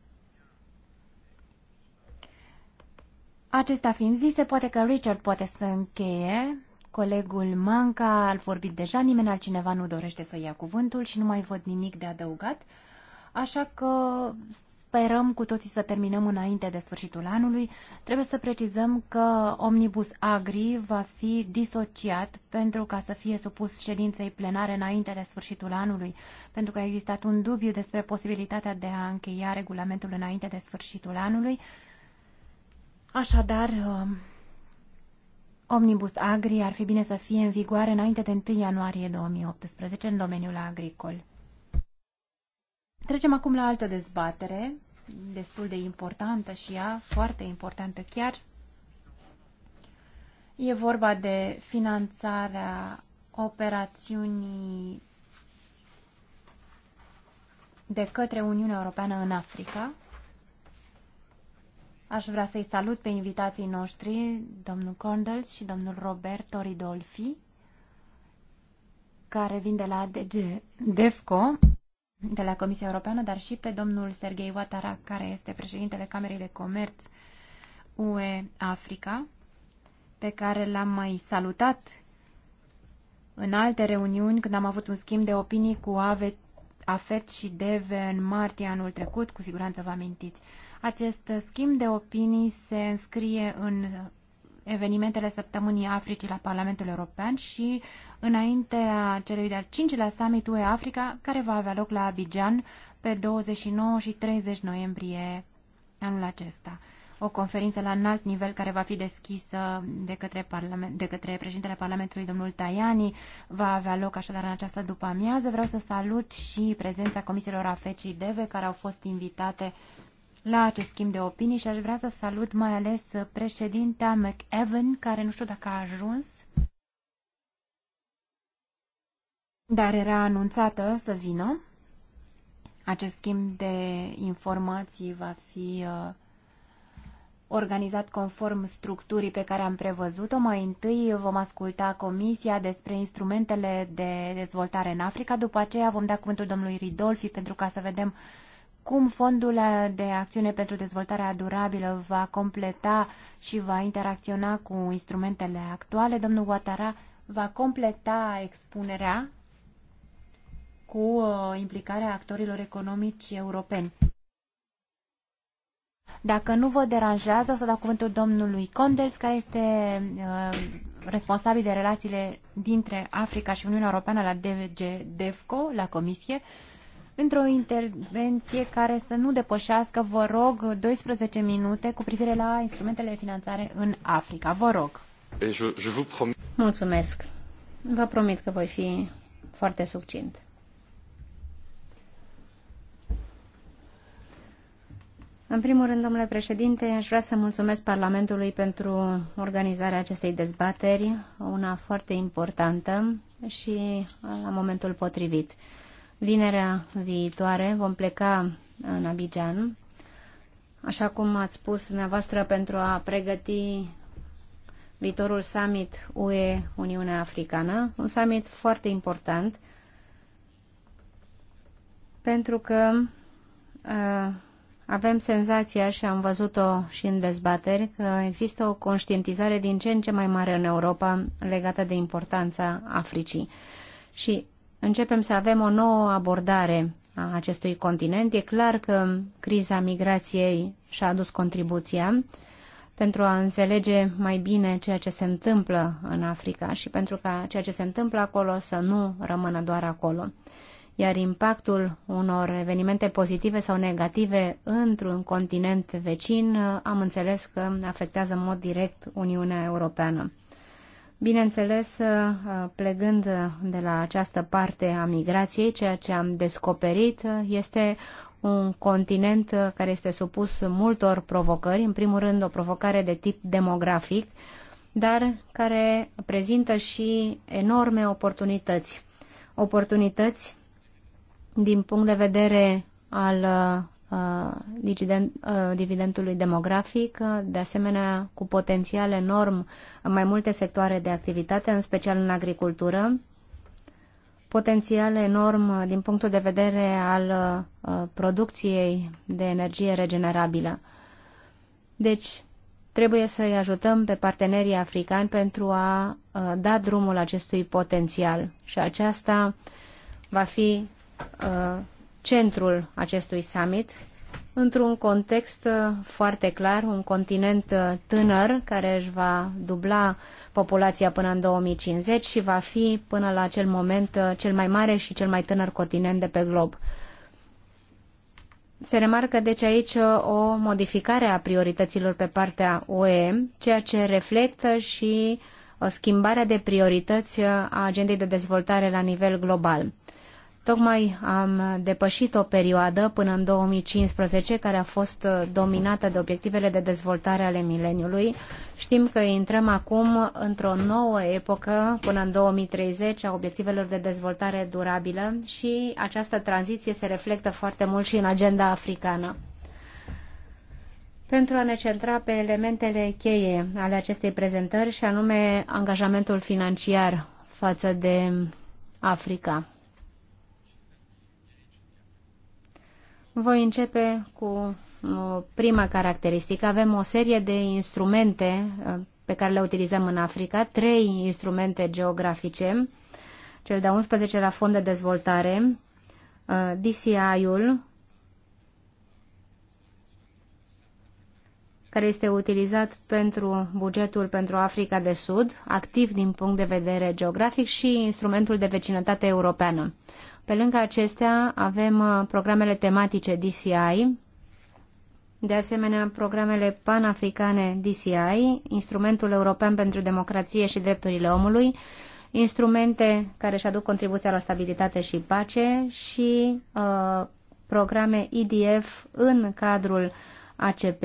Acesta fiind zise, poate că Richard poate să încheie. Colegul Manca a vorbit deja, nimeni altcineva nu dorește să ia cuvântul și nu mai văd nimic de adăugat. Așa că sperăm cu toții să terminăm înainte de sfârșitul anului. Trebuie să precizăm că Omnibus Agri va fi disociat pentru ca să fie supus ședinței plenare înainte de sfârșitul anului, pentru că a existat un dubiu despre posibilitatea de a încheia regulamentul înainte de sfârșitul anului. Așadar, um, Omnibus Agri ar fi bine să fie în vigoare înainte de 1 ianuarie 2018 în domeniul agricol. Trecem acum la altă dezbatere destul de importantă și ea, foarte importantă chiar. E vorba de finanțarea operațiunii de către Uniunea Europeană în Africa. Aș vrea să-i salut pe invitații noștri, domnul Condel și domnul Roberto Ridolfi, care vin de la DG DEFCO, de la Comisia Europeană, dar și pe domnul Sergei Watara, care este președintele Camerei de Comerț UE Africa, pe care l-am mai salutat în alte reuniuni când am avut un schimb de opinii cu AVE, AFET și DEVE în martie anul trecut, cu siguranță vă amintiți. Acest schimb de opinii se înscrie în evenimentele săptămânii Africii la Parlamentul European și înaintea celui de-al cincilea summit UE Africa, care va avea loc la Abidjan pe 29 și 30 noiembrie anul acesta. O conferință la înalt nivel care va fi deschisă de către, parlament, de către președintele Parlamentului, domnul Tajani, va avea loc așadar în această după amiază. Vreau să salut și prezența comisiilor Afecii DEVE care au fost invitate la acest schimb de opinii și aș vrea să salut mai ales președinta McEvan, care nu știu dacă a ajuns, dar era anunțată să vină. Acest schimb de informații va fi uh, organizat conform structurii pe care am prevăzut-o. Mai întâi vom asculta comisia despre instrumentele de dezvoltare în Africa, după aceea vom da cuvântul domnului Ridolfi pentru ca să vedem uh, cum Fondul de Acțiune pentru Dezvoltarea Durabilă va completa și va interacționa cu instrumentele actuale. Domnul Guatara va completa expunerea cu uh, implicarea actorilor economici europeni. Dacă nu vă deranjează, o să dau cuvântul domnului Conders, care este uh, responsabil de relațiile dintre Africa și Uniunea Europeană la DG DEFCO, la Comisie. Uh, într-o intervenție care să nu depășească, vă rog, 12 minute cu privire la instrumentele de finanțare în Africa. Vă rog. Mulțumesc. Vă promit că voi fi foarte succint. În primul rând, domnule președinte, aș vrea să mulțumesc Parlamentului pentru organizarea acestei dezbateri, una foarte importantă și la momentul potrivit. Vinerea viitoare vom pleca în Abidjan, așa cum ați spus dumneavoastră, pentru a pregăti viitorul summit UE-Uniunea Africană, un summit foarte important, pentru că uh, avem senzația și am văzut-o și în dezbateri că există o conștientizare din ce în ce mai mare în Europa legată de importanța Africii. Și începem să avem o nouă abordare a acestui continent. E clar că criza migrației și-a adus contribuția pentru a înțelege mai bine ceea ce se întâmplă în Africa și pentru ca ceea ce se întâmplă acolo să nu rămână doar acolo. Iar impactul unor evenimente pozitive sau negative într-un continent vecin am înțeles că afectează în mod direct Uniunea Europeană. Bineînțeles, uh, plecând de la această parte a migrației, ceea ce am descoperit uh, este un continent uh, care este supus multor provocări, în primul rând o provocare de tip demografic, dar care prezintă și enorme oportunități. Oportunități din punct de vedere al Uh, uh, dividendului demografic, uh, de asemenea cu potențial enorm în mai multe sectoare de activitate, în special în agricultură, potențial enorm din punctul de vedere al producției de energie regenerabilă. Deci, trebuie să-i ajutăm pe partenerii africani pentru a da drumul acestui potențial și aceasta va fi centrul acestui summit într-un context uh, foarte clar, un continent uh, tânăr care își va dubla populația până în 2050 și va fi până la acel moment uh, cel mai mare și cel mai tânăr continent de pe glob. Se remarcă deci aici o modificare a priorităților pe partea UE, ceea ce reflectă și schimbarea de priorități a agendei de dezvoltare la nivel global. Tocmai am depășit o perioadă până în 2015 care a fost uh, dominată de obiectivele de dezvoltare ale mileniului. Știm că intrăm acum într-o nouă epocă până în 2030 a obiectivelor de dezvoltare durabilă și această tranziție se reflectă foarte mult și în agenda africană. Pentru a ne centra pe elementele cheie ale acestei prezentări și anume angajamentul financiar față de Africa. Voi începe cu uh, prima caracteristică. Avem o serie de instrumente uh, pe care le utilizăm în Africa, trei instrumente geografice, cel de-a 11 la fond de dezvoltare, uh, DCI-ul, care este utilizat pentru bugetul pentru Africa de Sud, activ din punct de vedere geografic, și instrumentul de vecinătate europeană. Pe lângă acestea avem uh, programele tematice DCI, de asemenea programele panafricane DCI, Instrumentul European pentru Democrație și Drepturile Omului, instrumente care își aduc contribuția la stabilitate și pace și uh, programe IDF în cadrul ACP,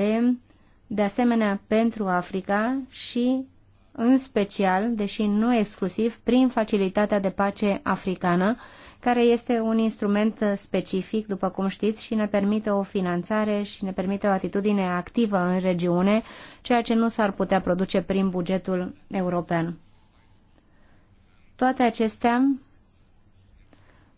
de asemenea pentru Africa și în special, deși nu exclusiv, prin facilitatea de pace africană, uh, care este un instrument specific, după cum știți, și ne permite o finanțare și ne permite o atitudine activă în regiune, ceea ce nu s-ar putea produce prin bugetul european. Toate acestea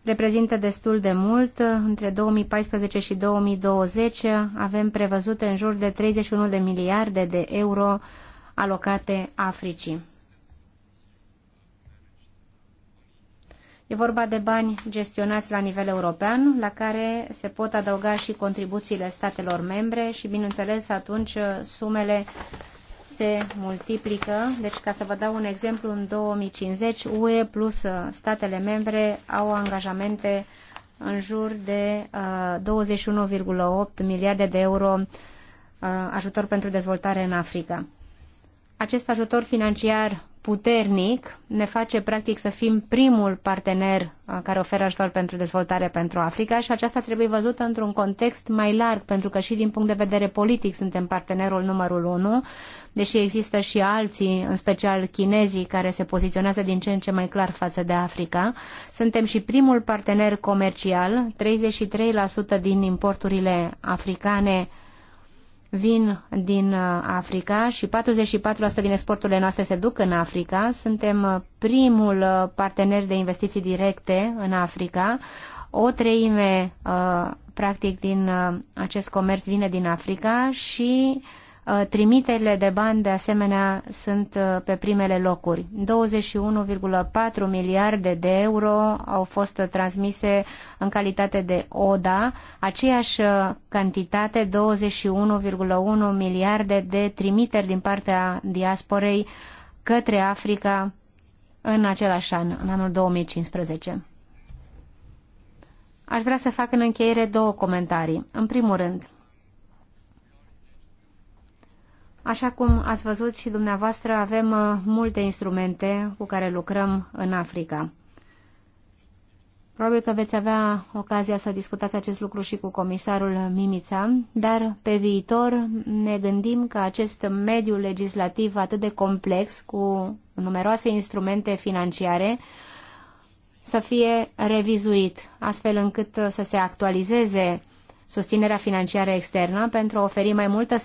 reprezintă destul de mult. Între 2014 și 2020 avem prevăzute în jur de 31 de miliarde de euro alocate Africii. E vorba de bani gestionați la nivel european, la care se pot adăuga și contribuțiile statelor membre și, bineînțeles, atunci uh, sumele se multiplică. Deci, ca să vă dau un exemplu, în 2050 UE plus uh, statele membre au angajamente în jur de uh, 21,8 miliarde de euro uh, ajutor pentru dezvoltare în Africa. Acest ajutor financiar puternic ne face practic să fim primul partener uh, care oferă ajutor pentru dezvoltare pentru Africa și aceasta trebuie văzută într-un context mai larg, pentru că și din punct de vedere politic suntem partenerul numărul unu, deși există și alții, în special chinezii, care se poziționează din ce în ce mai clar față de Africa. Suntem și primul partener comercial, 33% din importurile africane vin din uh, Africa și 44% din exporturile noastre se duc în Africa. Suntem uh, primul uh, partener de investiții directe în Africa. O treime, practic, din acest comerț vine din Africa și Uh, trimiterile de bani, de asemenea, sunt uh, pe primele locuri. 21,4 miliarde de euro au fost uh, transmise în calitate de ODA, aceeași cantitate, 21,1 miliarde de trimiteri din partea diasporei către Africa în același an, în anul 2015. Aș vrea să fac în încheiere două comentarii. În primul rând, Așa cum ați văzut și dumneavoastră, avem uh, multe instrumente cu care lucrăm în Africa. Probabil că veți avea ocazia să discutați acest lucru și cu comisarul Mimița, dar pe viitor ne gândim că acest mediu legislativ atât de complex, cu numeroase instrumente financiare, să fie revizuit, astfel încât să se actualizeze susținerea financiară externă pentru a oferi mai multă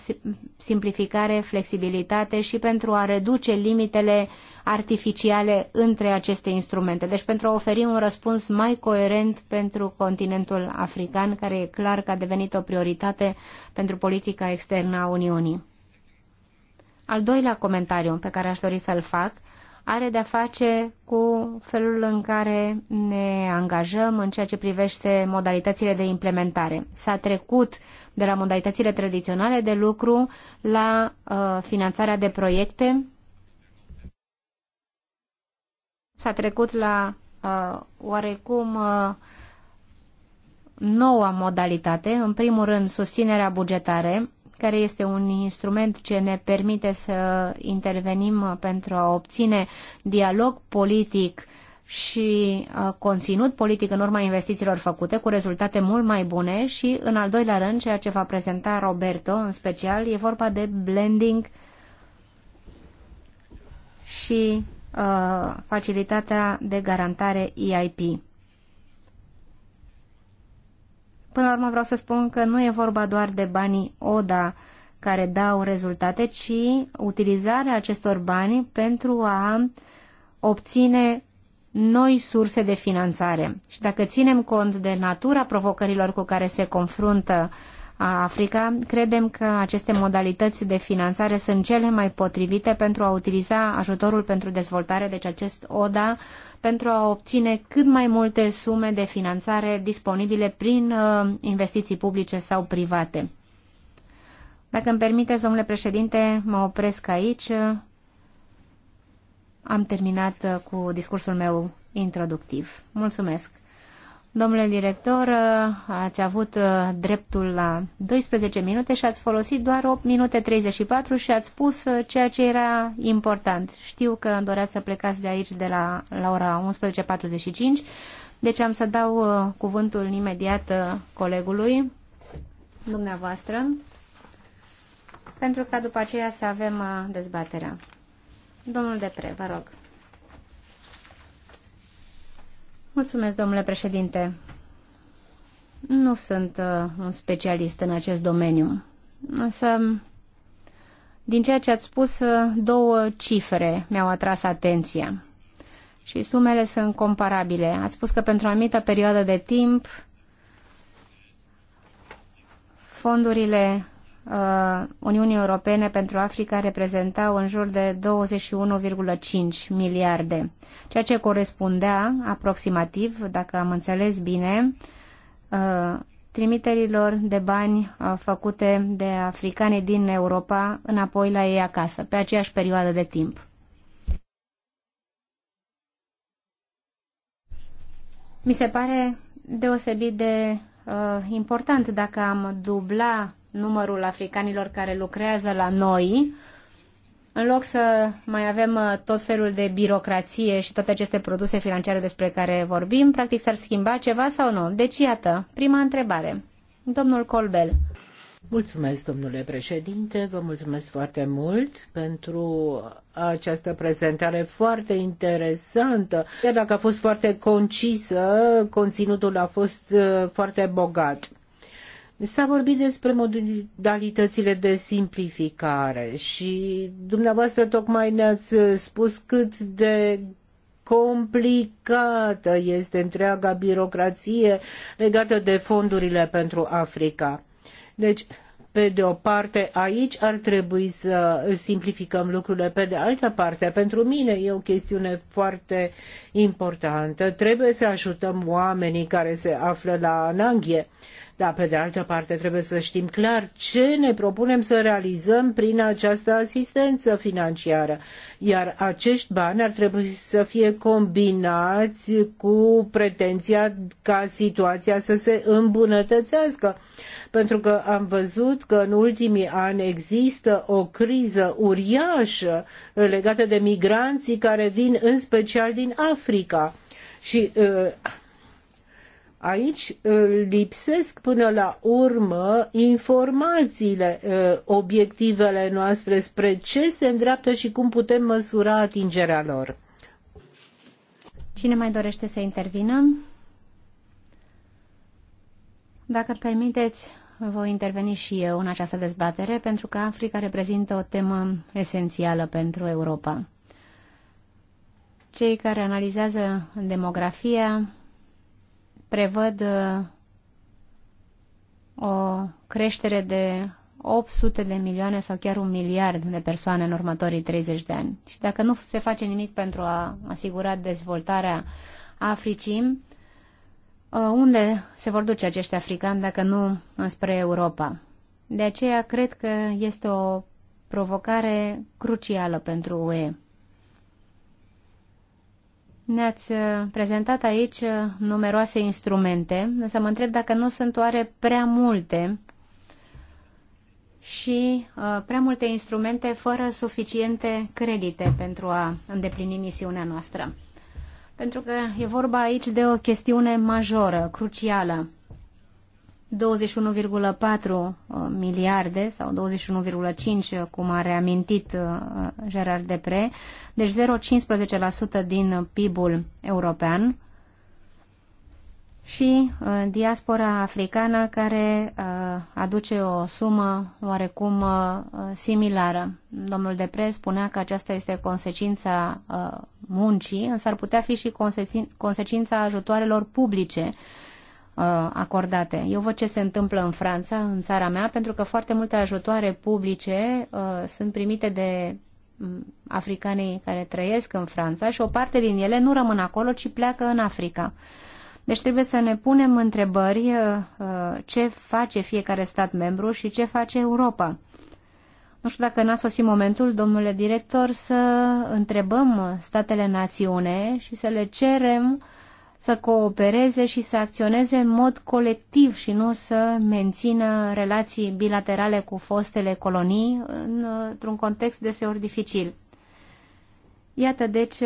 simplificare, flexibilitate și pentru a reduce limitele artificiale între aceste instrumente. Deci pentru a oferi un răspuns mai coerent pentru continentul african, care e clar că a devenit o prioritate pentru politica externă a Uniunii. Al doilea comentariu pe care aș dori să-l fac are de-a face cu felul în care ne angajăm în ceea ce privește modalitățile de implementare. S-a trecut de la modalitățile tradiționale de lucru la uh, finanțarea de proiecte, s-a trecut la uh, oarecum uh, noua modalitate, în primul rând susținerea bugetare, care este un instrument ce ne permite să intervenim uh, pentru a obține dialog politic și uh, conținut politic în urma investițiilor făcute, cu rezultate mult mai bune și, în al doilea rând, ceea ce va prezenta Roberto în special, e vorba de blending și uh, facilitatea de garantare EIP. Până la urmă vreau să spun că nu e vorba doar de banii ODA care dau rezultate, ci utilizarea acestor bani pentru a obține noi surse de finanțare. Și dacă ținem cont de natura provocărilor cu care se confruntă Africa, credem că aceste modalități de finanțare sunt cele mai potrivite pentru a utiliza ajutorul pentru dezvoltare, deci acest ODA, pentru a obține cât mai multe sume de finanțare disponibile prin uh, investiții publice sau private. Dacă îmi permiteți, domnule președinte, mă opresc aici. Am terminat uh, cu discursul meu introductiv. Mulțumesc! Domnule director, ați avut uh, dreptul la 12 minute și ați folosit doar 8 minute 34 și ați spus uh, ceea ce era important. Știu că doreați să plecați de aici de la, la ora 11.45, deci am să dau uh, cuvântul imediat colegului dumneavoastră pentru ca după aceea să avem dezbaterea. Domnul Depre, vă rog. Mulțumesc, domnule președinte. Nu sunt uh, un specialist în acest domeniu, însă din ceea ce ați spus, uh, două cifre mi-au atras atenția și sumele sunt comparabile. Ați spus că pentru o anumită perioadă de timp fondurile Uh, Uniunii Europene pentru Africa reprezentau în jur de 21,5 miliarde, ceea ce corespundea aproximativ, dacă am înțeles bine, uh, trimiterilor de bani uh, făcute de africane din Europa înapoi la ei acasă, pe aceeași perioadă de timp. Mi se pare deosebit de uh, important dacă am dubla numărul africanilor care lucrează la noi, în loc să mai avem uh, tot felul de birocrație și toate aceste produse financiare despre care vorbim, practic s-ar schimba ceva sau nu? Deci, iată, prima întrebare. Domnul Colbel. Mulțumesc, domnule președinte, vă mulțumesc foarte mult pentru această prezentare foarte interesantă. Chiar dacă a fost foarte concisă, conținutul a fost uh, foarte bogat. S-a vorbit despre modalitățile de simplificare și dumneavoastră tocmai ne-ați spus cât de complicată este întreaga birocrație legată de fondurile pentru Africa. Deci, pe de o parte, aici ar trebui să simplificăm lucrurile, pe de altă parte, pentru mine e o chestiune foarte importantă. Trebuie să ajutăm oamenii care se află la ananghie. Dar, pe de altă parte, trebuie să știm clar ce ne propunem să realizăm prin această asistență financiară. Iar acești bani ar trebui să fie combinați cu pretenția ca situația să se îmbunătățească. Pentru că am văzut că în ultimii ani există o criză uriașă legată de migranții care vin în special din Africa. Și uh, Aici uh, lipsesc până la urmă informațiile, uh, obiectivele noastre spre ce se îndreaptă și cum putem măsura atingerea lor. Cine mai dorește să intervină? Dacă permiteți, voi interveni și eu în această dezbatere, pentru că Africa reprezintă o temă esențială pentru Europa. Cei care analizează demografia prevăd uh, o creștere de 800 de milioane sau chiar un miliard de persoane în următorii 30 de ani. Și dacă nu se face nimic pentru a asigura dezvoltarea Africii, uh, unde se vor duce acești africani dacă nu înspre Europa? De aceea cred că este o provocare crucială pentru UE. Ne-ați uh, prezentat aici uh, numeroase instrumente, să mă întreb dacă nu sunt oare prea multe și uh, prea multe instrumente fără suficiente credite pentru a îndeplini misiunea noastră. Pentru că e vorba aici de o chestiune majoră, crucială. 21,4 uh, miliarde sau 21,5 uh, cum a reamintit uh, Gerard Depre, deci 0,15% din PIB-ul european și diaspora africană care aduce o sumă oarecum similară. Domnul Depre spunea că aceasta este consecința muncii, însă ar putea fi și consecința ajutoarelor publice Uh, acordate. Eu văd ce se întâmplă în Franța, în țara mea, pentru că foarte multe ajutoare publice uh, sunt primite de mm, africanii care trăiesc în Franța și o parte din ele nu rămân acolo, ci pleacă în Africa. Deci trebuie să ne punem întrebări uh, ce face fiecare stat membru și ce face Europa. Nu știu dacă n-a sosit momentul, domnule director, să întrebăm statele națiune și să le cerem uh, să coopereze și să acționeze în mod colectiv și nu să mențină relații bilaterale cu fostele colonii într-un context deseori dificil. Iată, deci,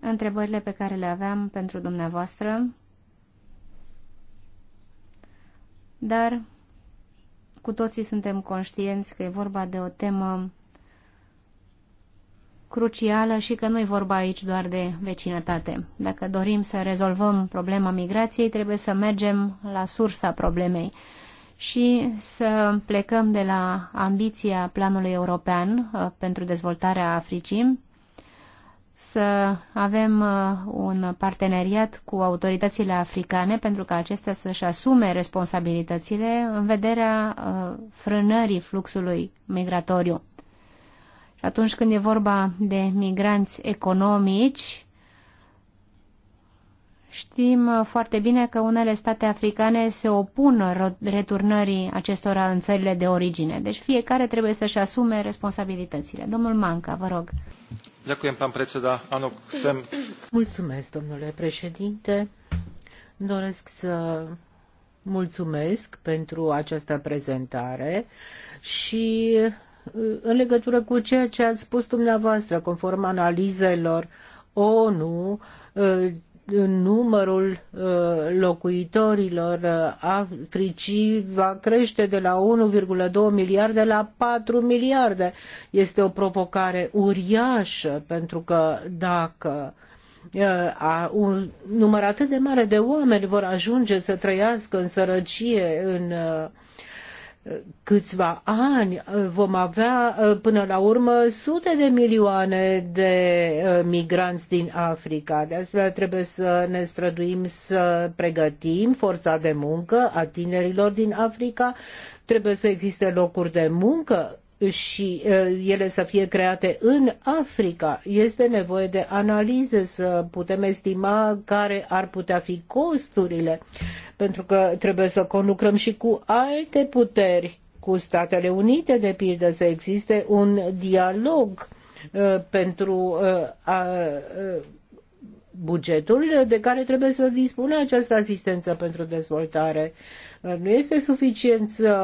întrebările pe care le aveam pentru dumneavoastră, dar cu toții suntem conștienți că e vorba de o temă crucială și că nu e vorba aici doar de vecinătate. Dacă dorim să rezolvăm problema migrației, trebuie să mergem la sursa problemei și să plecăm de la ambiția planului european uh, pentru dezvoltarea Africii, să avem uh, un parteneriat cu autoritățile africane pentru ca acestea să-și asume responsabilitățile în vederea uh, frânării fluxului migratoriu atunci când e vorba de migranți economici, știm foarte bine că unele state africane se opun returnării acestora în țările de origine. Deci fiecare trebuie să-și asume responsabilitățile. Domnul Manca, vă rog. Mulțumesc, domnule președinte. Doresc să mulțumesc pentru această prezentare și în legătură cu ceea ce ați spus dumneavoastră, conform analizelor ONU, eh, numărul eh, locuitorilor eh, Africii va crește de la 1,2 miliarde la 4 miliarde. Este o provocare uriașă pentru că dacă a, un număr atât de mare de oameni vor ajunge să trăiască în sărăcie în câțiva ani uh, vom avea uh, până la urmă sute de milioane de uh, migranți din Africa. De asemenea, trebuie să ne străduim să pregătim forța de muncă a tinerilor din Africa. Trebuie să existe locuri de muncă și uh, ele să fie create în Africa. Este nevoie de analize să putem estima care ar putea fi costurile, pentru că trebuie să conlucrăm și cu alte puteri, cu Statele Unite, de pildă, să existe un dialog uh, pentru uh, a bugetul de care trebuie să dispune această asistență pentru dezvoltare. Nu este suficient să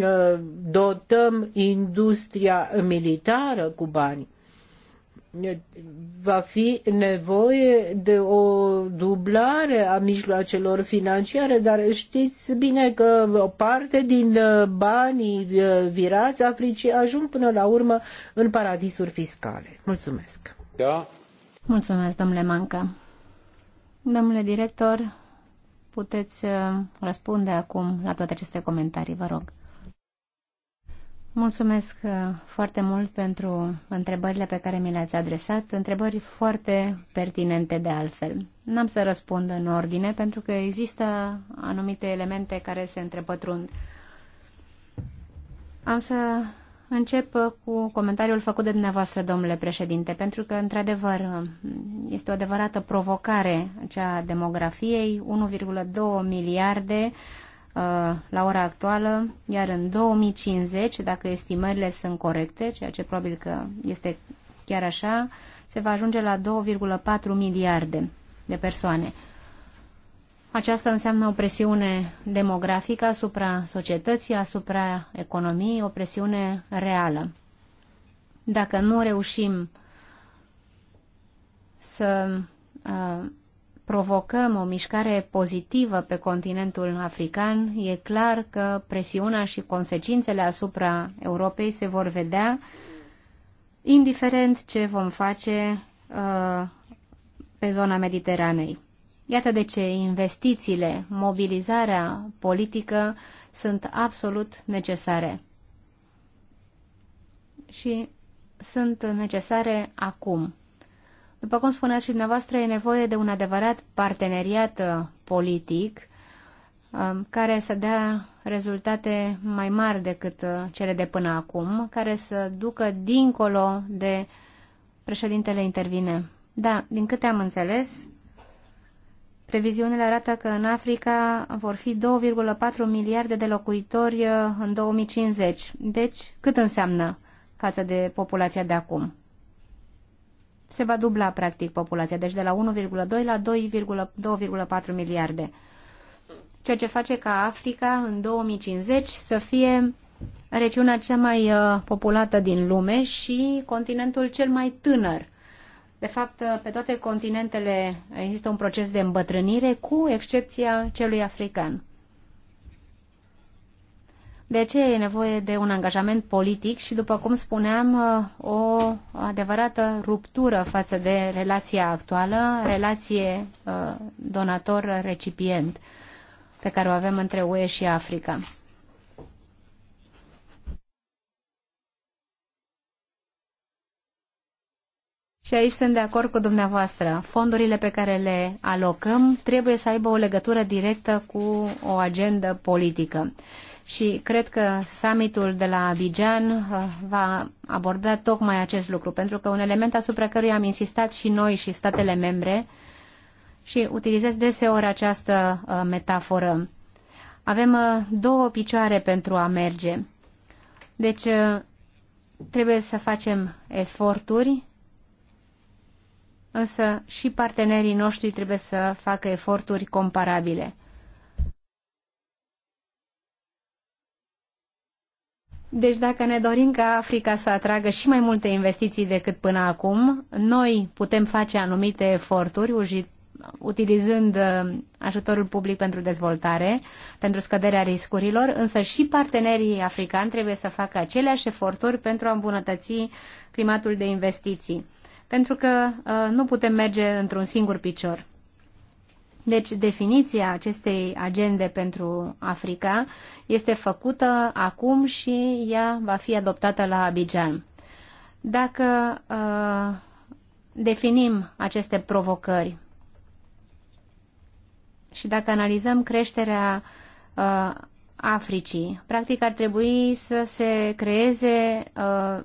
uh, dotăm industria militară cu bani. Va fi nevoie de o dublare a mijloacelor financiare, dar știți bine că o parte din uh, banii uh, virați Africii ajung până la urmă în paradisuri fiscale. Mulțumesc! Da Mulțumesc, domnule Manca. Domnule director, puteți uh, răspunde acum la toate aceste comentarii, vă rog. Mulțumesc uh, foarte mult pentru întrebările pe care mi le-ați adresat, întrebări foarte pertinente de altfel. N-am să răspund în ordine pentru că există anumite elemente care se întrepătrund. Am să încep uh, cu comentariul făcut de dumneavoastră, domnule președinte, pentru că, într-adevăr, um, este o adevărată provocare cea demografiei, 1,2 miliarde uh, la ora actuală, iar în 2050, dacă estimările sunt corecte, ceea ce probabil că este chiar așa, se va ajunge la 2,4 miliarde de persoane. Aceasta înseamnă o presiune demografică asupra societății, asupra economiei, o presiune reală. Dacă nu reușim să uh, provocăm o mișcare pozitivă pe continentul african, e clar că presiunea și consecințele asupra Europei se vor vedea, indiferent ce vom face uh, pe zona Mediteranei. Iată de ce investițiile, mobilizarea politică sunt absolut necesare. Și sunt necesare acum. După cum spuneați și dumneavoastră, e nevoie de un adevărat parteneriat uh, politic um, care să dea rezultate mai mari decât uh, cele de până acum, care să ducă dincolo de președintele intervine. Da, din câte am înțeles, Previziunile arată că în Africa vor fi 2,4 miliarde de locuitori uh, în 2050. Deci, cât înseamnă față de populația de acum? Se va dubla, practic, populația, deci de la 1,2 la 2,4 miliarde. Ceea ce face ca Africa în 2050 să fie regiunea cea mai uh, populată din lume și continentul cel mai tânăr de fapt, pe toate continentele există un proces de îmbătrânire, cu excepția celui african. De ce e nevoie de un angajament politic și, după cum spuneam, o adevărată ruptură față de relația actuală, relație uh, donator-recipient pe care o avem între UE și Africa. Și aici sunt de acord cu dumneavoastră. Fondurile pe care le alocăm trebuie să aibă o legătură directă cu o agendă politică. Și cred că summitul de la Abidjan uh, va aborda tocmai acest lucru, pentru că un element asupra căruia am insistat și noi și statele membre, și utilizez deseori această uh, metaforă, avem uh, două picioare pentru a merge. Deci trebuie să facem eforturi însă și partenerii noștri trebuie să facă eforturi comparabile. Deci dacă ne dorim ca Africa să atragă și mai multe investiții decât până acum, noi putem face anumite eforturi utilizând uh, ajutorul public pentru dezvoltare, pentru scăderea riscurilor, însă și partenerii africani trebuie să facă aceleași eforturi pentru a îmbunătăți climatul de investiții pentru că uh, nu putem merge într-un singur picior. Deci definiția acestei agende pentru Africa este făcută acum și ea va fi adoptată la Abidjan. Dacă uh, definim aceste provocări și dacă analizăm creșterea uh, Africii, practic ar trebui să se creeze uh,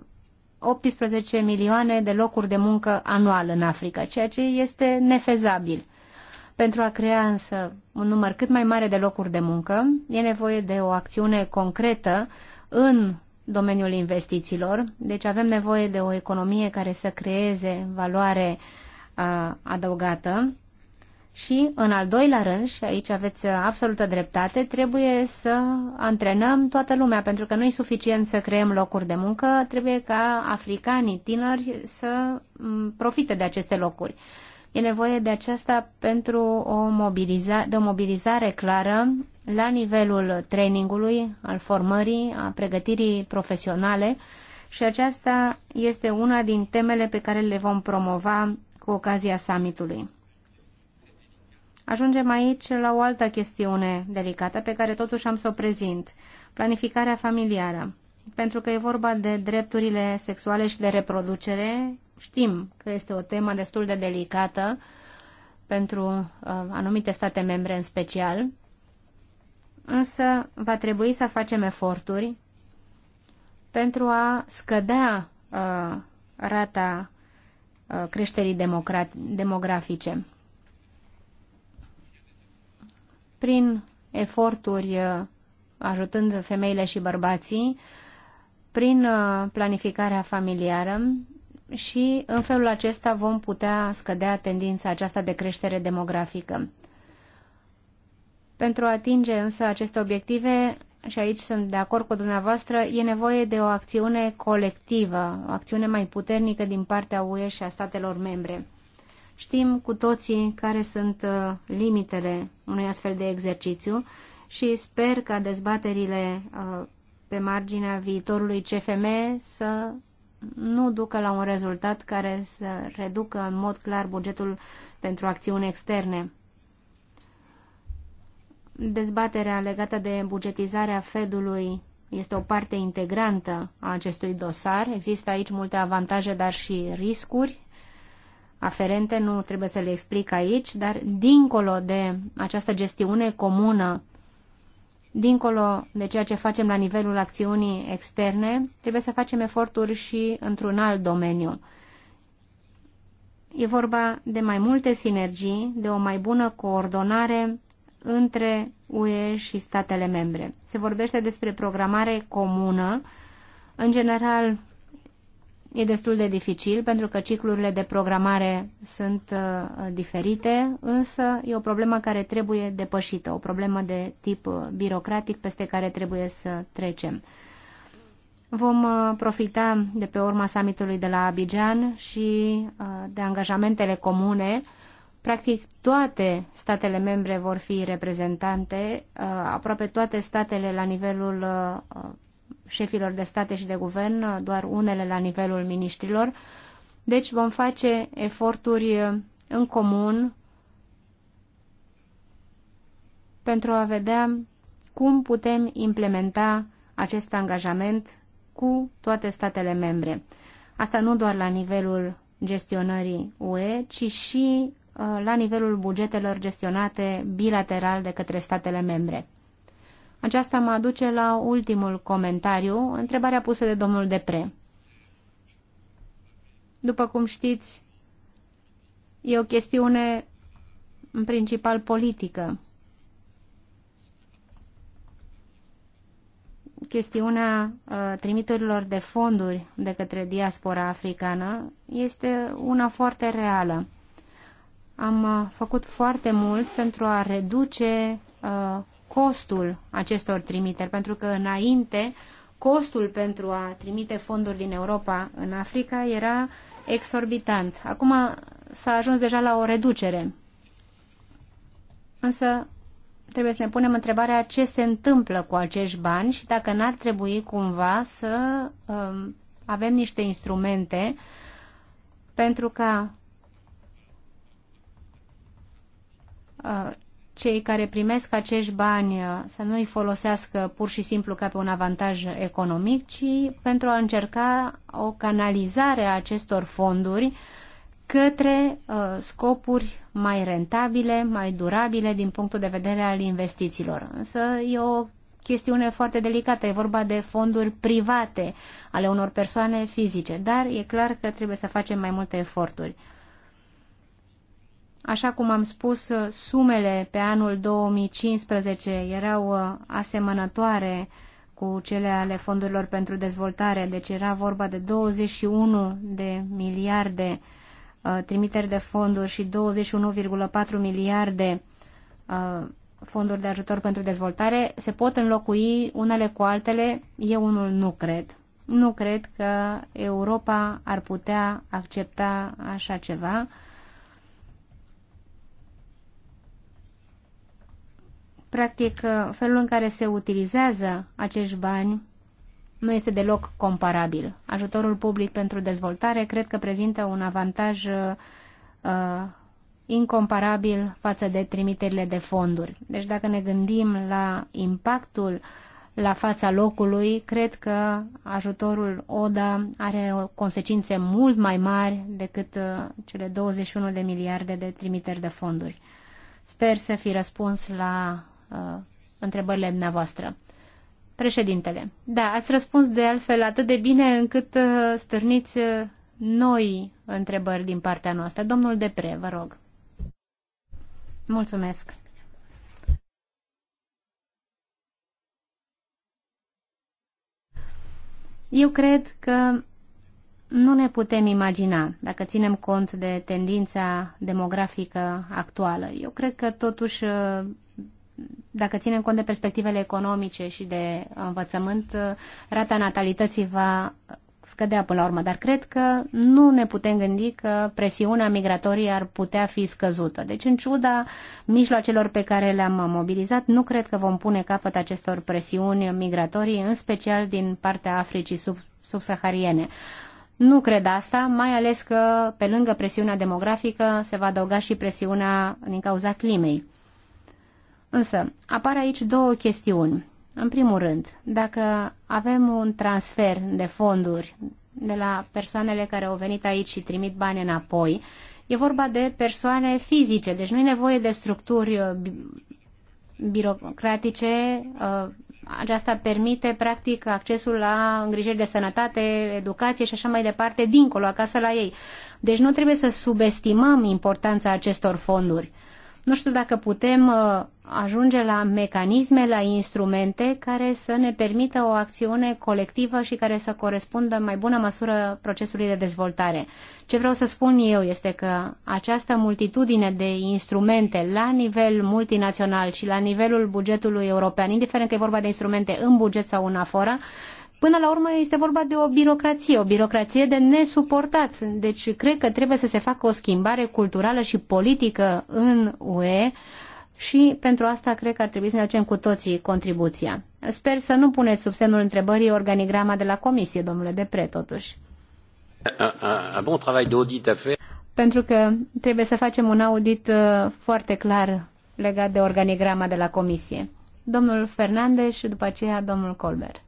18 milioane de locuri de muncă anual în Africa, ceea ce este nefezabil. Pentru a crea însă un număr cât mai mare de locuri de muncă, e nevoie de o acțiune concretă în domeniul investițiilor. Deci avem nevoie de o economie care să creeze valoare uh, adăugată și, în al doilea rând, și aici aveți absolută dreptate, trebuie să antrenăm toată lumea, pentru că nu e suficient să creăm locuri de muncă, trebuie ca africanii tineri să mm, profite de aceste locuri. E nevoie de aceasta pentru o mobiliza- de o mobilizare clară la nivelul trainingului, al formării, a pregătirii profesionale și aceasta este una din temele pe care le vom promova cu ocazia summitului. Ajungem aici la o altă chestiune delicată pe care totuși am să o prezint, planificarea familiară. Pentru că e vorba de drepturile sexuale și de reproducere, știm că este o temă destul de delicată pentru uh, anumite state membre în special, însă va trebui să facem eforturi pentru a scădea uh, rata uh, creșterii demografice prin eforturi uh, ajutând femeile și bărbații, prin uh, planificarea familiară și în felul acesta vom putea scădea tendința aceasta de creștere demografică. Pentru a atinge însă aceste obiective, și aici sunt de acord cu dumneavoastră, e nevoie de o acțiune colectivă, o acțiune mai puternică din partea UE și a statelor membre. Știm cu toții care sunt uh, limitele unui astfel de exercițiu și sper ca dezbaterile uh, pe marginea viitorului CFM să nu ducă la un rezultat care să reducă în mod clar bugetul pentru acțiuni externe. Dezbaterea legată de bugetizarea Fedului este o parte integrantă a acestui dosar. Există aici multe avantaje, dar și riscuri aferente, nu trebuie să le explic aici, dar dincolo de această gestiune comună, dincolo de ceea ce facem la nivelul acțiunii externe, trebuie să facem eforturi și într-un alt domeniu. E vorba de mai multe sinergii, de o mai bună coordonare între UE și statele membre. Se vorbește despre programare comună. În general, E destul de dificil pentru că ciclurile de programare sunt uh, diferite, însă e o problemă care trebuie depășită, o problemă de tip uh, birocratic peste care trebuie să trecem. Vom uh, profita de pe urma summitului de la Abidjan și de angajamentele comune. Practic toate statele membre vor fi reprezentante, aproape toate statele la nivelul șefilor de state și de guvern, doar unele la nivelul miniștrilor. Deci vom face eforturi eh, în comun pentru a vedea cum putem implementa acest angajament cu toate statele membre. Asta nu doar la nivelul gestionării UE, ci și eh, la nivelul bugetelor gestionate bilateral de către statele membre. Aceasta mă aduce la ultimul comentariu, întrebarea pusă de domnul Depre. După cum știți, e o chestiune în principal politică. chestiunea uh, trimiturilor de fonduri de către diaspora africană este una foarte reală. Am uh, făcut foarte mult pentru a reduce uh, costul acestor trimiteri, pentru că înainte costul pentru a trimite fonduri din Europa în Africa era exorbitant. Acum s-a ajuns deja la o reducere. Însă trebuie să ne punem întrebarea ce se întâmplă cu acești bani și dacă n-ar trebui cumva să um, avem niște instrumente pentru ca uh, cei care primesc acești bani uh, să nu îi folosească pur și simplu ca pe un avantaj economic, ci pentru a încerca o canalizare a acestor fonduri către uh, scopuri mai rentabile, mai durabile din punctul de vedere al investițiilor. Însă e o chestiune foarte delicată, e vorba de fonduri private ale unor persoane fizice, dar e clar că trebuie să facem mai multe eforturi. Așa cum am spus, uh, sumele pe anul 2015 erau uh, asemănătoare cu cele ale fondurilor pentru dezvoltare, deci era vorba de 21 de miliarde uh, trimiteri de fonduri și 21,4 miliarde fonduri de ajutor pentru dezvoltare, se pot înlocui unele cu altele? Eu unul nu cred. Nu cred că Europa ar putea accepta așa ceva Practic, uh, felul în care se utilizează acești bani nu este deloc comparabil. Ajutorul public pentru dezvoltare cred că prezintă un avantaj uh, uh incomparabil față de trimiterile de fonduri. Deci dacă ne gândim la impactul la fața locului, cred că ajutorul ODA are consecințe mult mai mari decât uh, cele 21 de miliarde de trimiteri de fonduri. Sper să fi răspuns la uh, întrebările dumneavoastră. Președintele, da, ați răspuns de altfel atât de bine încât uh, stârniți uh, noi întrebări din partea noastră. Domnul Depre, vă rog. Mulțumesc. Eu cred că nu ne putem imagina, dacă ținem cont de tendința demografică actuală. Eu cred că totuși uh, dacă ținem cont de perspectivele economice și de învățământ, rata natalității va scădea până la urmă, dar cred că nu ne putem gândi că presiunea migratorie ar putea fi scăzută. Deci, în ciuda mijloacelor pe care le-am mobilizat, nu cred că vom pune capăt acestor presiuni migratorii, în special din partea Africii sub, subsahariene. Nu cred asta, mai ales că pe lângă presiunea demografică se va adăuga și presiunea din cauza climei. Însă, apar aici două chestiuni. În primul rând, dacă avem un transfer de fonduri de la persoanele care au venit aici și trimit bani înapoi, e vorba de persoane fizice, deci nu e nevoie de structuri uh, birocratice. Uh, aceasta permite, practic, accesul la îngrijiri de sănătate, educație și așa mai departe, dincolo, acasă la ei. Deci nu trebuie să subestimăm importanța acestor fonduri. Nu știu dacă putem uh, ajunge la mecanisme, la instrumente care să ne permită o acțiune colectivă și care să corespundă în mai bună măsură procesului de dezvoltare. Ce vreau să spun eu este că această multitudine de instrumente la nivel multinațional și la nivelul bugetului european, indiferent că e vorba de instrumente în buget sau în afară, Până la urmă este vorba de o birocrație, o birocrație de nesuportat. Deci cred că trebuie să se facă o schimbare culturală și politică în UE și pentru asta cred că ar trebui să ne aducem cu toții contribuția. Sper să nu puneți sub semnul întrebării organigrama de la comisie, domnule Depre, totuși. Un, un, un bon travail d'audit a fait. Pentru că trebuie să facem un audit uh, foarte clar legat de organigrama de la comisie. Domnul Fernandez și după aceea domnul Colbert.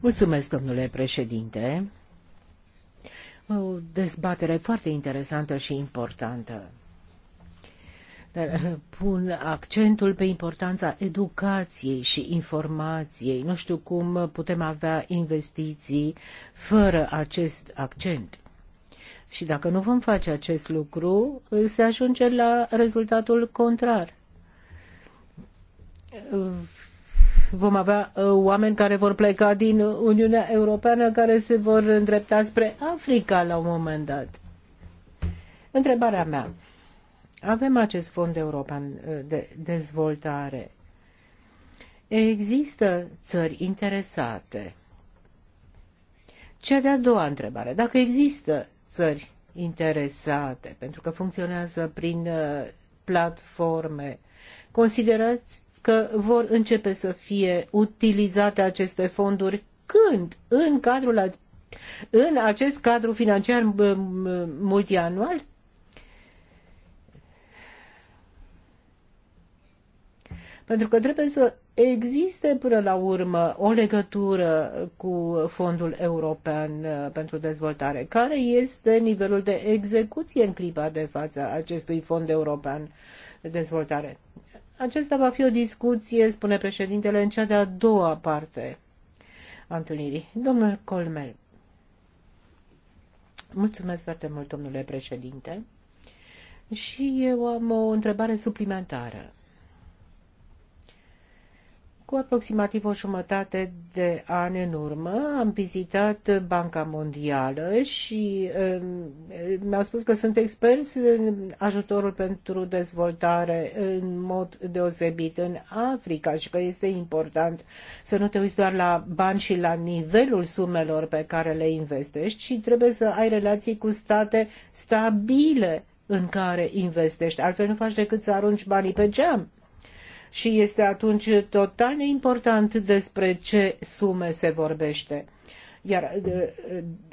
Mulțumesc, domnule președinte. O dezbatere foarte interesantă și importantă. Eh, pun accentul pe importanța educației și informației. Nu știu cum putem avea investiții fără acest accent. Și dacă nu vom face acest lucru, eh, se ajunge la rezultatul contrar eh, vom avea uh, oameni care vor pleca din Uniunea Europeană, care se vor îndrepta spre Africa la un moment dat. Întrebarea mea. Avem acest fond european uh, de dezvoltare. Există țări interesate. Cea de-a doua întrebare. Dacă există țări interesate, pentru că funcționează prin uh, platforme, considerați că vor începe să fie utilizate aceste fonduri când în cadrul în acest cadru financiar multianual pentru că trebuie să existe până la urmă o legătură cu Fondul European uh, pentru Dezvoltare. Care este nivelul de execuție în clipa de față acestui Fond European de Dezvoltare? Acesta va fi o discuție, spune președintele, în cea de-a doua parte a întâlnirii. Domnul Colmel. Mulțumesc foarte mult, domnule președinte. Și eu am o întrebare suplimentară. Cu aproximativ o jumătate de ani în urmă am vizitat Banca Mondială și um, mi-au spus că sunt experți în ajutorul pentru dezvoltare în mod deosebit în Africa și că este important să nu te uiți doar la bani și la nivelul sumelor pe care le investești, ci trebuie să ai relații cu state stabile în care investești. Altfel nu faci decât să arunci banii pe geam și este atunci total neimportant despre ce sume se vorbește. Iar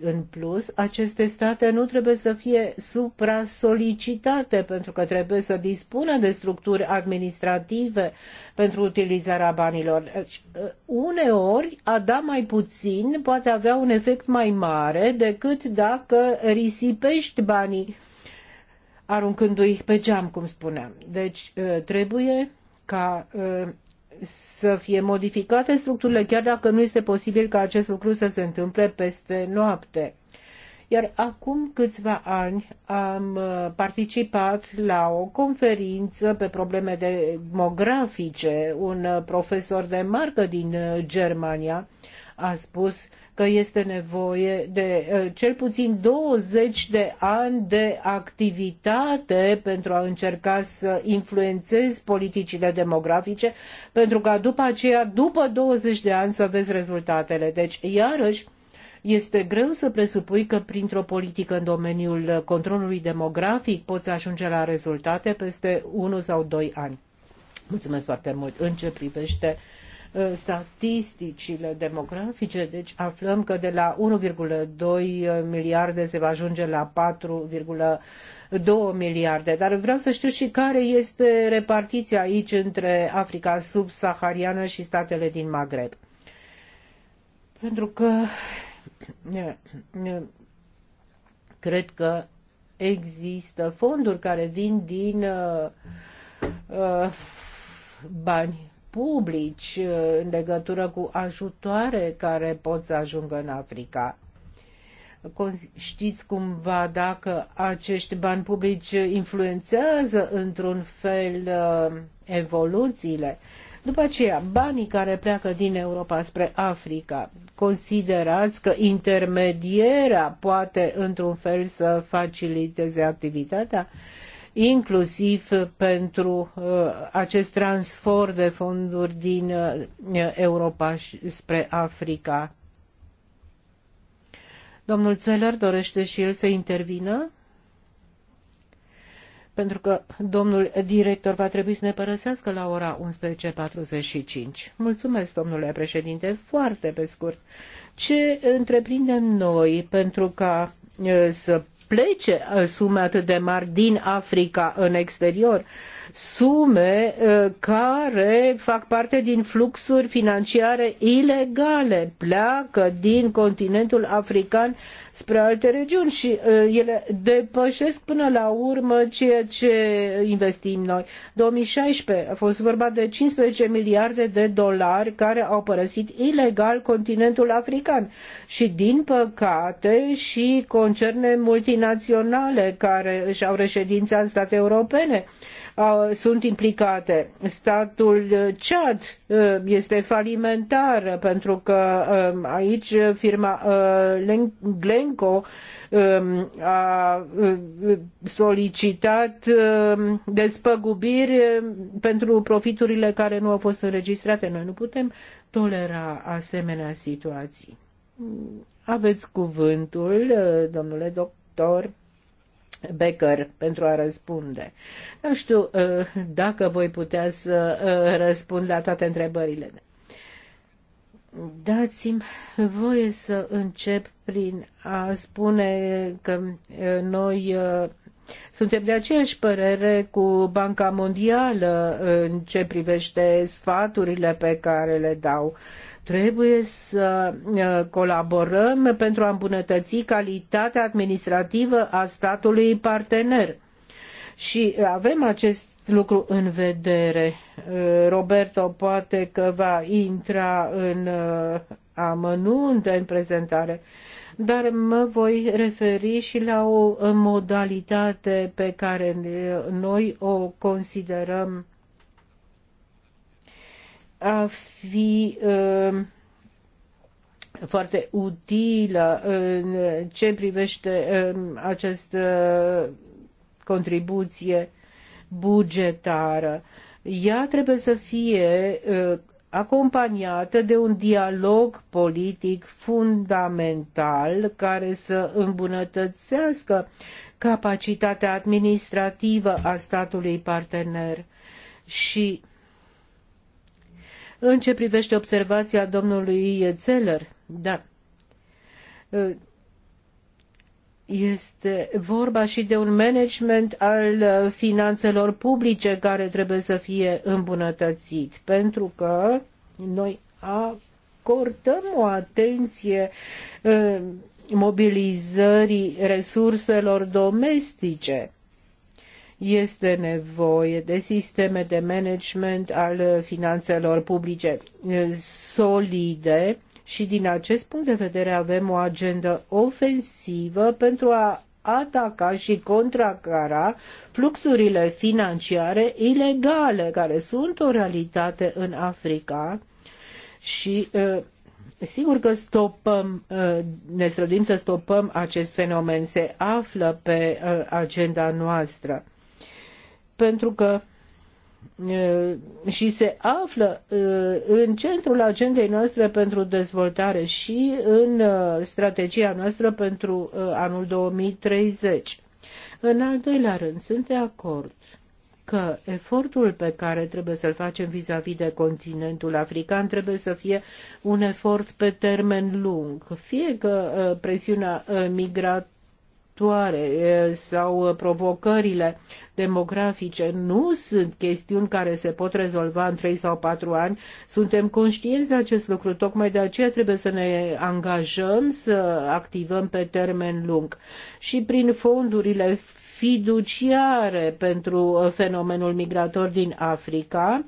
în plus, aceste state nu trebuie să fie supra-solicitate, pentru că trebuie să dispună de structuri administrative pentru utilizarea banilor. Deci, uneori, a da mai puțin poate avea un efect mai mare decât dacă risipești banii aruncându-i pe geam, cum spuneam. Deci, trebuie ca uh, să fie modificate structurile, chiar dacă nu este posibil ca acest lucru să se întâmple peste noapte. Iar acum câțiva ani am uh, participat la o conferință pe probleme demografice. Un uh, profesor de marcă din Germania a spus că este nevoie de uh, cel puțin 20 de ani de activitate pentru a încerca să influențezi politicile demografice, pentru ca după aceea, după 20 de ani, să vezi rezultatele. Deci, iarăși, este greu să presupui că printr-o politică în domeniul controlului demografic poți ajunge la rezultate peste 1 sau 2 ani. Mulțumesc foarte mult. În ce privește uh, statisticile demografice, deci aflăm că de la 1,2 miliarde se va ajunge la 4,2 miliarde. Dar vreau să știu și care este repartiția aici între Africa subsahariană și statele din Maghreb. Pentru că cred că există fonduri care vin din uh, uh, bani publici uh, în legătură cu ajutoare care pot să ajungă în Africa. Știți cumva dacă acești bani publici influențează într-un fel uh, evoluțiile? După aceea, banii care pleacă din Europa spre Africa, considerați că intermedierea poate într-un fel să faciliteze activitatea? Uh, inclusiv pentru uh, acest transfer de fonduri din uh, Europa spre Africa. Domnul Țeler dorește și el să intervină? Pentru că domnul director va trebui să ne părăsească la ora 11.45. Mulțumesc, domnule președinte, foarte pe scurt. Ce întreprindem noi pentru ca uh, să plece uh, sume atât de mari din Africa în exterior sume eh, care fac parte din fluxuri financiare ilegale, pleacă din continentul african spre alte regiuni și eh, ele depășesc până la urmă ceea ce investim noi. 2016 a fost vorba de 15 miliarde de dolari care au părăsit ilegal continentul african și din păcate și concerne multinaționale care își au reședința în state europene sunt implicate. Statul Chad uh, este falimentar pentru că um, aici firma uh, Glenco um, a uh, solicitat um, despăgubiri pentru profiturile care nu au fost înregistrate. Noi nu putem tolera asemenea situații. Aveți cuvântul, domnule doctor. Becker pentru a răspunde. Nu știu uh, dacă voi putea să uh, răspund la toate întrebările. Dați-mi voie să încep prin a spune că uh, noi suntem de aceeași părere cu Banca Mondială în ce privește sfaturile pe care le dau uh, Trebuie să colaborăm pentru a îmbunătăți calitatea administrativă a statului partener. Și avem acest lucru în vedere. Roberto poate că va intra în amănunte în prezentare, dar mă voi referi și la o modalitate pe care noi o considerăm a fi um, foarte utilă în ce privește um, această contribuție bugetară. Ea trebuie să fie uh, acompaniată de un dialog politic fundamental care să îmbunătățească capacitatea administrativă a statului partener și în ce privește observația domnului Zeller, da, ă, este vorba și de un management al ă, finanțelor publice care trebuie să fie îmbunătățit, pentru că noi acordăm o atenție ă, mobilizării resurselor domestice este nevoie de sisteme de management al finanțelor publice solide și din acest punct de vedere avem o agendă ofensivă pentru a ataca și contracara fluxurile financiare ilegale care sunt o realitate în Africa și sigur că stopăm, ne străduim să stopăm acest fenomen, se află pe agenda noastră pentru că și se află în centrul agendei noastre pentru dezvoltare și în strategia noastră pentru anul 2030. În al doilea rând, sunt de acord că efortul pe care trebuie să-l facem vis-a-vis -vis de continentul african trebuie să fie un efort pe termen lung, fie că presiunea migrat viitoare sau uh, provocările demografice nu sunt chestiuni care se pot rezolva în 3 sau 4 ani. Suntem conștienți de acest lucru, tocmai de aceea trebuie să ne angajăm să activăm pe termen lung. Și prin fondurile fiduciare pentru fenomenul migrator din Africa,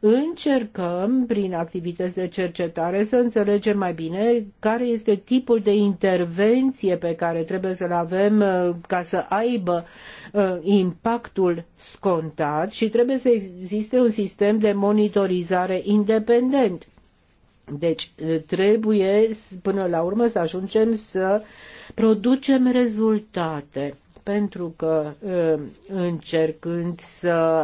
încercăm prin activități de cercetare să înțelegem mai bine care este tipul de intervenție pe care trebuie să-l avem uh, ca să aibă uh, impactul scontat și trebuie să existe un sistem de monitorizare independent. Deci uh, trebuie până la urmă să ajungem să producem rezultate pentru că ă, încercând să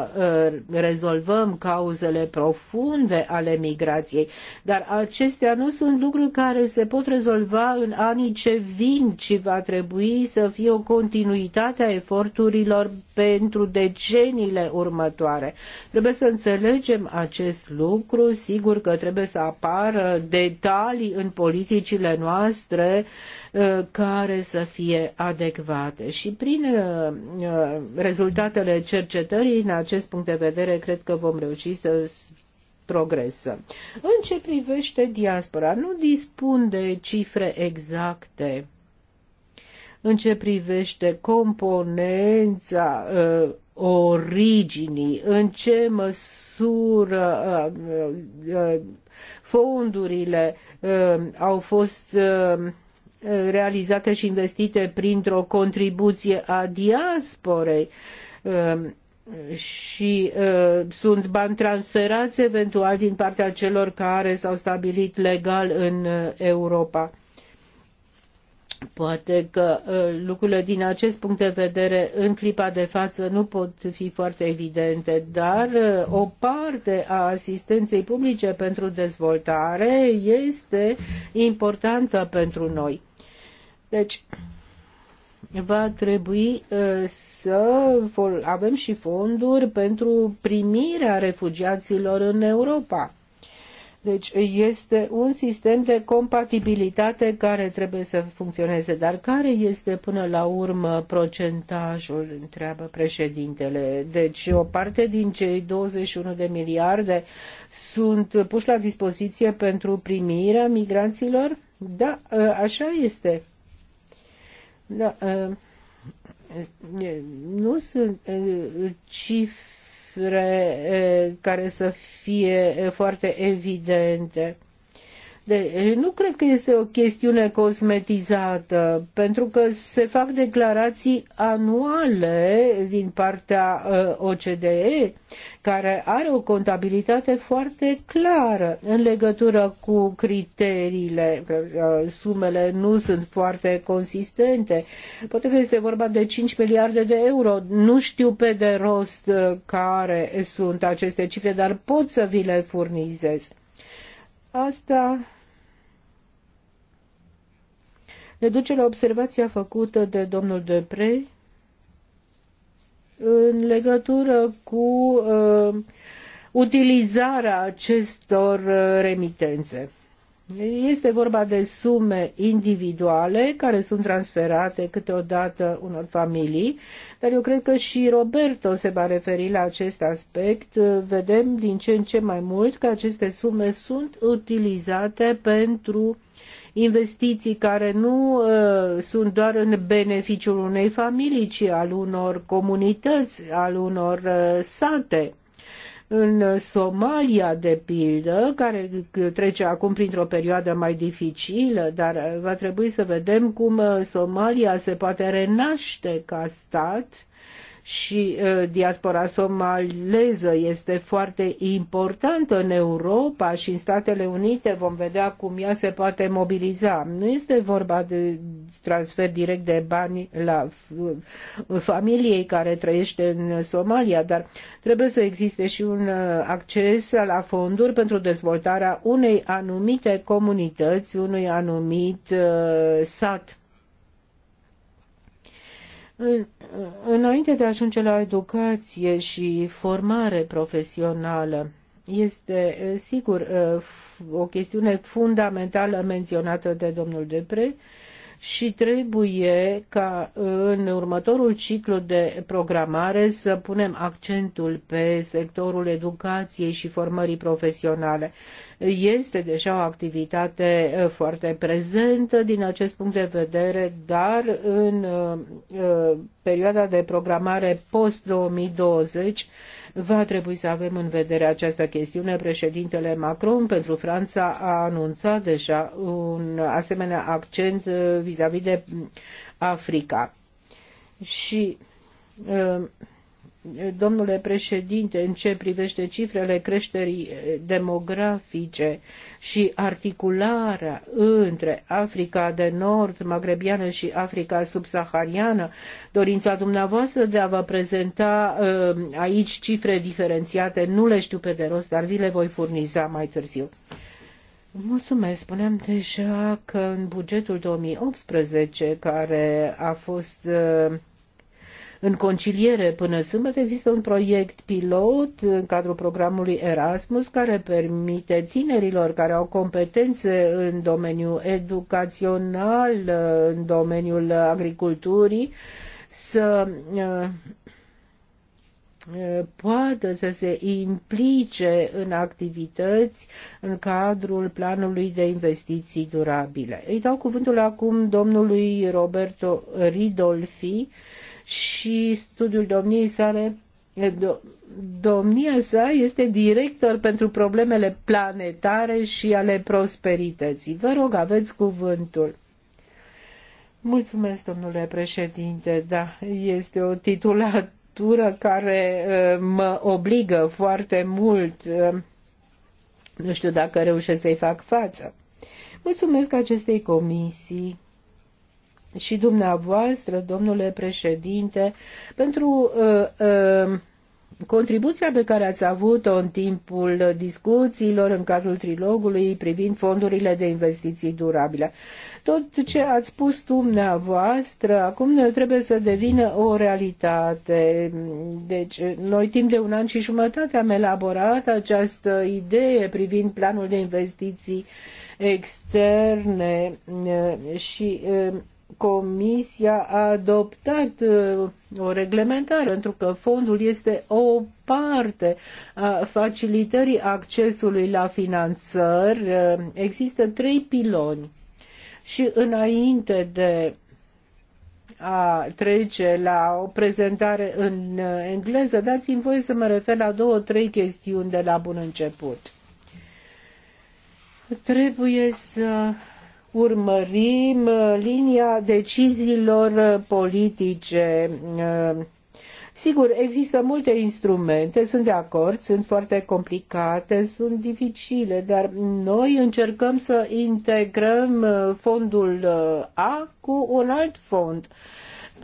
ă, rezolvăm cauzele profunde ale migrației, dar acestea nu sunt lucruri care se pot rezolva în anii ce vin, ci va trebui să fie o continuitate a eforturilor pentru deceniile următoare. Trebuie să înțelegem acest lucru, sigur că trebuie să apară detalii în politicile noastre, Uh, care să fie adecvate. Și prin uh, uh, rezultatele cercetării, în acest punct de vedere, cred că vom reuși să progresă. În ce privește diaspora, nu dispun de cifre exacte în ce privește componența uh, originii, în ce măsură uh, uh, fondurile uh, au fost uh, realizate și investite printr-o contribuție a diasporei ehm, și uh, sunt bani transferați eventual din partea celor care s-au stabilit legal în eh, Europa. Poate că uh, lucrurile din acest punct de vedere în clipa de față nu pot fi foarte evidente, dar uh, o parte a asistenței publice pentru dezvoltare este importantă pentru noi. Deci, va trebui uh, să avem și fonduri pentru primirea refugiaților în Europa. Deci este un sistem de compatibilitate care trebuie să funcționeze. Dar care este până la urmă procentajul, întreabă președintele? Deci o parte din cei 21 de miliarde sunt puși la dispoziție pentru primirea migranților? Da, uh, așa este. Da, uh, nu sunt uh, cifre uh, care să fie foarte evidente. De, nu cred că este o chestiune cosmetizată, pentru că se fac declarații anuale din partea uh, OCDE, care are o contabilitate foarte clară în legătură cu criteriile. Uh, sumele nu sunt foarte consistente. Poate că este vorba de 5 miliarde de euro. Nu știu pe de rost uh, care sunt aceste cifre, dar pot să vi le furnizez. Asta reduce la observația făcută de domnul Depre în legătură cu uh, utilizarea acestor uh, remitențe. Este vorba de sume individuale care sunt transferate câteodată unor familii, dar eu cred că și Roberto se va referi la acest aspect. Vedem din ce în ce mai mult că aceste sume sunt utilizate pentru uh, investiții care nu uh, sunt doar în beneficiul unei familii, ci al unor comunități, al unor uh, sate în Somalia, de pildă, care trece acum printr-o perioadă mai dificilă, dar uh, va trebui să vedem cum uh, Somalia se poate renaște ca stat și uh, diaspora somaleză este foarte importantă în Europa și în Statele Unite. Vom vedea cum ea se poate mobiliza. Nu este vorba de transfer direct de bani la uh, familiei care trăiește în Somalia, dar trebuie să existe și un uh, acces la fonduri pentru dezvoltarea unei anumite comunități, unui anumit sat Înainte de a ajunge la educație și formare profesională, este sigur o chestiune fundamentală menționată de domnul Depre și trebuie ca în următorul ciclu de programare să punem accentul pe sectorul educației și formării profesionale. Este deja o activitate uh, foarte prezentă din acest punct de vedere, dar în uh, uh, perioada de programare post-2020 va trebui să avem în vedere această chestiune. Președintele Macron pentru Franța a anunțat deja un asemenea accent vis-a-vis -vis de Africa. Și domnule președinte, în ce privește cifrele creșterii eh, demografice și articularea între Africa de Nord, Magrebiană și Africa subsahariană, dorința dumneavoastră de a vă prezenta eh, aici cifre diferențiate, nu le știu pe de rost, dar vi le voi furniza mai târziu. Mulțumesc. Spuneam deja că în bugetul 2018, care a fost uh, în conciliere până sâmbătă există un proiect pilot în cadrul programului Erasmus care permite tinerilor care au competențe în domeniul educațional, în domeniul agriculturii, să uh, uh, poată să se implice în activități în cadrul planului de investiții durabile. Îi dau cuvântul acum domnului Roberto Ridolfi, și studiul domniei sale. Domnia sa este director pentru problemele planetare și ale prosperității. Vă rog, aveți cuvântul. Mulțumesc, domnule președinte. Da, este o titulatură care mă obligă foarte mult. Nu știu dacă reușesc să-i fac față. Mulțumesc acestei comisii și dumneavoastră, domnule președinte, pentru uh, uh, contribuția pe care ați avut-o în timpul discuțiilor în cadrul trilogului privind fondurile de investiții durabile. Tot ce ați spus dumneavoastră acum trebuie să devină o realitate. Deci, noi timp de un an și jumătate am elaborat această idee privind planul de investiții externe uh, și uh, Comisia a adoptat uh, o reglementare pentru că fondul este o parte a facilitării accesului la finanțări. Uh, există trei piloni și înainte de a trece la o prezentare în uh, engleză, dați-mi voie să mă refer la două, trei chestiuni de la bun început. Trebuie să urmărim uh, linia deciziilor uh, politice. Uh, sigur, există multe instrumente, sunt de acord, sunt foarte complicate, sunt dificile, dar noi încercăm să integrăm fondul A cu un alt fond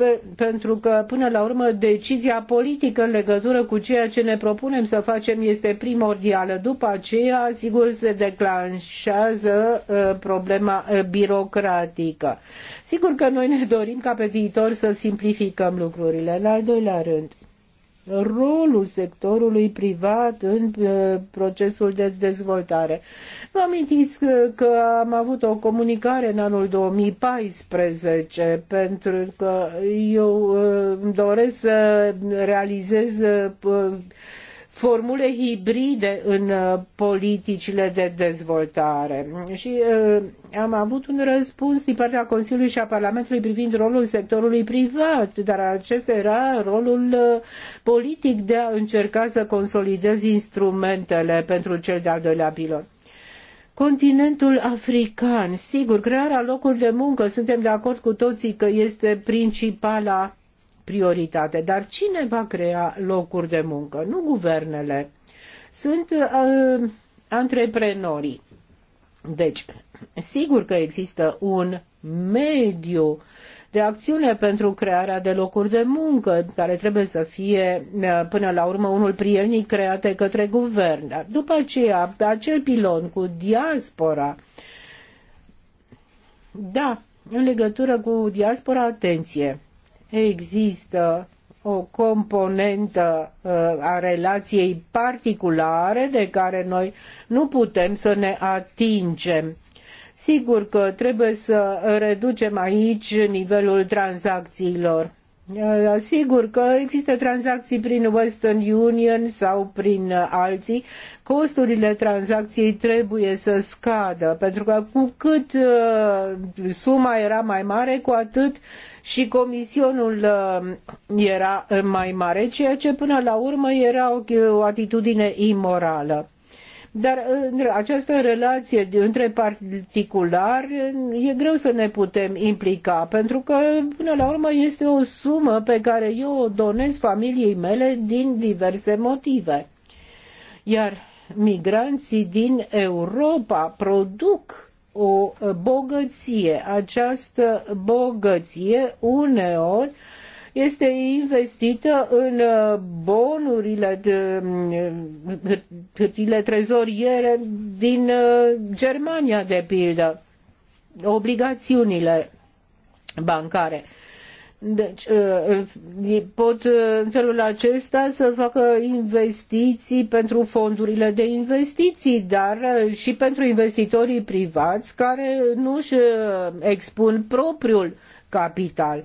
pe, pentru că până la urmă decizia politică în legătură cu ceea ce ne propunem să facem este primordială. După aceea, sigur, se declanșează uh, problema uh, birocratică. Sigur că noi ne dorim ca pe viitor să simplificăm lucrurile. În al doilea rând, rolul sectorului privat în uh, procesul de dezvoltare. Vă amintiți că am avut o comunicare în anul 2014 pentru că eu uh, îmi doresc să realizez uh, formule hibride în uh, politicile de dezvoltare. Și uh, am avut un răspuns din partea Consiliului și a Parlamentului privind rolul sectorului privat, dar acesta era rolul uh, politic de a încerca să consolidezi instrumentele pentru cel de-al doilea pilon continentul african. Sigur, crearea locuri de muncă, suntem de acord cu toții că este principala prioritate. Dar cine va crea locuri de muncă? Nu guvernele. Sunt uh, antreprenorii. Deci, sigur că există un mediu de acțiune pentru crearea de locuri de muncă, care trebuie să fie uh, până la urmă unul prielnic create către guvern. După aceea, pe acel pilon cu diaspora, da, în legătură cu diaspora, atenție, există o componentă uh, a relației particulare de care noi nu putem să ne atingem. Sigur că trebuie să reducem aici nivelul tranzacțiilor Uh, sigur că există tranzacții prin Western Union sau prin uh, alții. Costurile tranzacției trebuie să scadă, pentru că cu cât uh, suma era mai mare, cu atât și comisionul era mai mare, ceea ce până la urmă era o, o atitudine imorală. Dar în această relație între particulari e greu să ne putem implica, pentru că până la urmă este o sumă pe care eu o donez familiei mele din diverse motive. Iar migranții din Europa produc o bogăție. Această bogăție uneori este investită în uh, bonurile, de, uh, hârtile trezoriere din uh, Germania, de pildă, obligațiunile bancare. Deci pot în felul acesta să facă investiții pentru fondurile de investiții, dar și pentru investitorii privați care nu își expun propriul capital.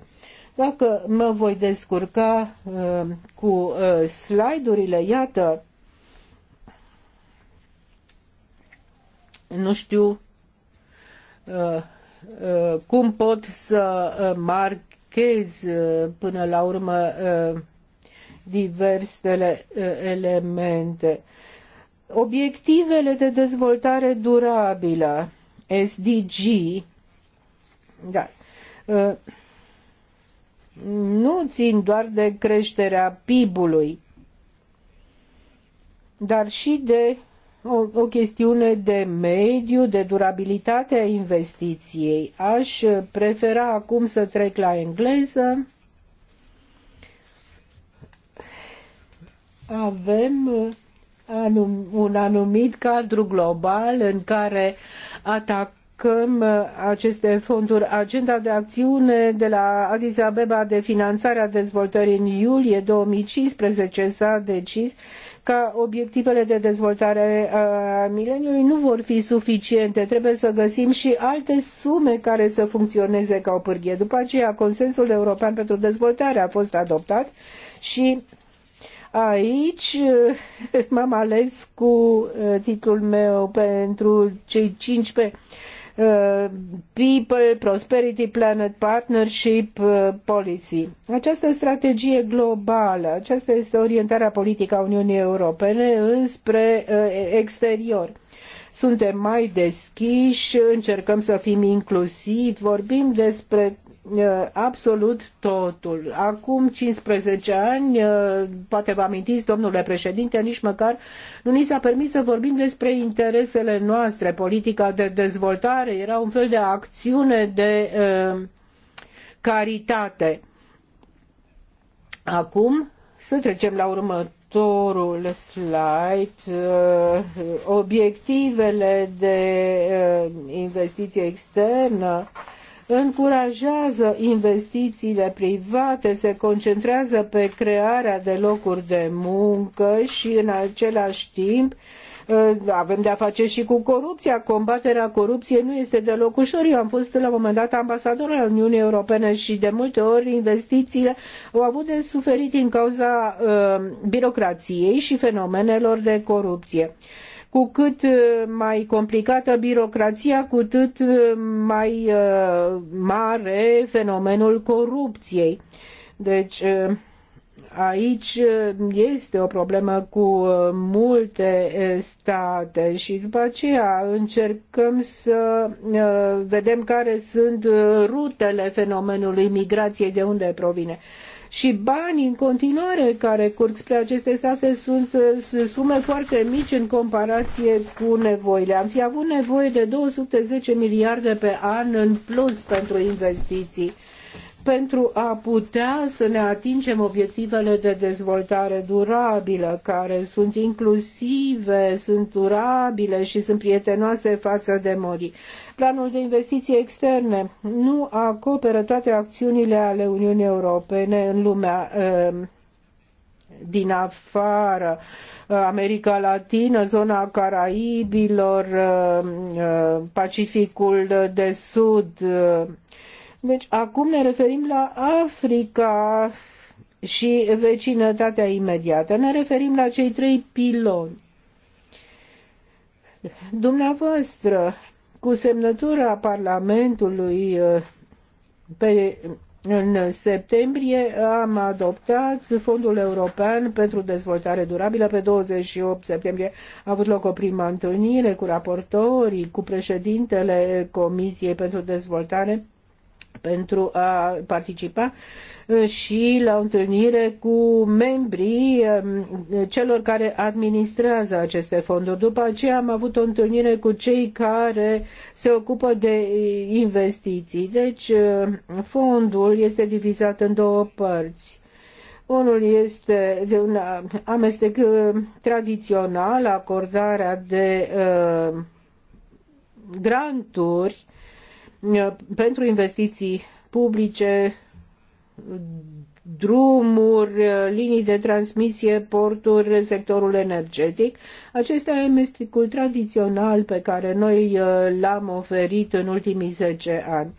Dacă mă voi descurca uh, cu uh, slide-urile, iată, nu știu uh, cum pot să marchez până la urmă diversele elemente. Obiectivele de dezvoltare durabilă, SDG, da, nu țin doar de creșterea PIB-ului, dar și de o, o chestiune de mediu, de durabilitate a investiției. Aș prefera acum să trec la engleză. Avem uh, anum, un anumit cadru global în care atacăm cum uh, aceste fonduri. Agenda de acțiune de la Addis Abeba de finanțare a dezvoltării în iulie 2015 s-a decis ca obiectivele de dezvoltare a mileniului nu vor fi suficiente. Trebuie să găsim și alte sume care să funcționeze ca o pârghie. După aceea, Consensul European pentru Dezvoltare a fost adoptat și aici <laughs> m-am ales cu uh, titlul meu pentru cei 15 Uh, people, Prosperity Planet, Partnership, uh, Policy. Această strategie globală, aceasta este orientarea politică a Uniunii Europene înspre uh, exterior suntem mai deschiși, încercăm să fim inclusivi, vorbim despre absolut totul. Acum 15 ani, poate vă amintiți, domnule președinte, nici măcar nu ni s-a permis să vorbim despre interesele noastre. Politica de dezvoltare era un fel de acțiune de caritate. Acum să trecem la următorul slide. obiectivele de investiție externă încurajează investițiile private, se concentrează pe crearea de locuri de muncă și în același timp ă, avem de-a face și cu corupția. Combaterea corupției nu este deloc ușor. Eu am fost la un moment dat ambasador al Uniunii Europene și de multe ori investițiile au avut de suferit din cauza uh, birocrației și fenomenelor de corupție. Uh, cu cât uh, mai complicată birocrația, cu cât uh, mai uh, mare fenomenul corupției. Deci aici este o problemă cu multe state și după aceea încercăm să vedem care sunt rutele fenomenului migrației, de unde provine și banii în continuare care curg spre aceste state sunt sume foarte mici în comparație cu nevoile. Am fi avut nevoie de 210 miliarde pe an în plus pentru investiții pentru a putea să ne atingem obiectivele de dezvoltare durabilă, care sunt inclusive, sunt durabile și sunt prietenoase față de modi. Planul de investiții externe nu acoperă toate acțiunile ale Uniunii Europene în lumea ehm, din afară, America Latină, zona Caraibilor, ehm, ehm, Pacificul de Sud, deci acum ne referim la Africa și vecinătatea imediată. Ne referim la cei trei piloni. Dumneavoastră, cu semnătura Parlamentului eh, pe, în septembrie am adoptat Fondul European pentru Dezvoltare Durabilă. Pe 28 septembrie a avut loc o prima întâlnire cu raportorii, cu președintele Comisiei pentru Dezvoltare pentru a participa uh, și la o întâlnire cu membrii um, celor care administrează aceste fonduri. După aceea am avut o întâlnire cu cei care se ocupă de investiții. Deci uh, fondul este divizat în două părți. Unul este de un amestec uh, tradițional, acordarea de uh, granturi pentru investiții publice, drumuri, linii de transmisie, porturi, sectorul energetic. Acesta e mesticul tradițional pe care noi uh, l-am oferit în ultimii 10 ani.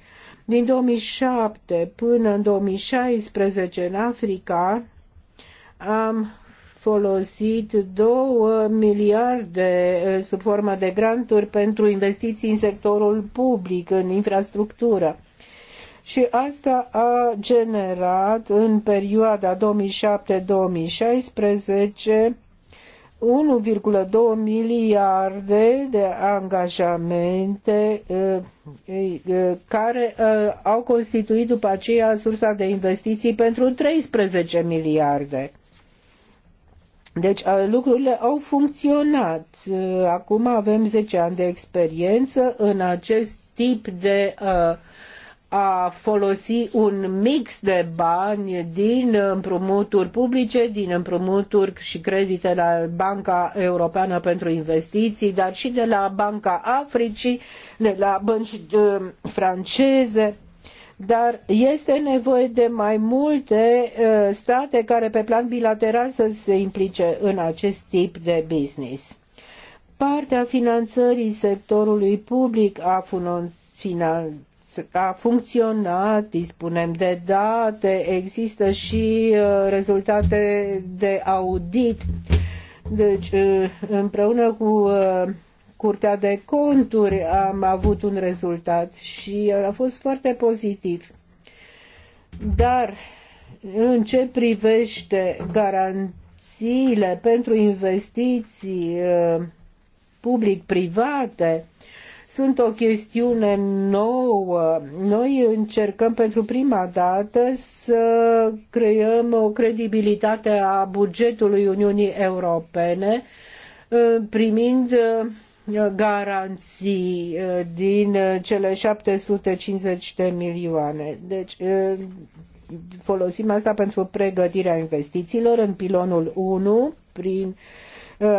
Din 2007 până în 2016 în Africa am folosit 2 miliarde eh, sub formă de granturi pentru investiții în sectorul public, în infrastructură. Și asta a generat în perioada 2007-2016 1,2 miliarde de angajamente eh, eh, care au constituit după aceea sursa de investiții pentru 13 miliarde. Deci lucrurile au funcționat. Acum avem 10 ani de experiență în acest tip de a folosi un mix de bani din împrumuturi publice, din împrumuturi și credite la Banca Europeană pentru Investiții, dar și de la Banca Africii, de la bănci franceze dar este nevoie de mai multe uh, state care pe plan bilateral să se implice în acest tip de business. Partea finanțării sectorului public a a funcționat, dispunem de date, există și uh, rezultate de audit. Deci, uh, împreună cu Curtea de Conturi am avut un rezultat și a fost foarte pozitiv. Dar în ce privește garanțiile pentru investiții uh, public-private, sunt o chestiune nouă. Noi încercăm pentru prima dată să creăm o credibilitate a bugetului Uniunii Europene uh, primind uh, garanții uh, din uh, cele 750 de milioane. Deci uh, folosim asta pentru pregătirea investițiilor în pilonul 1 prin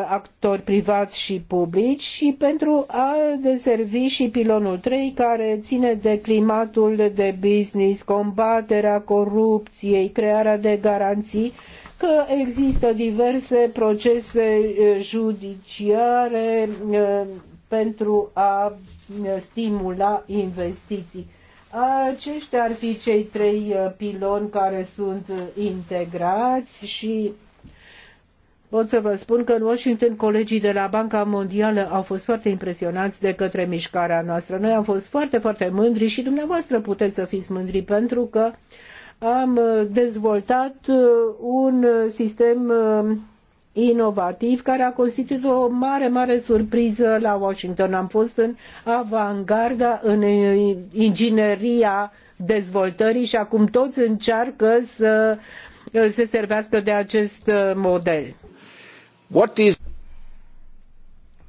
actori privați și publici și pentru a deservi și pilonul 3 care ține de climatul de business, combaterea corupției, crearea de garanții că există diverse procese eh, judiciare eh, pentru a eh, stimula investiții. Aceștia ar fi cei trei piloni care sunt integrați și Pot să vă spun că în Washington colegii de la Banca Mondială au fost foarte impresionați de către mișcarea noastră. Noi am fost foarte, foarte mândri și dumneavoastră puteți să fiți mândri pentru că am uh, dezvoltat uh, un uh, sistem inovativ care a constituit o mare, mare surpriză la Washington. Am fost în avangarda în ingineria dezvoltării și acum toți încearcă să se servească de acest model. What is...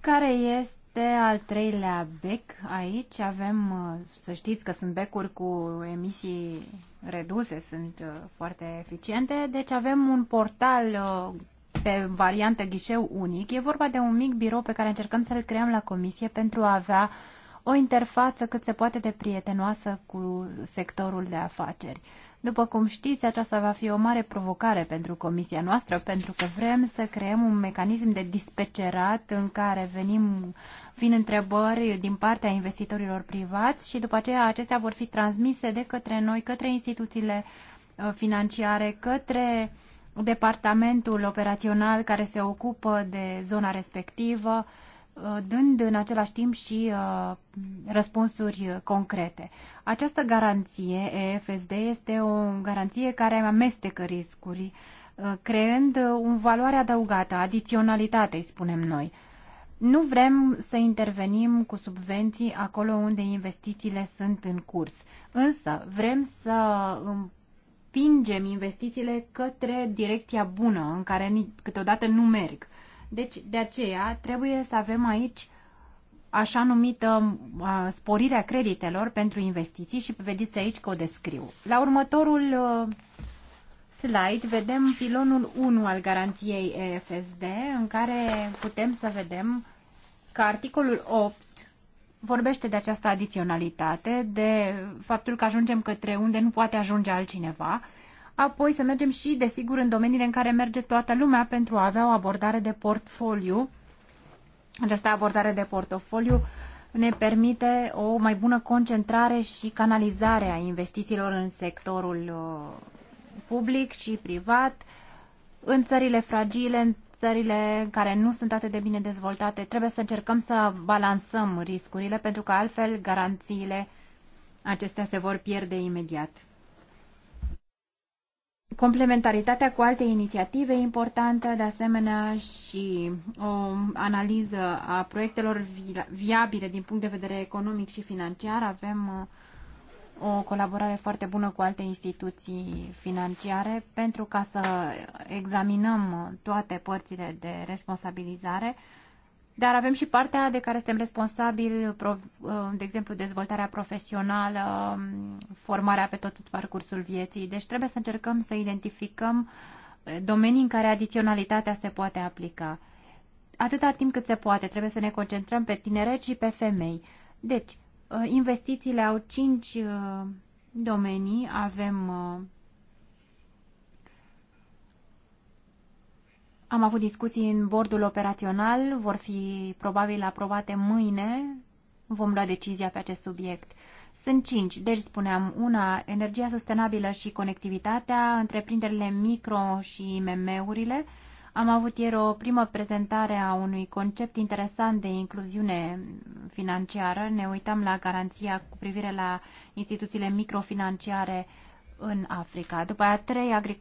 Care este al treilea bec aici? Avem, să știți că sunt becuri cu emisii reduse, sunt uh, foarte eficiente. Deci avem un portal uh, pe variantă ghișeu unic. E vorba de un mic birou pe care încercăm să-l creăm la comisie pentru a avea o interfață cât se poate de prietenoasă cu sectorul de afaceri. După cum știți, aceasta va fi o mare provocare pentru comisia noastră, pentru că vrem să creăm un mecanism de dispecerat în care venim, vin întrebări din partea investitorilor privați și după aceea acestea vor fi transmise de către noi, către instituțiile uh, financiare, către departamentul operațional care se ocupă de zona respectivă, Uh, dând în același timp și uh, răspunsuri concrete. Această garanție EFSD este o garanție care amestecă riscuri, uh, creând o valoare adăugată, adiționalitate, îi spunem noi. Nu vrem să intervenim cu subvenții acolo unde investițiile sunt în curs, însă vrem să împingem investițiile către direcția bună, în care câteodată nu merg. Deci, de aceea, trebuie să avem aici așa numită a, sporirea creditelor pentru investiții și vedeți aici că o descriu. La următorul slide vedem pilonul 1 al garanției EFSD în care putem să vedem că articolul 8 vorbește de această adiționalitate, de faptul că ajungem către unde nu poate ajunge altcineva apoi să mergem și, desigur, în domeniile în care merge toată lumea pentru a avea o abordare de portfoliu. Această abordare de portofoliu ne permite o mai bună concentrare și canalizare a investițiilor în sectorul uh, public și privat, în țările fragile, în țările care nu sunt atât de bine dezvoltate. Trebuie să încercăm să balansăm riscurile, pentru că altfel garanțiile acestea se vor pierde imediat complementaritatea cu alte inițiative importante, de asemenea și o analiză a proiectelor viabile din punct de vedere economic și financiar. Avem uh, o colaborare foarte bună cu alte instituții financiare pentru ca să examinăm toate părțile de responsabilizare dar avem și partea de care suntem responsabili, uh, de exemplu, dezvoltarea profesională, um, formarea pe tot parcursul vieții. Deci trebuie să încercăm să identificăm uh, domenii în care adiționalitatea se poate aplica. Atâta timp cât se poate, trebuie să ne concentrăm pe tineret și pe femei. Deci, uh, investițiile au cinci domenii. Avem Am avut discuții în bordul operațional, vor fi probabil aprobate mâine. Vom lua decizia pe acest subiect. Sunt cinci, deci spuneam, una, energia sustenabilă și conectivitatea, întreprinderile micro și mm urile Am avut ieri o primă prezentare a unui concept interesant de incluziune financiară. Ne uitam la garanția cu privire la instituțiile microfinanciare uh, în Africa. După a trei,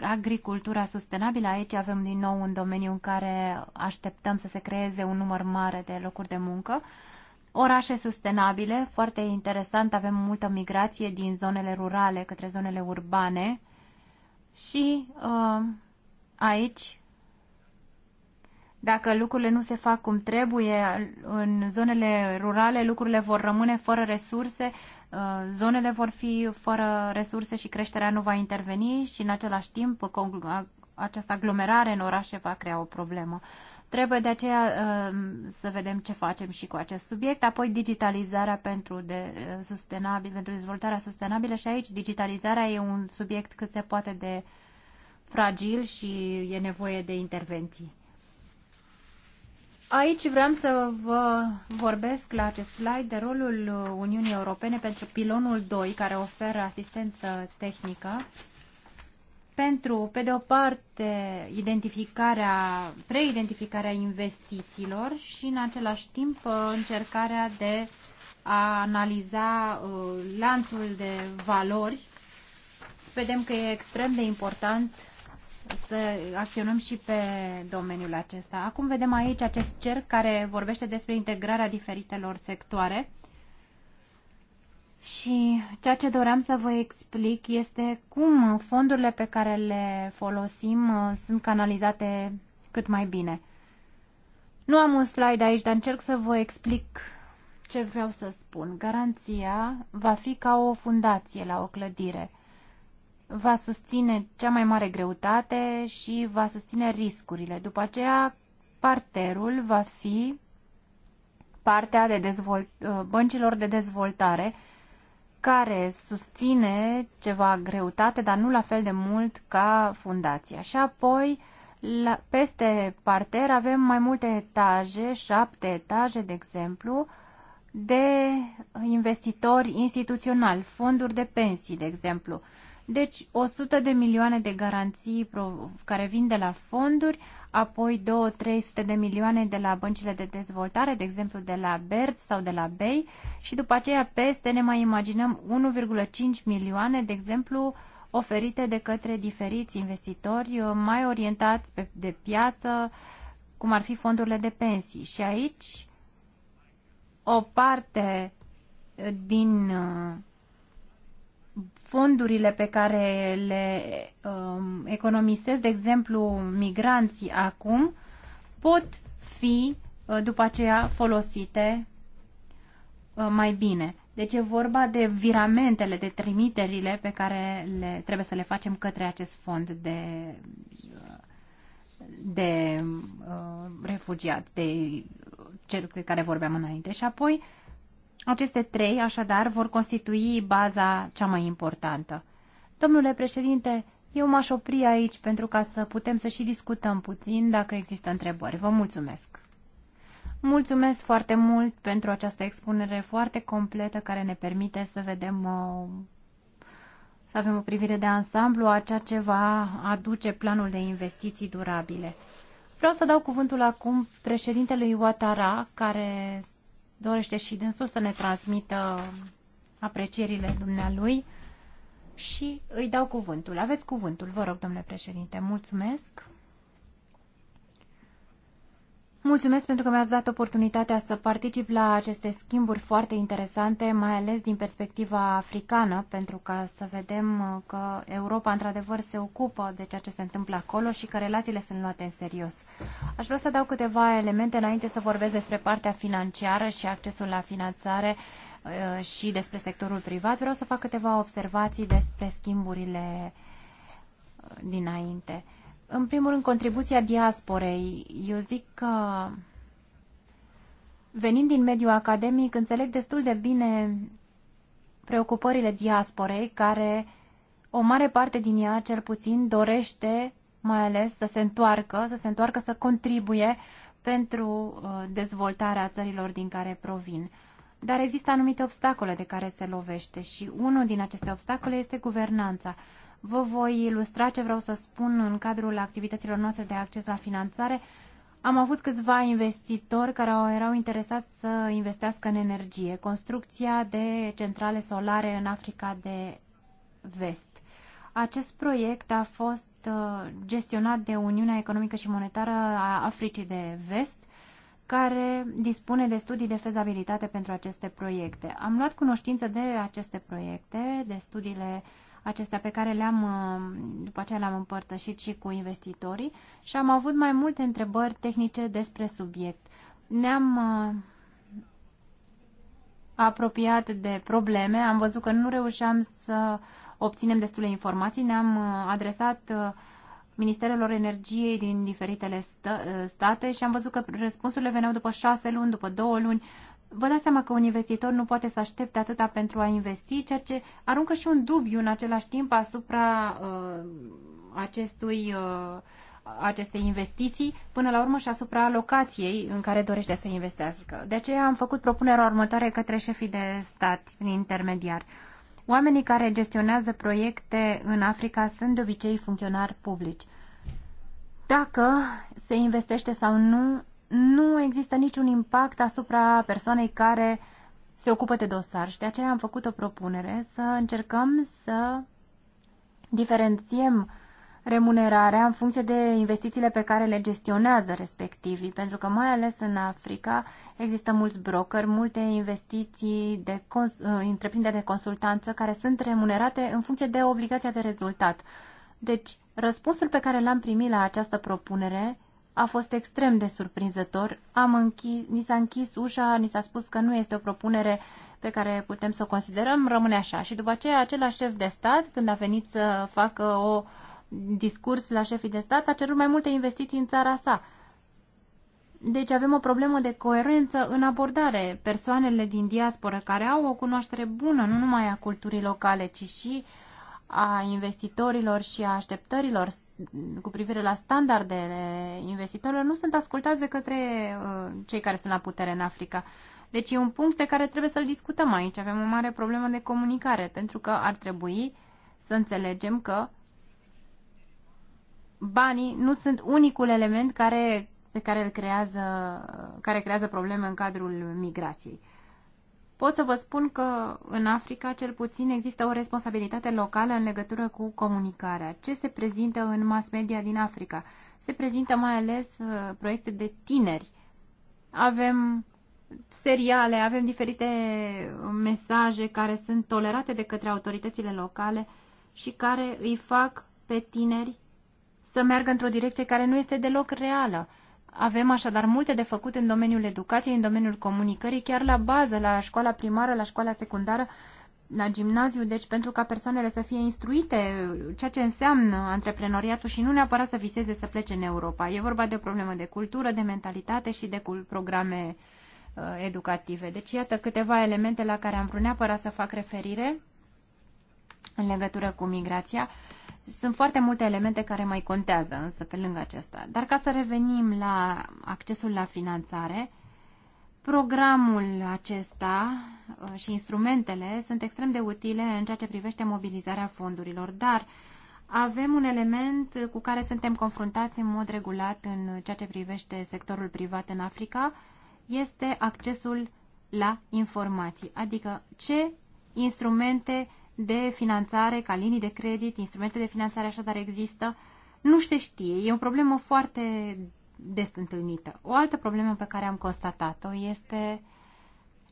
agricultura, sustenabilă. Aici avem din nou un domeniu în care așteptăm să se creeze un număr mare de locuri de muncă. Orașe sustenabile, foarte interesant, avem multă migrație din zonele rurale către zonele urbane și uh, aici, dacă lucrurile nu se fac cum trebuie, în zonele rurale lucrurile vor rămâne fără resurse, Uh, zonele vor fi fără resurse și creșterea nu va interveni și în același timp această aglomerare în orașe va crea o problemă. Trebuie de aceea uh, să vedem ce facem și cu acest subiect. Apoi digitalizarea pentru, de uh, sustenabil, pentru dezvoltarea sustenabilă și aici digitalizarea e un subiect cât se poate de fragil și e nevoie de intervenții. Aici vreau să vă vorbesc la acest slide de rolul Uniunii Europene pentru pilonul 2, care oferă asistență tehnică pentru, pe de o parte, identificarea, preidentificarea investițiilor și, în același timp, încercarea de a analiza uh, lanțul de valori. Vedem că e extrem de important să acționăm și pe domeniul acesta. Acum vedem aici acest cerc care vorbește despre integrarea diferitelor sectoare. Și ceea ce doream să vă explic este cum fondurile pe care le folosim uh, sunt canalizate cât mai bine. Nu am un slide aici, dar încerc să vă explic ce vreau să spun. Garanția va fi ca o fundație la o clădire – va susține cea mai mare greutate și va susține riscurile. După aceea, parterul va fi partea de dezvolt, uh, băncilor de dezvoltare care susține ceva greutate, dar nu la fel de mult ca fundația. Și apoi, la, peste parter avem mai multe etaje, șapte etaje, de exemplu, de investitori instituționali, fonduri de pensii, de exemplu. Deci 100 de milioane de garanții care vin de la fonduri, apoi 2-300 de milioane de la băncile de dezvoltare, de exemplu de la Bert sau de la BEI și după aceea peste ne mai imaginăm 1,5 milioane, de exemplu, oferite de către diferiți investitori uh, mai orientați pe, de piață, cum ar fi fondurile de pensii. Și aici o parte uh, din uh, fondurile pe care le um, economisesc, de exemplu, migranții acum, pot fi uh, după aceea folosite uh, mai bine. Deci e vorba de viramentele, de trimiterile pe care le, trebuie să le facem către acest fond de, uh, de uh, refugiați, de cel care vorbeam înainte. Și apoi uh, aceste trei, așadar, vor constitui baza cea mai importantă. Domnule președinte, eu m-aș opri aici pentru ca să putem să și discutăm puțin dacă există întrebări. Vă mulțumesc! Mulțumesc foarte mult pentru această expunere foarte completă care ne permite să vedem o, uh, să avem o privire de ansamblu a ceea ce va aduce planul de investiții durabile. Vreau să dau cuvântul acum președintelui Watara, care dorește și dânsul să ne transmită aprecierile dumnealui și îi dau cuvântul. Aveți cuvântul, vă rog, domnule președinte. Mulțumesc. Mulțumesc pentru că mi-ați dat oportunitatea să particip la aceste schimburi foarte interesante, mai ales din perspectiva africană, pentru ca să vedem uh, că Europa într-adevăr se ocupă de ceea ce se întâmplă acolo și că relațiile sunt luate în serios. Aș vrea să dau câteva elemente înainte să vorbesc despre partea financiară și accesul la finanțare uh, și despre sectorul privat. Vreau să fac câteva observații despre schimburile uh, dinainte. În primul rând, contribuția diasporei. Eu zic că venind din mediul academic, înțeleg destul de bine preocupările diasporei, care o mare parte din ea, cel puțin, dorește mai ales să se întoarcă, să se întoarcă să contribuie pentru uh, dezvoltarea țărilor din care provin. Dar există anumite obstacole de care se lovește și unul din aceste obstacole este guvernanța. Vă voi ilustra ce vreau să spun în cadrul activităților noastre de acces la finanțare. Am avut câțiva investitori care erau interesați să investească în energie. Construcția de centrale solare în Africa de Vest. Acest proiect a fost uh, gestionat de Uniunea Economică și Monetară a Africii de Vest care dispune de studii de fezabilitate pentru aceste proiecte. Am luat cunoștință de aceste proiecte, de studiile uh, acestea pe care le-am, uh, după aceea le-am împărtășit și cu investitorii și am avut mai multe întrebări tehnice despre subiect. Ne-am uh, apropiat de probleme, am văzut că nu reușeam să obținem destule informații, ne-am uh, adresat Ministerelor Energiei din diferitele state și am văzut că răspunsurile veneau după șase luni, după două luni vă dați seama că un investitor nu poate să aștepte atâta pentru a investi, ceea ce aruncă și un dubiu în același timp asupra uh, acestui, uh, acestei investiții, până la urmă și asupra locației în care dorește să investească. De aceea am făcut propunerea următoare către șefii de stat prin intermediar. Oamenii care gestionează proiecte în Africa sunt de obicei funcționari publici. Dacă se investește sau nu nu există niciun impact asupra persoanei care se ocupă de dosar și de aceea am făcut o propunere să încercăm să diferențiem remunerarea în funcție de investițiile pe care le gestionează respectivii, pentru că mai ales în Africa există mulți brokeri, multe investiții de cons- ă, întreprinderi de consultanță care sunt remunerate în funcție de obligația de rezultat. Deci, răspunsul pe care l-am primit la această propunere a fost extrem de surprinzător. Am închis, ni s-a închis ușa, ni s-a spus că nu este o propunere pe care putem să o considerăm, rămâne așa. Și după aceea, același șef de stat, când a venit să facă o discurs la șefii de stat, a cerut mai multe investiții în țara sa. Deci avem o problemă de coerență în abordare. Persoanele din diasporă care au o cunoaștere bună, nu numai a culturii locale, ci și a investitorilor și a așteptărilor cu privire la standardele investitorilor nu sunt ascultați de către uh, cei care sunt la putere în Africa. Deci e un punct pe care trebuie să-l discutăm aici. Avem o mare problemă de comunicare, pentru că ar trebui să înțelegem că banii nu sunt unicul element care, pe care îl creează, care creează probleme în cadrul migrației. Pot să vă spun că în Africa, cel puțin, există o responsabilitate locală în legătură cu comunicarea. Ce se prezintă în mass media din Africa? Se prezintă mai ales uh, proiecte de tineri. Avem seriale, avem diferite mesaje care sunt tolerate de către autoritățile locale și care îi fac pe tineri să meargă într-o direcție care nu este deloc reală. Avem așadar multe de făcut în domeniul educației, în domeniul comunicării, chiar la bază, la școala primară, la școala secundară, la gimnaziu, deci pentru ca persoanele să fie instruite ceea ce înseamnă antreprenoriatul și nu neapărat să viseze să plece în Europa. E vorba de o problemă de cultură, de mentalitate și de programe uh, educative. Deci iată câteva elemente la care am vrut neapărat să fac referire în legătură cu migrația. Uh, sunt foarte multe elemente care mai contează, însă, pe lângă acesta. Dar ca să revenim la accesul la finanțare, programul acesta uh, și instrumentele sunt extrem de utile în ceea ce privește mobilizarea fondurilor, dar avem un element cu care suntem confruntați în mod regulat în ceea ce privește sectorul privat în Africa, este accesul la informații, adică ce instrumente de finanțare, ca linii de credit, instrumente de finanțare așadar există, nu se știe. E o problemă foarte des întâlnită. O altă problemă pe care am constatat-o este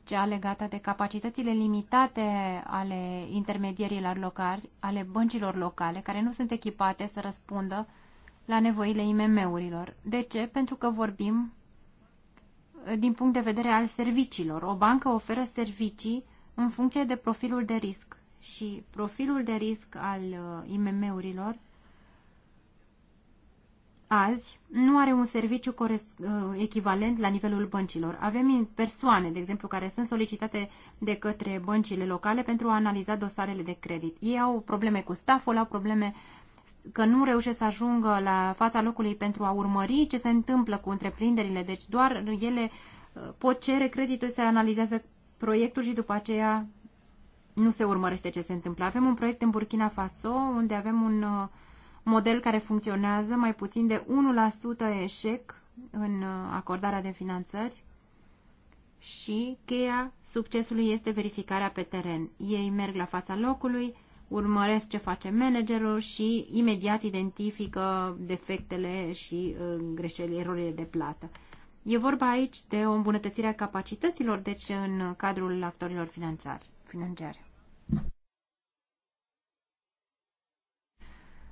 cea legată de capacitățile limitate ale intermediarilor locali, ale băncilor locale, care nu sunt echipate să răspundă la nevoile IMM-urilor. De ce? Pentru că vorbim eh, din punct de vedere al serviciilor. O bancă oferă servicii în funcție de profilul de risc și profilul de risc al uh, IMM-urilor azi nu are un serviciu uh, echivalent la nivelul băncilor. Avem persoane, de exemplu, care sunt solicitate de către băncile locale pentru a analiza dosarele de credit. Ei au probleme cu staful, au probleme că nu reușesc să ajungă la fața locului pentru a urmări ce se întâmplă cu întreprinderile, deci doar ele uh, pot cere creditul, se analizează proiectul și după aceea nu se urmărește ce se întâmplă. Avem un proiect în Burkina Faso unde avem un uh, model care funcționează, mai puțin de 1% eșec în uh, acordarea de finanțări și cheia succesului este verificarea pe teren. Ei merg la fața locului, urmăresc ce face managerul și imediat identifică defectele și uh, greșelile, erorile de plată. E vorba aici de o îmbunătățire a capacităților, deci în cadrul actorilor financiari financiari.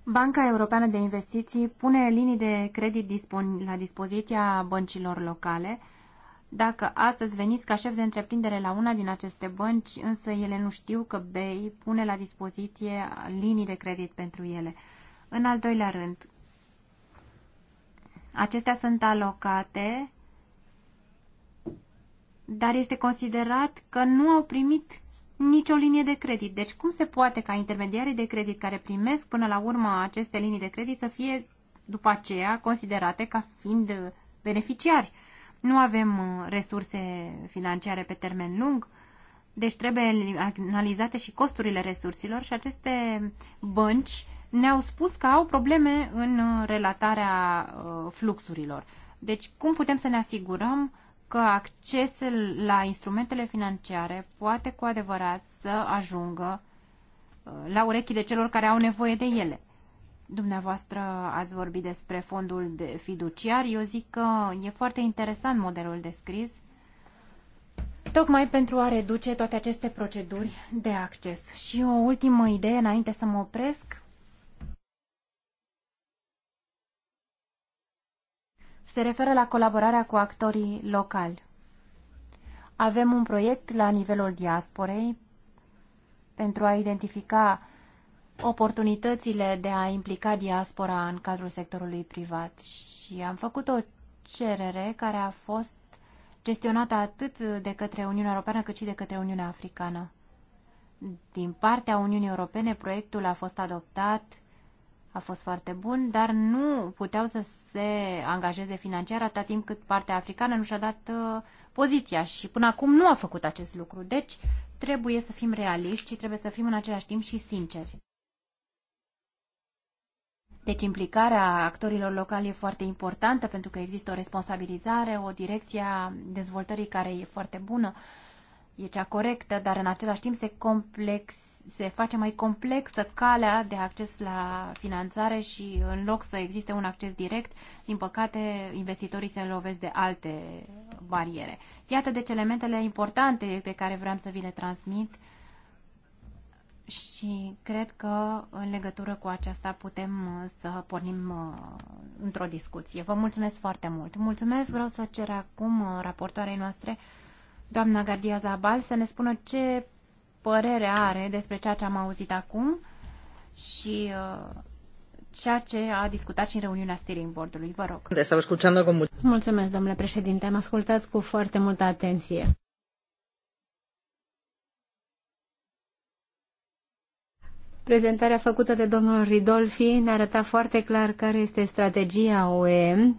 Banca Europeană de Investiții pune linii de credit la dispoziția băncilor locale. Dacă astăzi veniți ca șef de întreprindere la una din aceste bănci, însă ele nu știu că BEI pune la dispoziție linii de credit pentru ele. În al doilea rând, acestea sunt alocate, dar este considerat că nu au primit nicio linie de credit. Deci cum se poate ca intermediarii de credit care primesc până la urmă aceste linii de credit să fie după aceea considerate ca fiind beneficiari? Nu avem uh, resurse financiare pe termen lung, deci trebuie analizate și costurile resurselor și aceste bănci ne-au spus că au probleme în uh, relatarea uh, fluxurilor. Deci cum putem să ne asigurăm că accesul la instrumentele financiare poate cu adevărat să ajungă uh, la urechile celor care au nevoie de ele. Dumneavoastră ați vorbit despre fondul de fiduciar. Eu zic că e foarte interesant modelul descris, tocmai pentru a reduce toate aceste proceduri de acces. Și o ultimă idee înainte să mă opresc. se referă la colaborarea cu actorii locali. Avem un proiect la nivelul diasporei pentru a identifica oportunitățile de a implica diaspora în cadrul sectorului privat și am făcut o cerere care a fost gestionată atât de către Uniunea Europeană cât și de către Uniunea Africană. Din partea Uniunii Europene, proiectul a fost adoptat a fost foarte bun, dar nu puteau să se angajeze financiar atâta timp cât partea africană nu și-a dat uh, poziția și până acum nu a făcut acest lucru. Deci trebuie să fim realiști și trebuie să fim în același timp și sinceri. Deci implicarea actorilor locali e foarte importantă pentru că există o responsabilizare, o direcție a dezvoltării care e foarte bună, e cea corectă, dar în același timp se complex se face mai complexă calea de acces la finanțare și în loc să existe un acces direct, din păcate, investitorii se lovesc de alte bariere. Iată deci elementele importante pe care vreau să vi le transmit și cred că în legătură cu aceasta putem uh, să pornim uh, într-o discuție. Vă mulțumesc foarte mult. Mulțumesc, vreau să cer acum uh, raportoarei noastre, doamna Gardia Zabal, să ne spună ce părere are despre ceea ce am auzit acum și uh, ceea ce a discutat și în reuniunea steering board-ului. Vă rog. Mulțumesc, domnule președinte. Am ascultat cu foarte multă atenție. Prezentarea făcută de domnul Ridolfi ne arăta foarte clar care este strategia OE.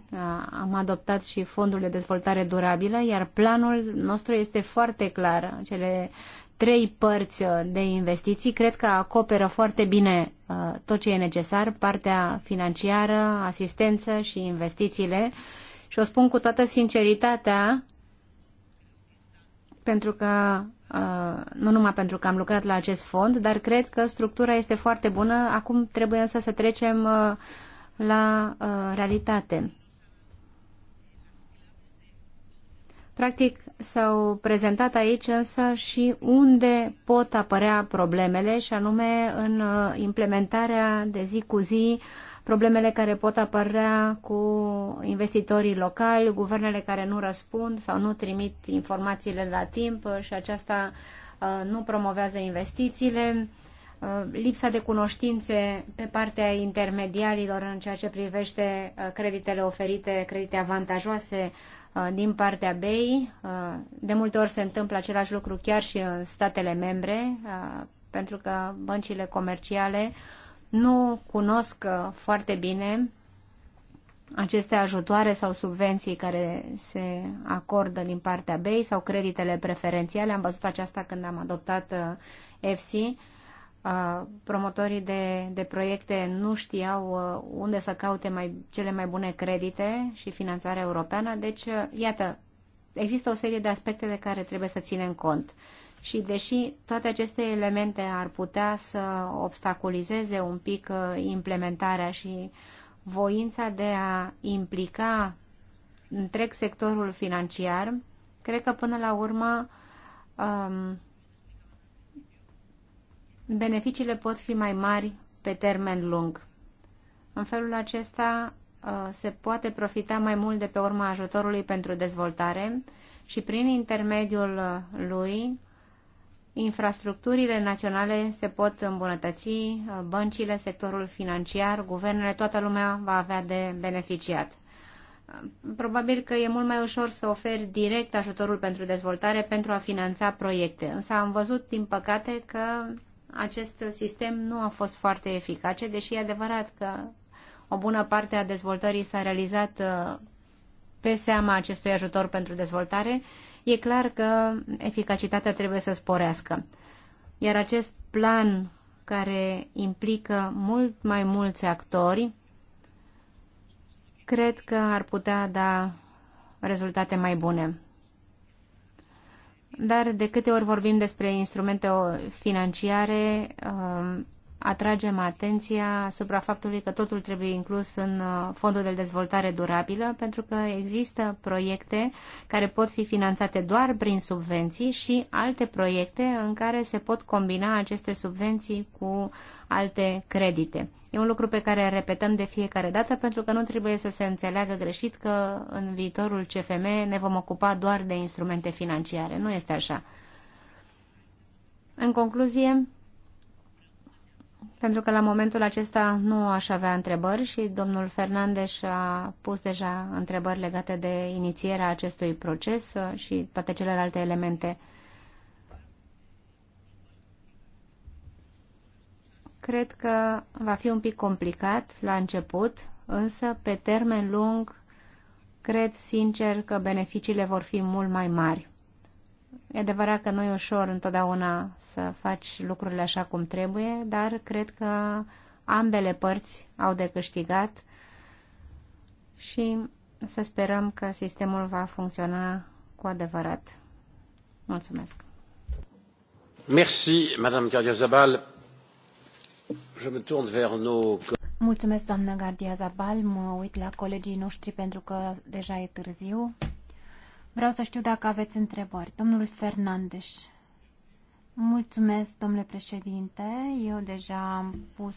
Am adoptat și fondul de dezvoltare durabilă, iar planul nostru este foarte clar. Cele trei părți uh, de investiții cred că acoperă foarte bine uh, tot ce e necesar, partea financiară, asistență și investițiile. Și o spun cu toată sinceritatea, pentru că uh, nu numai pentru că am lucrat la acest fond, dar cred că structura este foarte bună. Acum trebuie însă să trecem la realitate. Practic, s-au prezentat aici însă și unde pot apărea problemele, și anume în uh, implementarea de zi cu zi, problemele care pot apărea cu investitorii locali, guvernele care nu răspund sau nu trimit informațiile la timp și aceasta uh, nu promovează investițiile uh, lipsa de cunoștințe pe partea intermediarilor în ceea ce privește creditele oferite, credite avantajoase Uh, din partea BEI. Uh, de multe ori se întâmplă același lucru chiar și în statele membre, uh, pentru că băncile comerciale nu cunosc foarte bine aceste ajutoare sau subvenții care se acordă din partea BEI sau creditele preferențiale. Am văzut aceasta când am adoptat EFSI promotorii de, de proiecte nu știau uh, unde să caute mai, cele mai bune credite și finanțarea europeană. Deci, uh, iată, există o serie de aspecte de care trebuie să ținem cont. Și deși toate aceste elemente ar putea să obstaculizeze un pic uh, implementarea și voința de a implica întreg sectorul financiar, cred că până la urmă um, beneficiile pot fi mai mari pe termen lung. În felul acesta uh, se poate profita mai mult de pe urma ajutorului pentru dezvoltare și prin intermediul lui infrastructurile naționale se pot îmbunătăți, uh, băncile, sectorul financiar, guvernele, toată lumea va avea de beneficiat. Probabil că e mult mai ușor să oferi direct ajutorul pentru dezvoltare pentru a finanța proiecte, însă am văzut, din păcate, că acest sistem nu a fost foarte eficace, deși e adevărat că o bună parte a dezvoltării s-a realizat uh, pe seama acestui ajutor pentru dezvoltare, e clar că eficacitatea trebuie să sporească. Iar acest plan care implică mult mai mulți actori, cred că ar putea da rezultate mai bune dar de câte ori vorbim despre instrumente financiare, um, atragem atenția asupra faptului că totul trebuie inclus în uh, fondul de dezvoltare durabilă, pentru că există proiecte care pot fi finanțate doar prin subvenții și alte proiecte în care se pot combina aceste subvenții cu alte credite. E un lucru pe care repetăm de fiecare dată pentru că nu trebuie să se înțeleagă greșit că în viitorul CFM ne vom ocupa doar de instrumente financiare. Nu este așa. În concluzie, pentru că la momentul acesta nu aș avea întrebări și domnul Fernandes a pus deja întrebări legate de inițierea acestui proces și toate celelalte elemente Cred că va fi un pic complicat la început, însă pe termen lung cred sincer că beneficiile vor fi mult mai mari. E adevărat că nu e ușor întotdeauna să faci lucrurile așa cum trebuie, dar cred că ambele părți au de câștigat și să sperăm că sistemul va funcționa cu adevărat. Mulțumesc! Merci, Madame Cardiazabal. Mulțumesc, doamnă Gardia Zabal. Mă uit la colegii noștri pentru că deja e târziu. Vreau să știu dacă aveți întrebări. Domnul Fernandes. Mulțumesc, domnule președinte. Eu deja am pus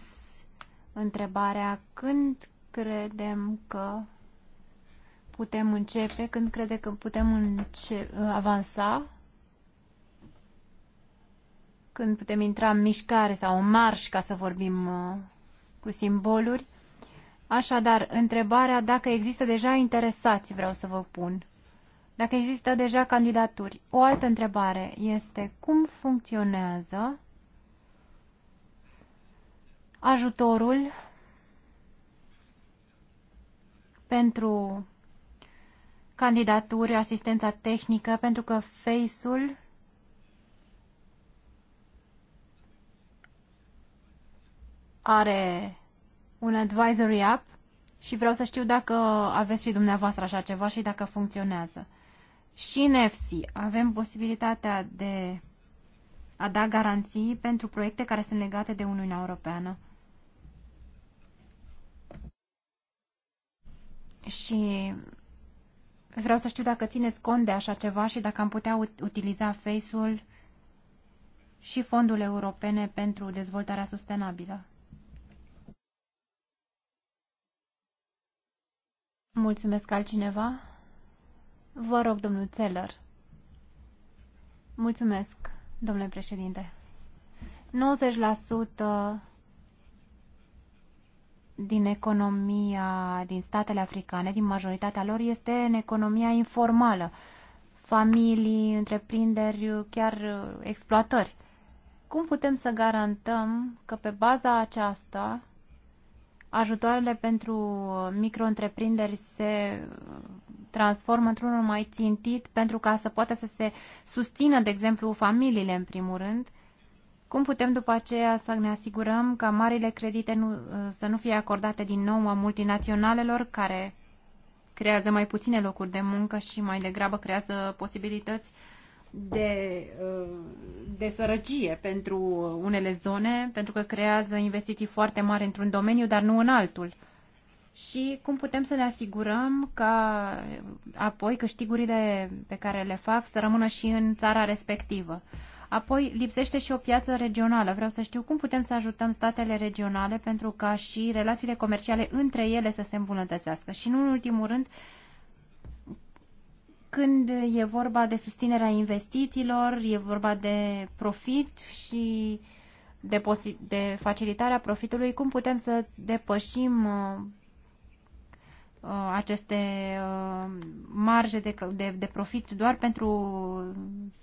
întrebarea când credem că putem începe, când crede că putem înce- avansa când putem intra în mișcare sau în marș, ca să vorbim uh, cu simboluri. Așadar, întrebarea dacă există deja interesați, vreau să vă pun. Dacă există deja candidaturi. O altă întrebare este cum funcționează ajutorul pentru candidaturi, asistența tehnică, pentru că Face-ul are un advisory app și vreau să știu dacă aveți și dumneavoastră așa ceva și dacă funcționează. Și în FC avem posibilitatea de a da garanții pentru proiecte care sunt legate de Uniunea Europeană. Și vreau să știu dacă țineți cont de așa ceva și dacă am putea utiliza Face-ul și fondurile europene pentru dezvoltarea sustenabilă. Mulțumesc altcineva? Vă rog, domnul Țeller. Mulțumesc, domnule președinte. 90% din economia din statele africane, din majoritatea lor, este în economia informală. Familii, întreprinderi, chiar exploatări. Cum putem să garantăm că pe baza aceasta ajutoarele pentru uh, micro-întreprinderi se uh, transformă într-unul mai țintit pentru ca să poată să se susțină, de exemplu, familiile în primul rând? Cum putem după aceea să ne asigurăm că marile credite nu, uh, să nu fie acordate din nou a multinaționalelor care creează mai puține locuri de muncă și mai degrabă creează posibilități de, uh, de sărăcie pentru unele zone, pentru că creează investiții foarte mari într-un domeniu, dar nu în altul. Și cum putem să ne asigurăm ca apoi câștigurile pe care le fac să rămână și în țara respectivă. Apoi lipsește și o piață regională. Vreau să știu cum putem să ajutăm statele regionale pentru ca și relațiile comerciale între ele să se îmbunătățească. Și nu în ultimul rând, când e vorba de susținerea investițiilor, e vorba de profit și de, de facilitarea profitului, cum putem să depășim uh, uh, aceste uh, marje de, de, de profit doar pentru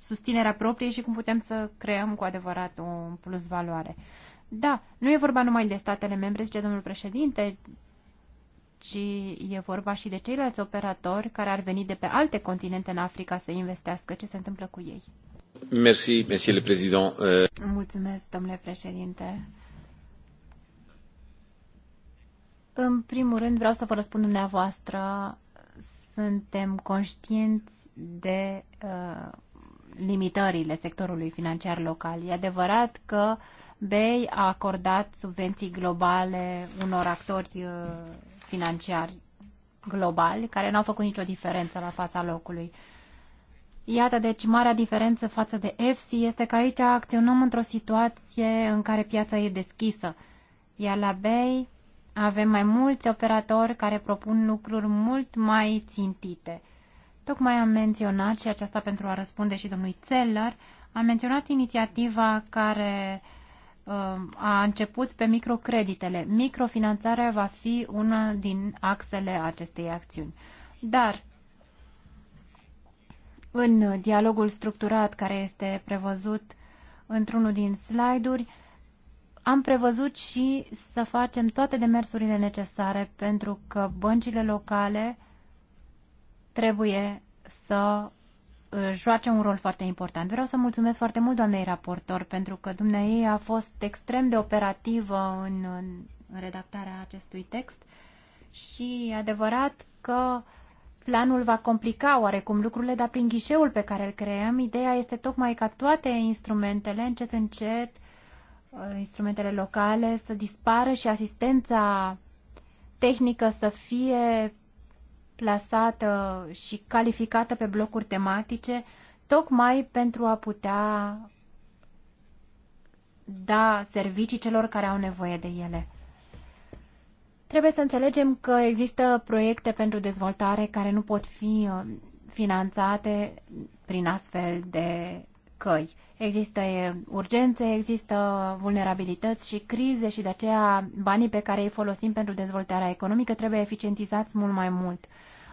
susținerea proprie și cum putem să creăm cu adevărat o plus valoare. Da, nu e vorba numai de statele membre, zice domnul președinte, ci e vorba și de ceilalți operatori care ar veni de pe alte continente în Africa să investească. Ce se întâmplă cu ei? Merci, monsieur le président. Mulțumesc, domnule președinte. În primul rând vreau să vă răspund dumneavoastră. Suntem conștienți de uh, limitările sectorului financiar local. E adevărat că BEI a acordat subvenții globale unor actori uh, financiari globali care n-au făcut nicio diferență la fața locului. Iată, deci, marea diferență față de EFSI este că aici acționăm într-o situație în care piața e deschisă, iar la BEI avem mai mulți operatori care propun lucruri mult mai țintite. Tocmai am menționat, și aceasta pentru a răspunde și domnului Zeller, am menționat inițiativa care uh, Um, a început pe microcreditele. Microfinanțarea va fi una din axele acestei acțiuni. Dar în dialogul structurat care este prevăzut într-unul din slide-uri, am prevăzut și să facem toate demersurile necesare pentru că băncile locale trebuie să Uh, joace un rol foarte important. Vreau să mulțumesc foarte mult doamnei raportor pentru că dumneai a fost extrem de operativă în, în redactarea acestui text și adevărat că planul va complica oarecum lucrurile, dar prin ghișeul pe care îl creăm, ideea este tocmai ca toate instrumentele, încet încet, uh, instrumentele locale să dispară și asistența tehnică să fie plasată și calificată pe blocuri tematice, tocmai pentru a putea da servicii celor care au nevoie de ele. Trebuie să înțelegem că există proiecte pentru dezvoltare care nu pot fi uh, finanțate prin astfel de căi. Există urgențe, există vulnerabilități și crize și de aceea banii pe care îi folosim pentru dezvoltarea economică trebuie eficientizați mult mai mult.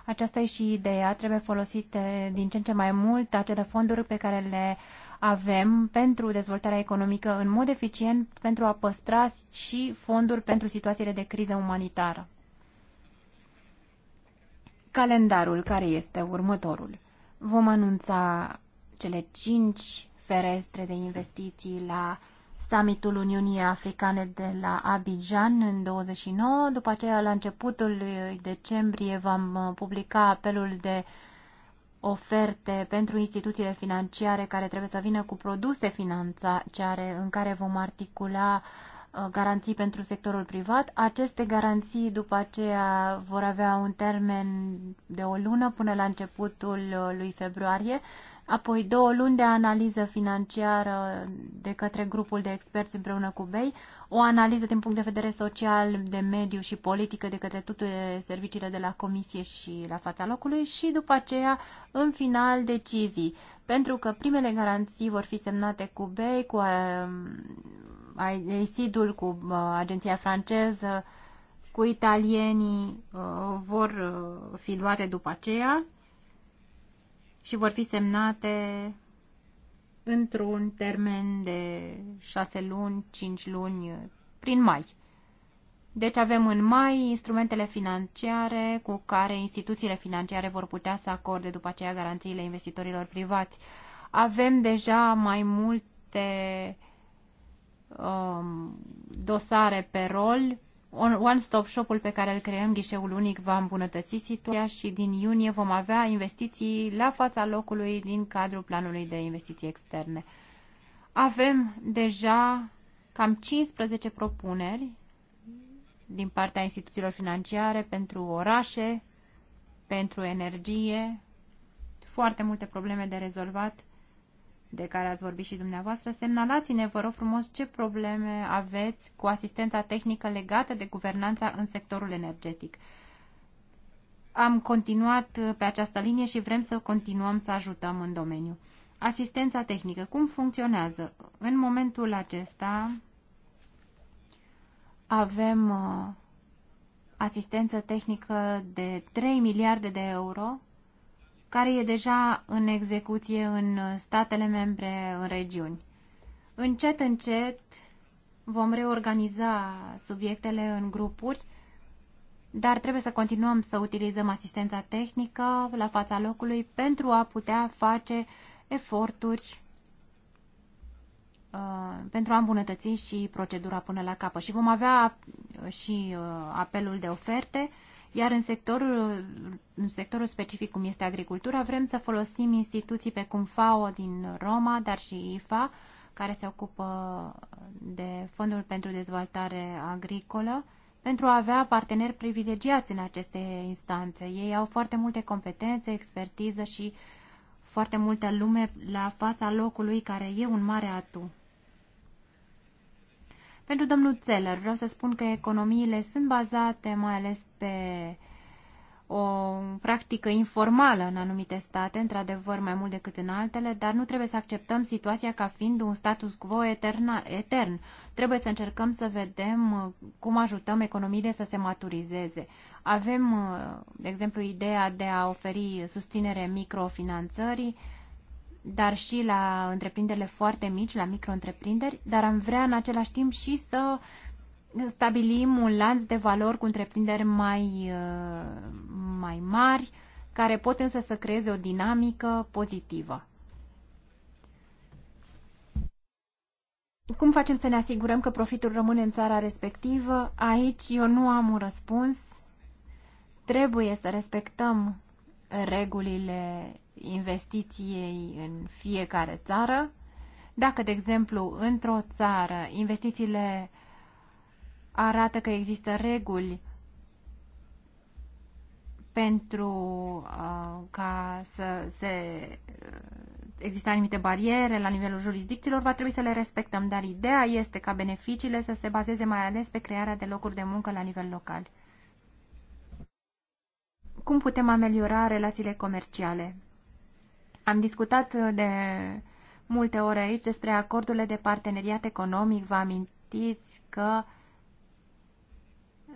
Aceasta e și ideea, trebuie folosite din ce în ce mai mult acele fonduri pe care le avem pentru dezvoltarea economică în mod eficient pentru a păstra și fonduri pentru situațiile de criză umanitară. Calendarul care este următorul. Vom anunța cele cinci ferestre de investiții la summitul Uniunii Africane de la Abidjan în 29. După aceea, la începutul decembrie, vom uh, publica apelul de oferte pentru instituțiile financiare care trebuie să vină cu produse financiare în care vom articula uh, garanții pentru sectorul privat. Aceste garanții după aceea vor avea un termen de o lună până la începutul uh, lui februarie apoi două luni de analiză financiară de către grupul de experți împreună cu BEI, o analiză din punct de vedere social, de mediu și politică de către toate serviciile de la comisie și la fața locului și după aceea, în final, decizii. Pentru că primele garanții vor fi semnate cu BEI, cu um, AICID-ul, cu uh, agenția franceză, cu italienii uh, vor uh, fi luate după aceea și vor fi semnate într-un termen de șase luni, cinci luni, prin mai. Deci avem în mai instrumentele financiare cu care instituțiile financiare vor putea să acorde după aceea garanțiile investitorilor privați. Avem deja mai multe um, dosare pe rol one-stop shop-ul pe care îl creăm, ghișeul unic, va îmbunătăți situația și din iunie vom avea investiții la fața locului din cadrul planului de investiții externe. Avem deja cam 15 propuneri din partea instituțiilor financiare pentru orașe, pentru energie, foarte multe probleme de rezolvat de care ați vorbit și dumneavoastră, semnalați-ne, vă rog frumos, ce probleme aveți cu asistența tehnică legată de guvernanța în sectorul energetic. Am continuat uh, pe această linie și vrem să continuăm să ajutăm în domeniu. Asistența tehnică, cum funcționează? În momentul acesta avem uh, asistență tehnică de 3 miliarde de euro care e deja în execuție în statele membre, în regiuni. Încet, încet vom reorganiza subiectele în grupuri, dar trebuie să continuăm să utilizăm asistența tehnică la fața locului pentru a putea face eforturi uh, pentru a îmbunătăți și procedura până la capă. Și vom avea uh, și uh, apelul de oferte iar în sectorul, în sectorul specific cum este agricultura, vrem să folosim instituții precum FAO din Roma, dar și IFA, care se ocupă de Fondul pentru Dezvoltare Agricolă, pentru a avea parteneri privilegiați în aceste instanțe. Ei au foarte multe competențe, expertiză și foarte multă lume la fața locului, care e un mare atu. Pentru domnul Zeller vreau să spun că economiile sunt bazate mai ales pe o practică informală în anumite state, într-adevăr mai mult decât în altele, dar nu trebuie să acceptăm situația ca fiind un status quo eterna, etern. Trebuie să încercăm să vedem uh, cum ajutăm economiile să se maturizeze. Avem, uh, de exemplu, ideea de a oferi susținere microfinanțării, dar și la întreprinderile foarte mici, la micro-întreprinderi, dar am vrea în același timp și să stabilim un lanț de valori cu întreprinderi mai, uh, mai mari, care pot însă să creeze o dinamică pozitivă. Cum facem să ne asigurăm că profitul rămâne în țara respectivă? Aici eu nu am un răspuns. Trebuie să respectăm regulile investiției în fiecare țară. Dacă, de exemplu, într-o țară investițiile arată că există reguli pentru uh, ca să se uh, există anumite bariere la nivelul jurisdicțiilor, va trebui să le respectăm, dar ideea este ca beneficiile să se bazeze mai ales pe crearea de locuri de muncă la nivel local. Cum putem ameliora relațiile comerciale? Am discutat uh, de multe ore aici despre acordurile de parteneriat economic. Vă amintiți că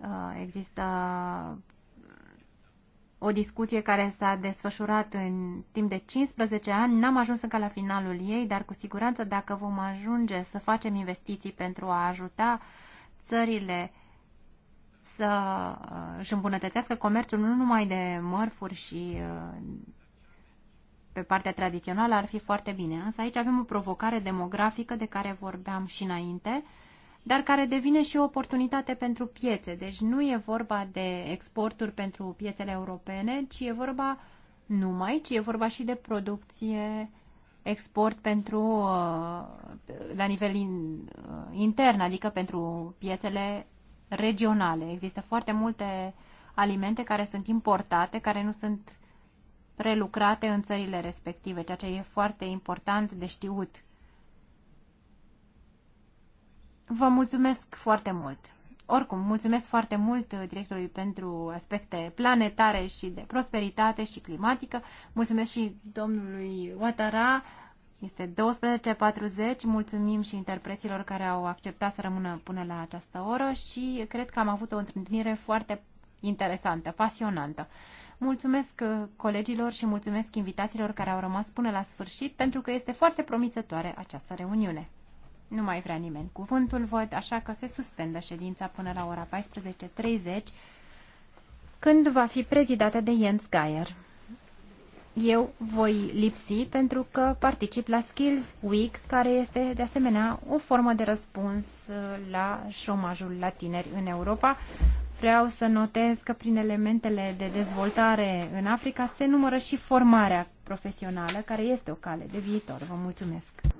uh, există o discuție care s-a desfășurat în timp de 15 ani. N-am ajuns încă la finalul ei, dar cu siguranță dacă vom ajunge să facem investiții pentru a ajuta țările să uh, își îmbunătățească comerțul nu numai de mărfuri și pe partea tradițională ar fi foarte bine. Însă aici avem o provocare demografică de care vorbeam și înainte, dar care devine și o oportunitate pentru piețe. Deci nu e vorba de exporturi pentru piețele europene, ci e vorba numai, ci e vorba și de producție export pentru uh, la nivel uh, intern, adică pentru piețele regionale. Există foarte multe alimente care sunt importate, care nu sunt relucrate în țările respective, ceea ce e foarte important de știut. Vă mulțumesc foarte mult! Oricum, mulțumesc foarte mult uh, directorului pentru aspecte planetare și de prosperitate și climatică. Mulțumesc și domnului Watara. Este 12.40. Mulțumim și interpreților care au acceptat să rămână până la această oră și cred că am avut o întâlnire foarte interesantă, pasionantă. Mulțumesc uh, colegilor și mulțumesc invitațiilor care au rămas până la sfârșit, pentru că este foarte promițătoare această reuniune. Nu mai vrea nimeni cuvântul, văd, așa că se suspendă ședința până la ora 14.30, când va fi prezidată de Jens Geier. Eu voi lipsi pentru că particip la Skills Week, care este de asemenea o formă de răspuns uh, la șomajul la tineri în Europa, Vreau să notez că prin elementele de dezvoltare în Africa se numără și formarea profesională, care este o cale de viitor. Vă mulțumesc!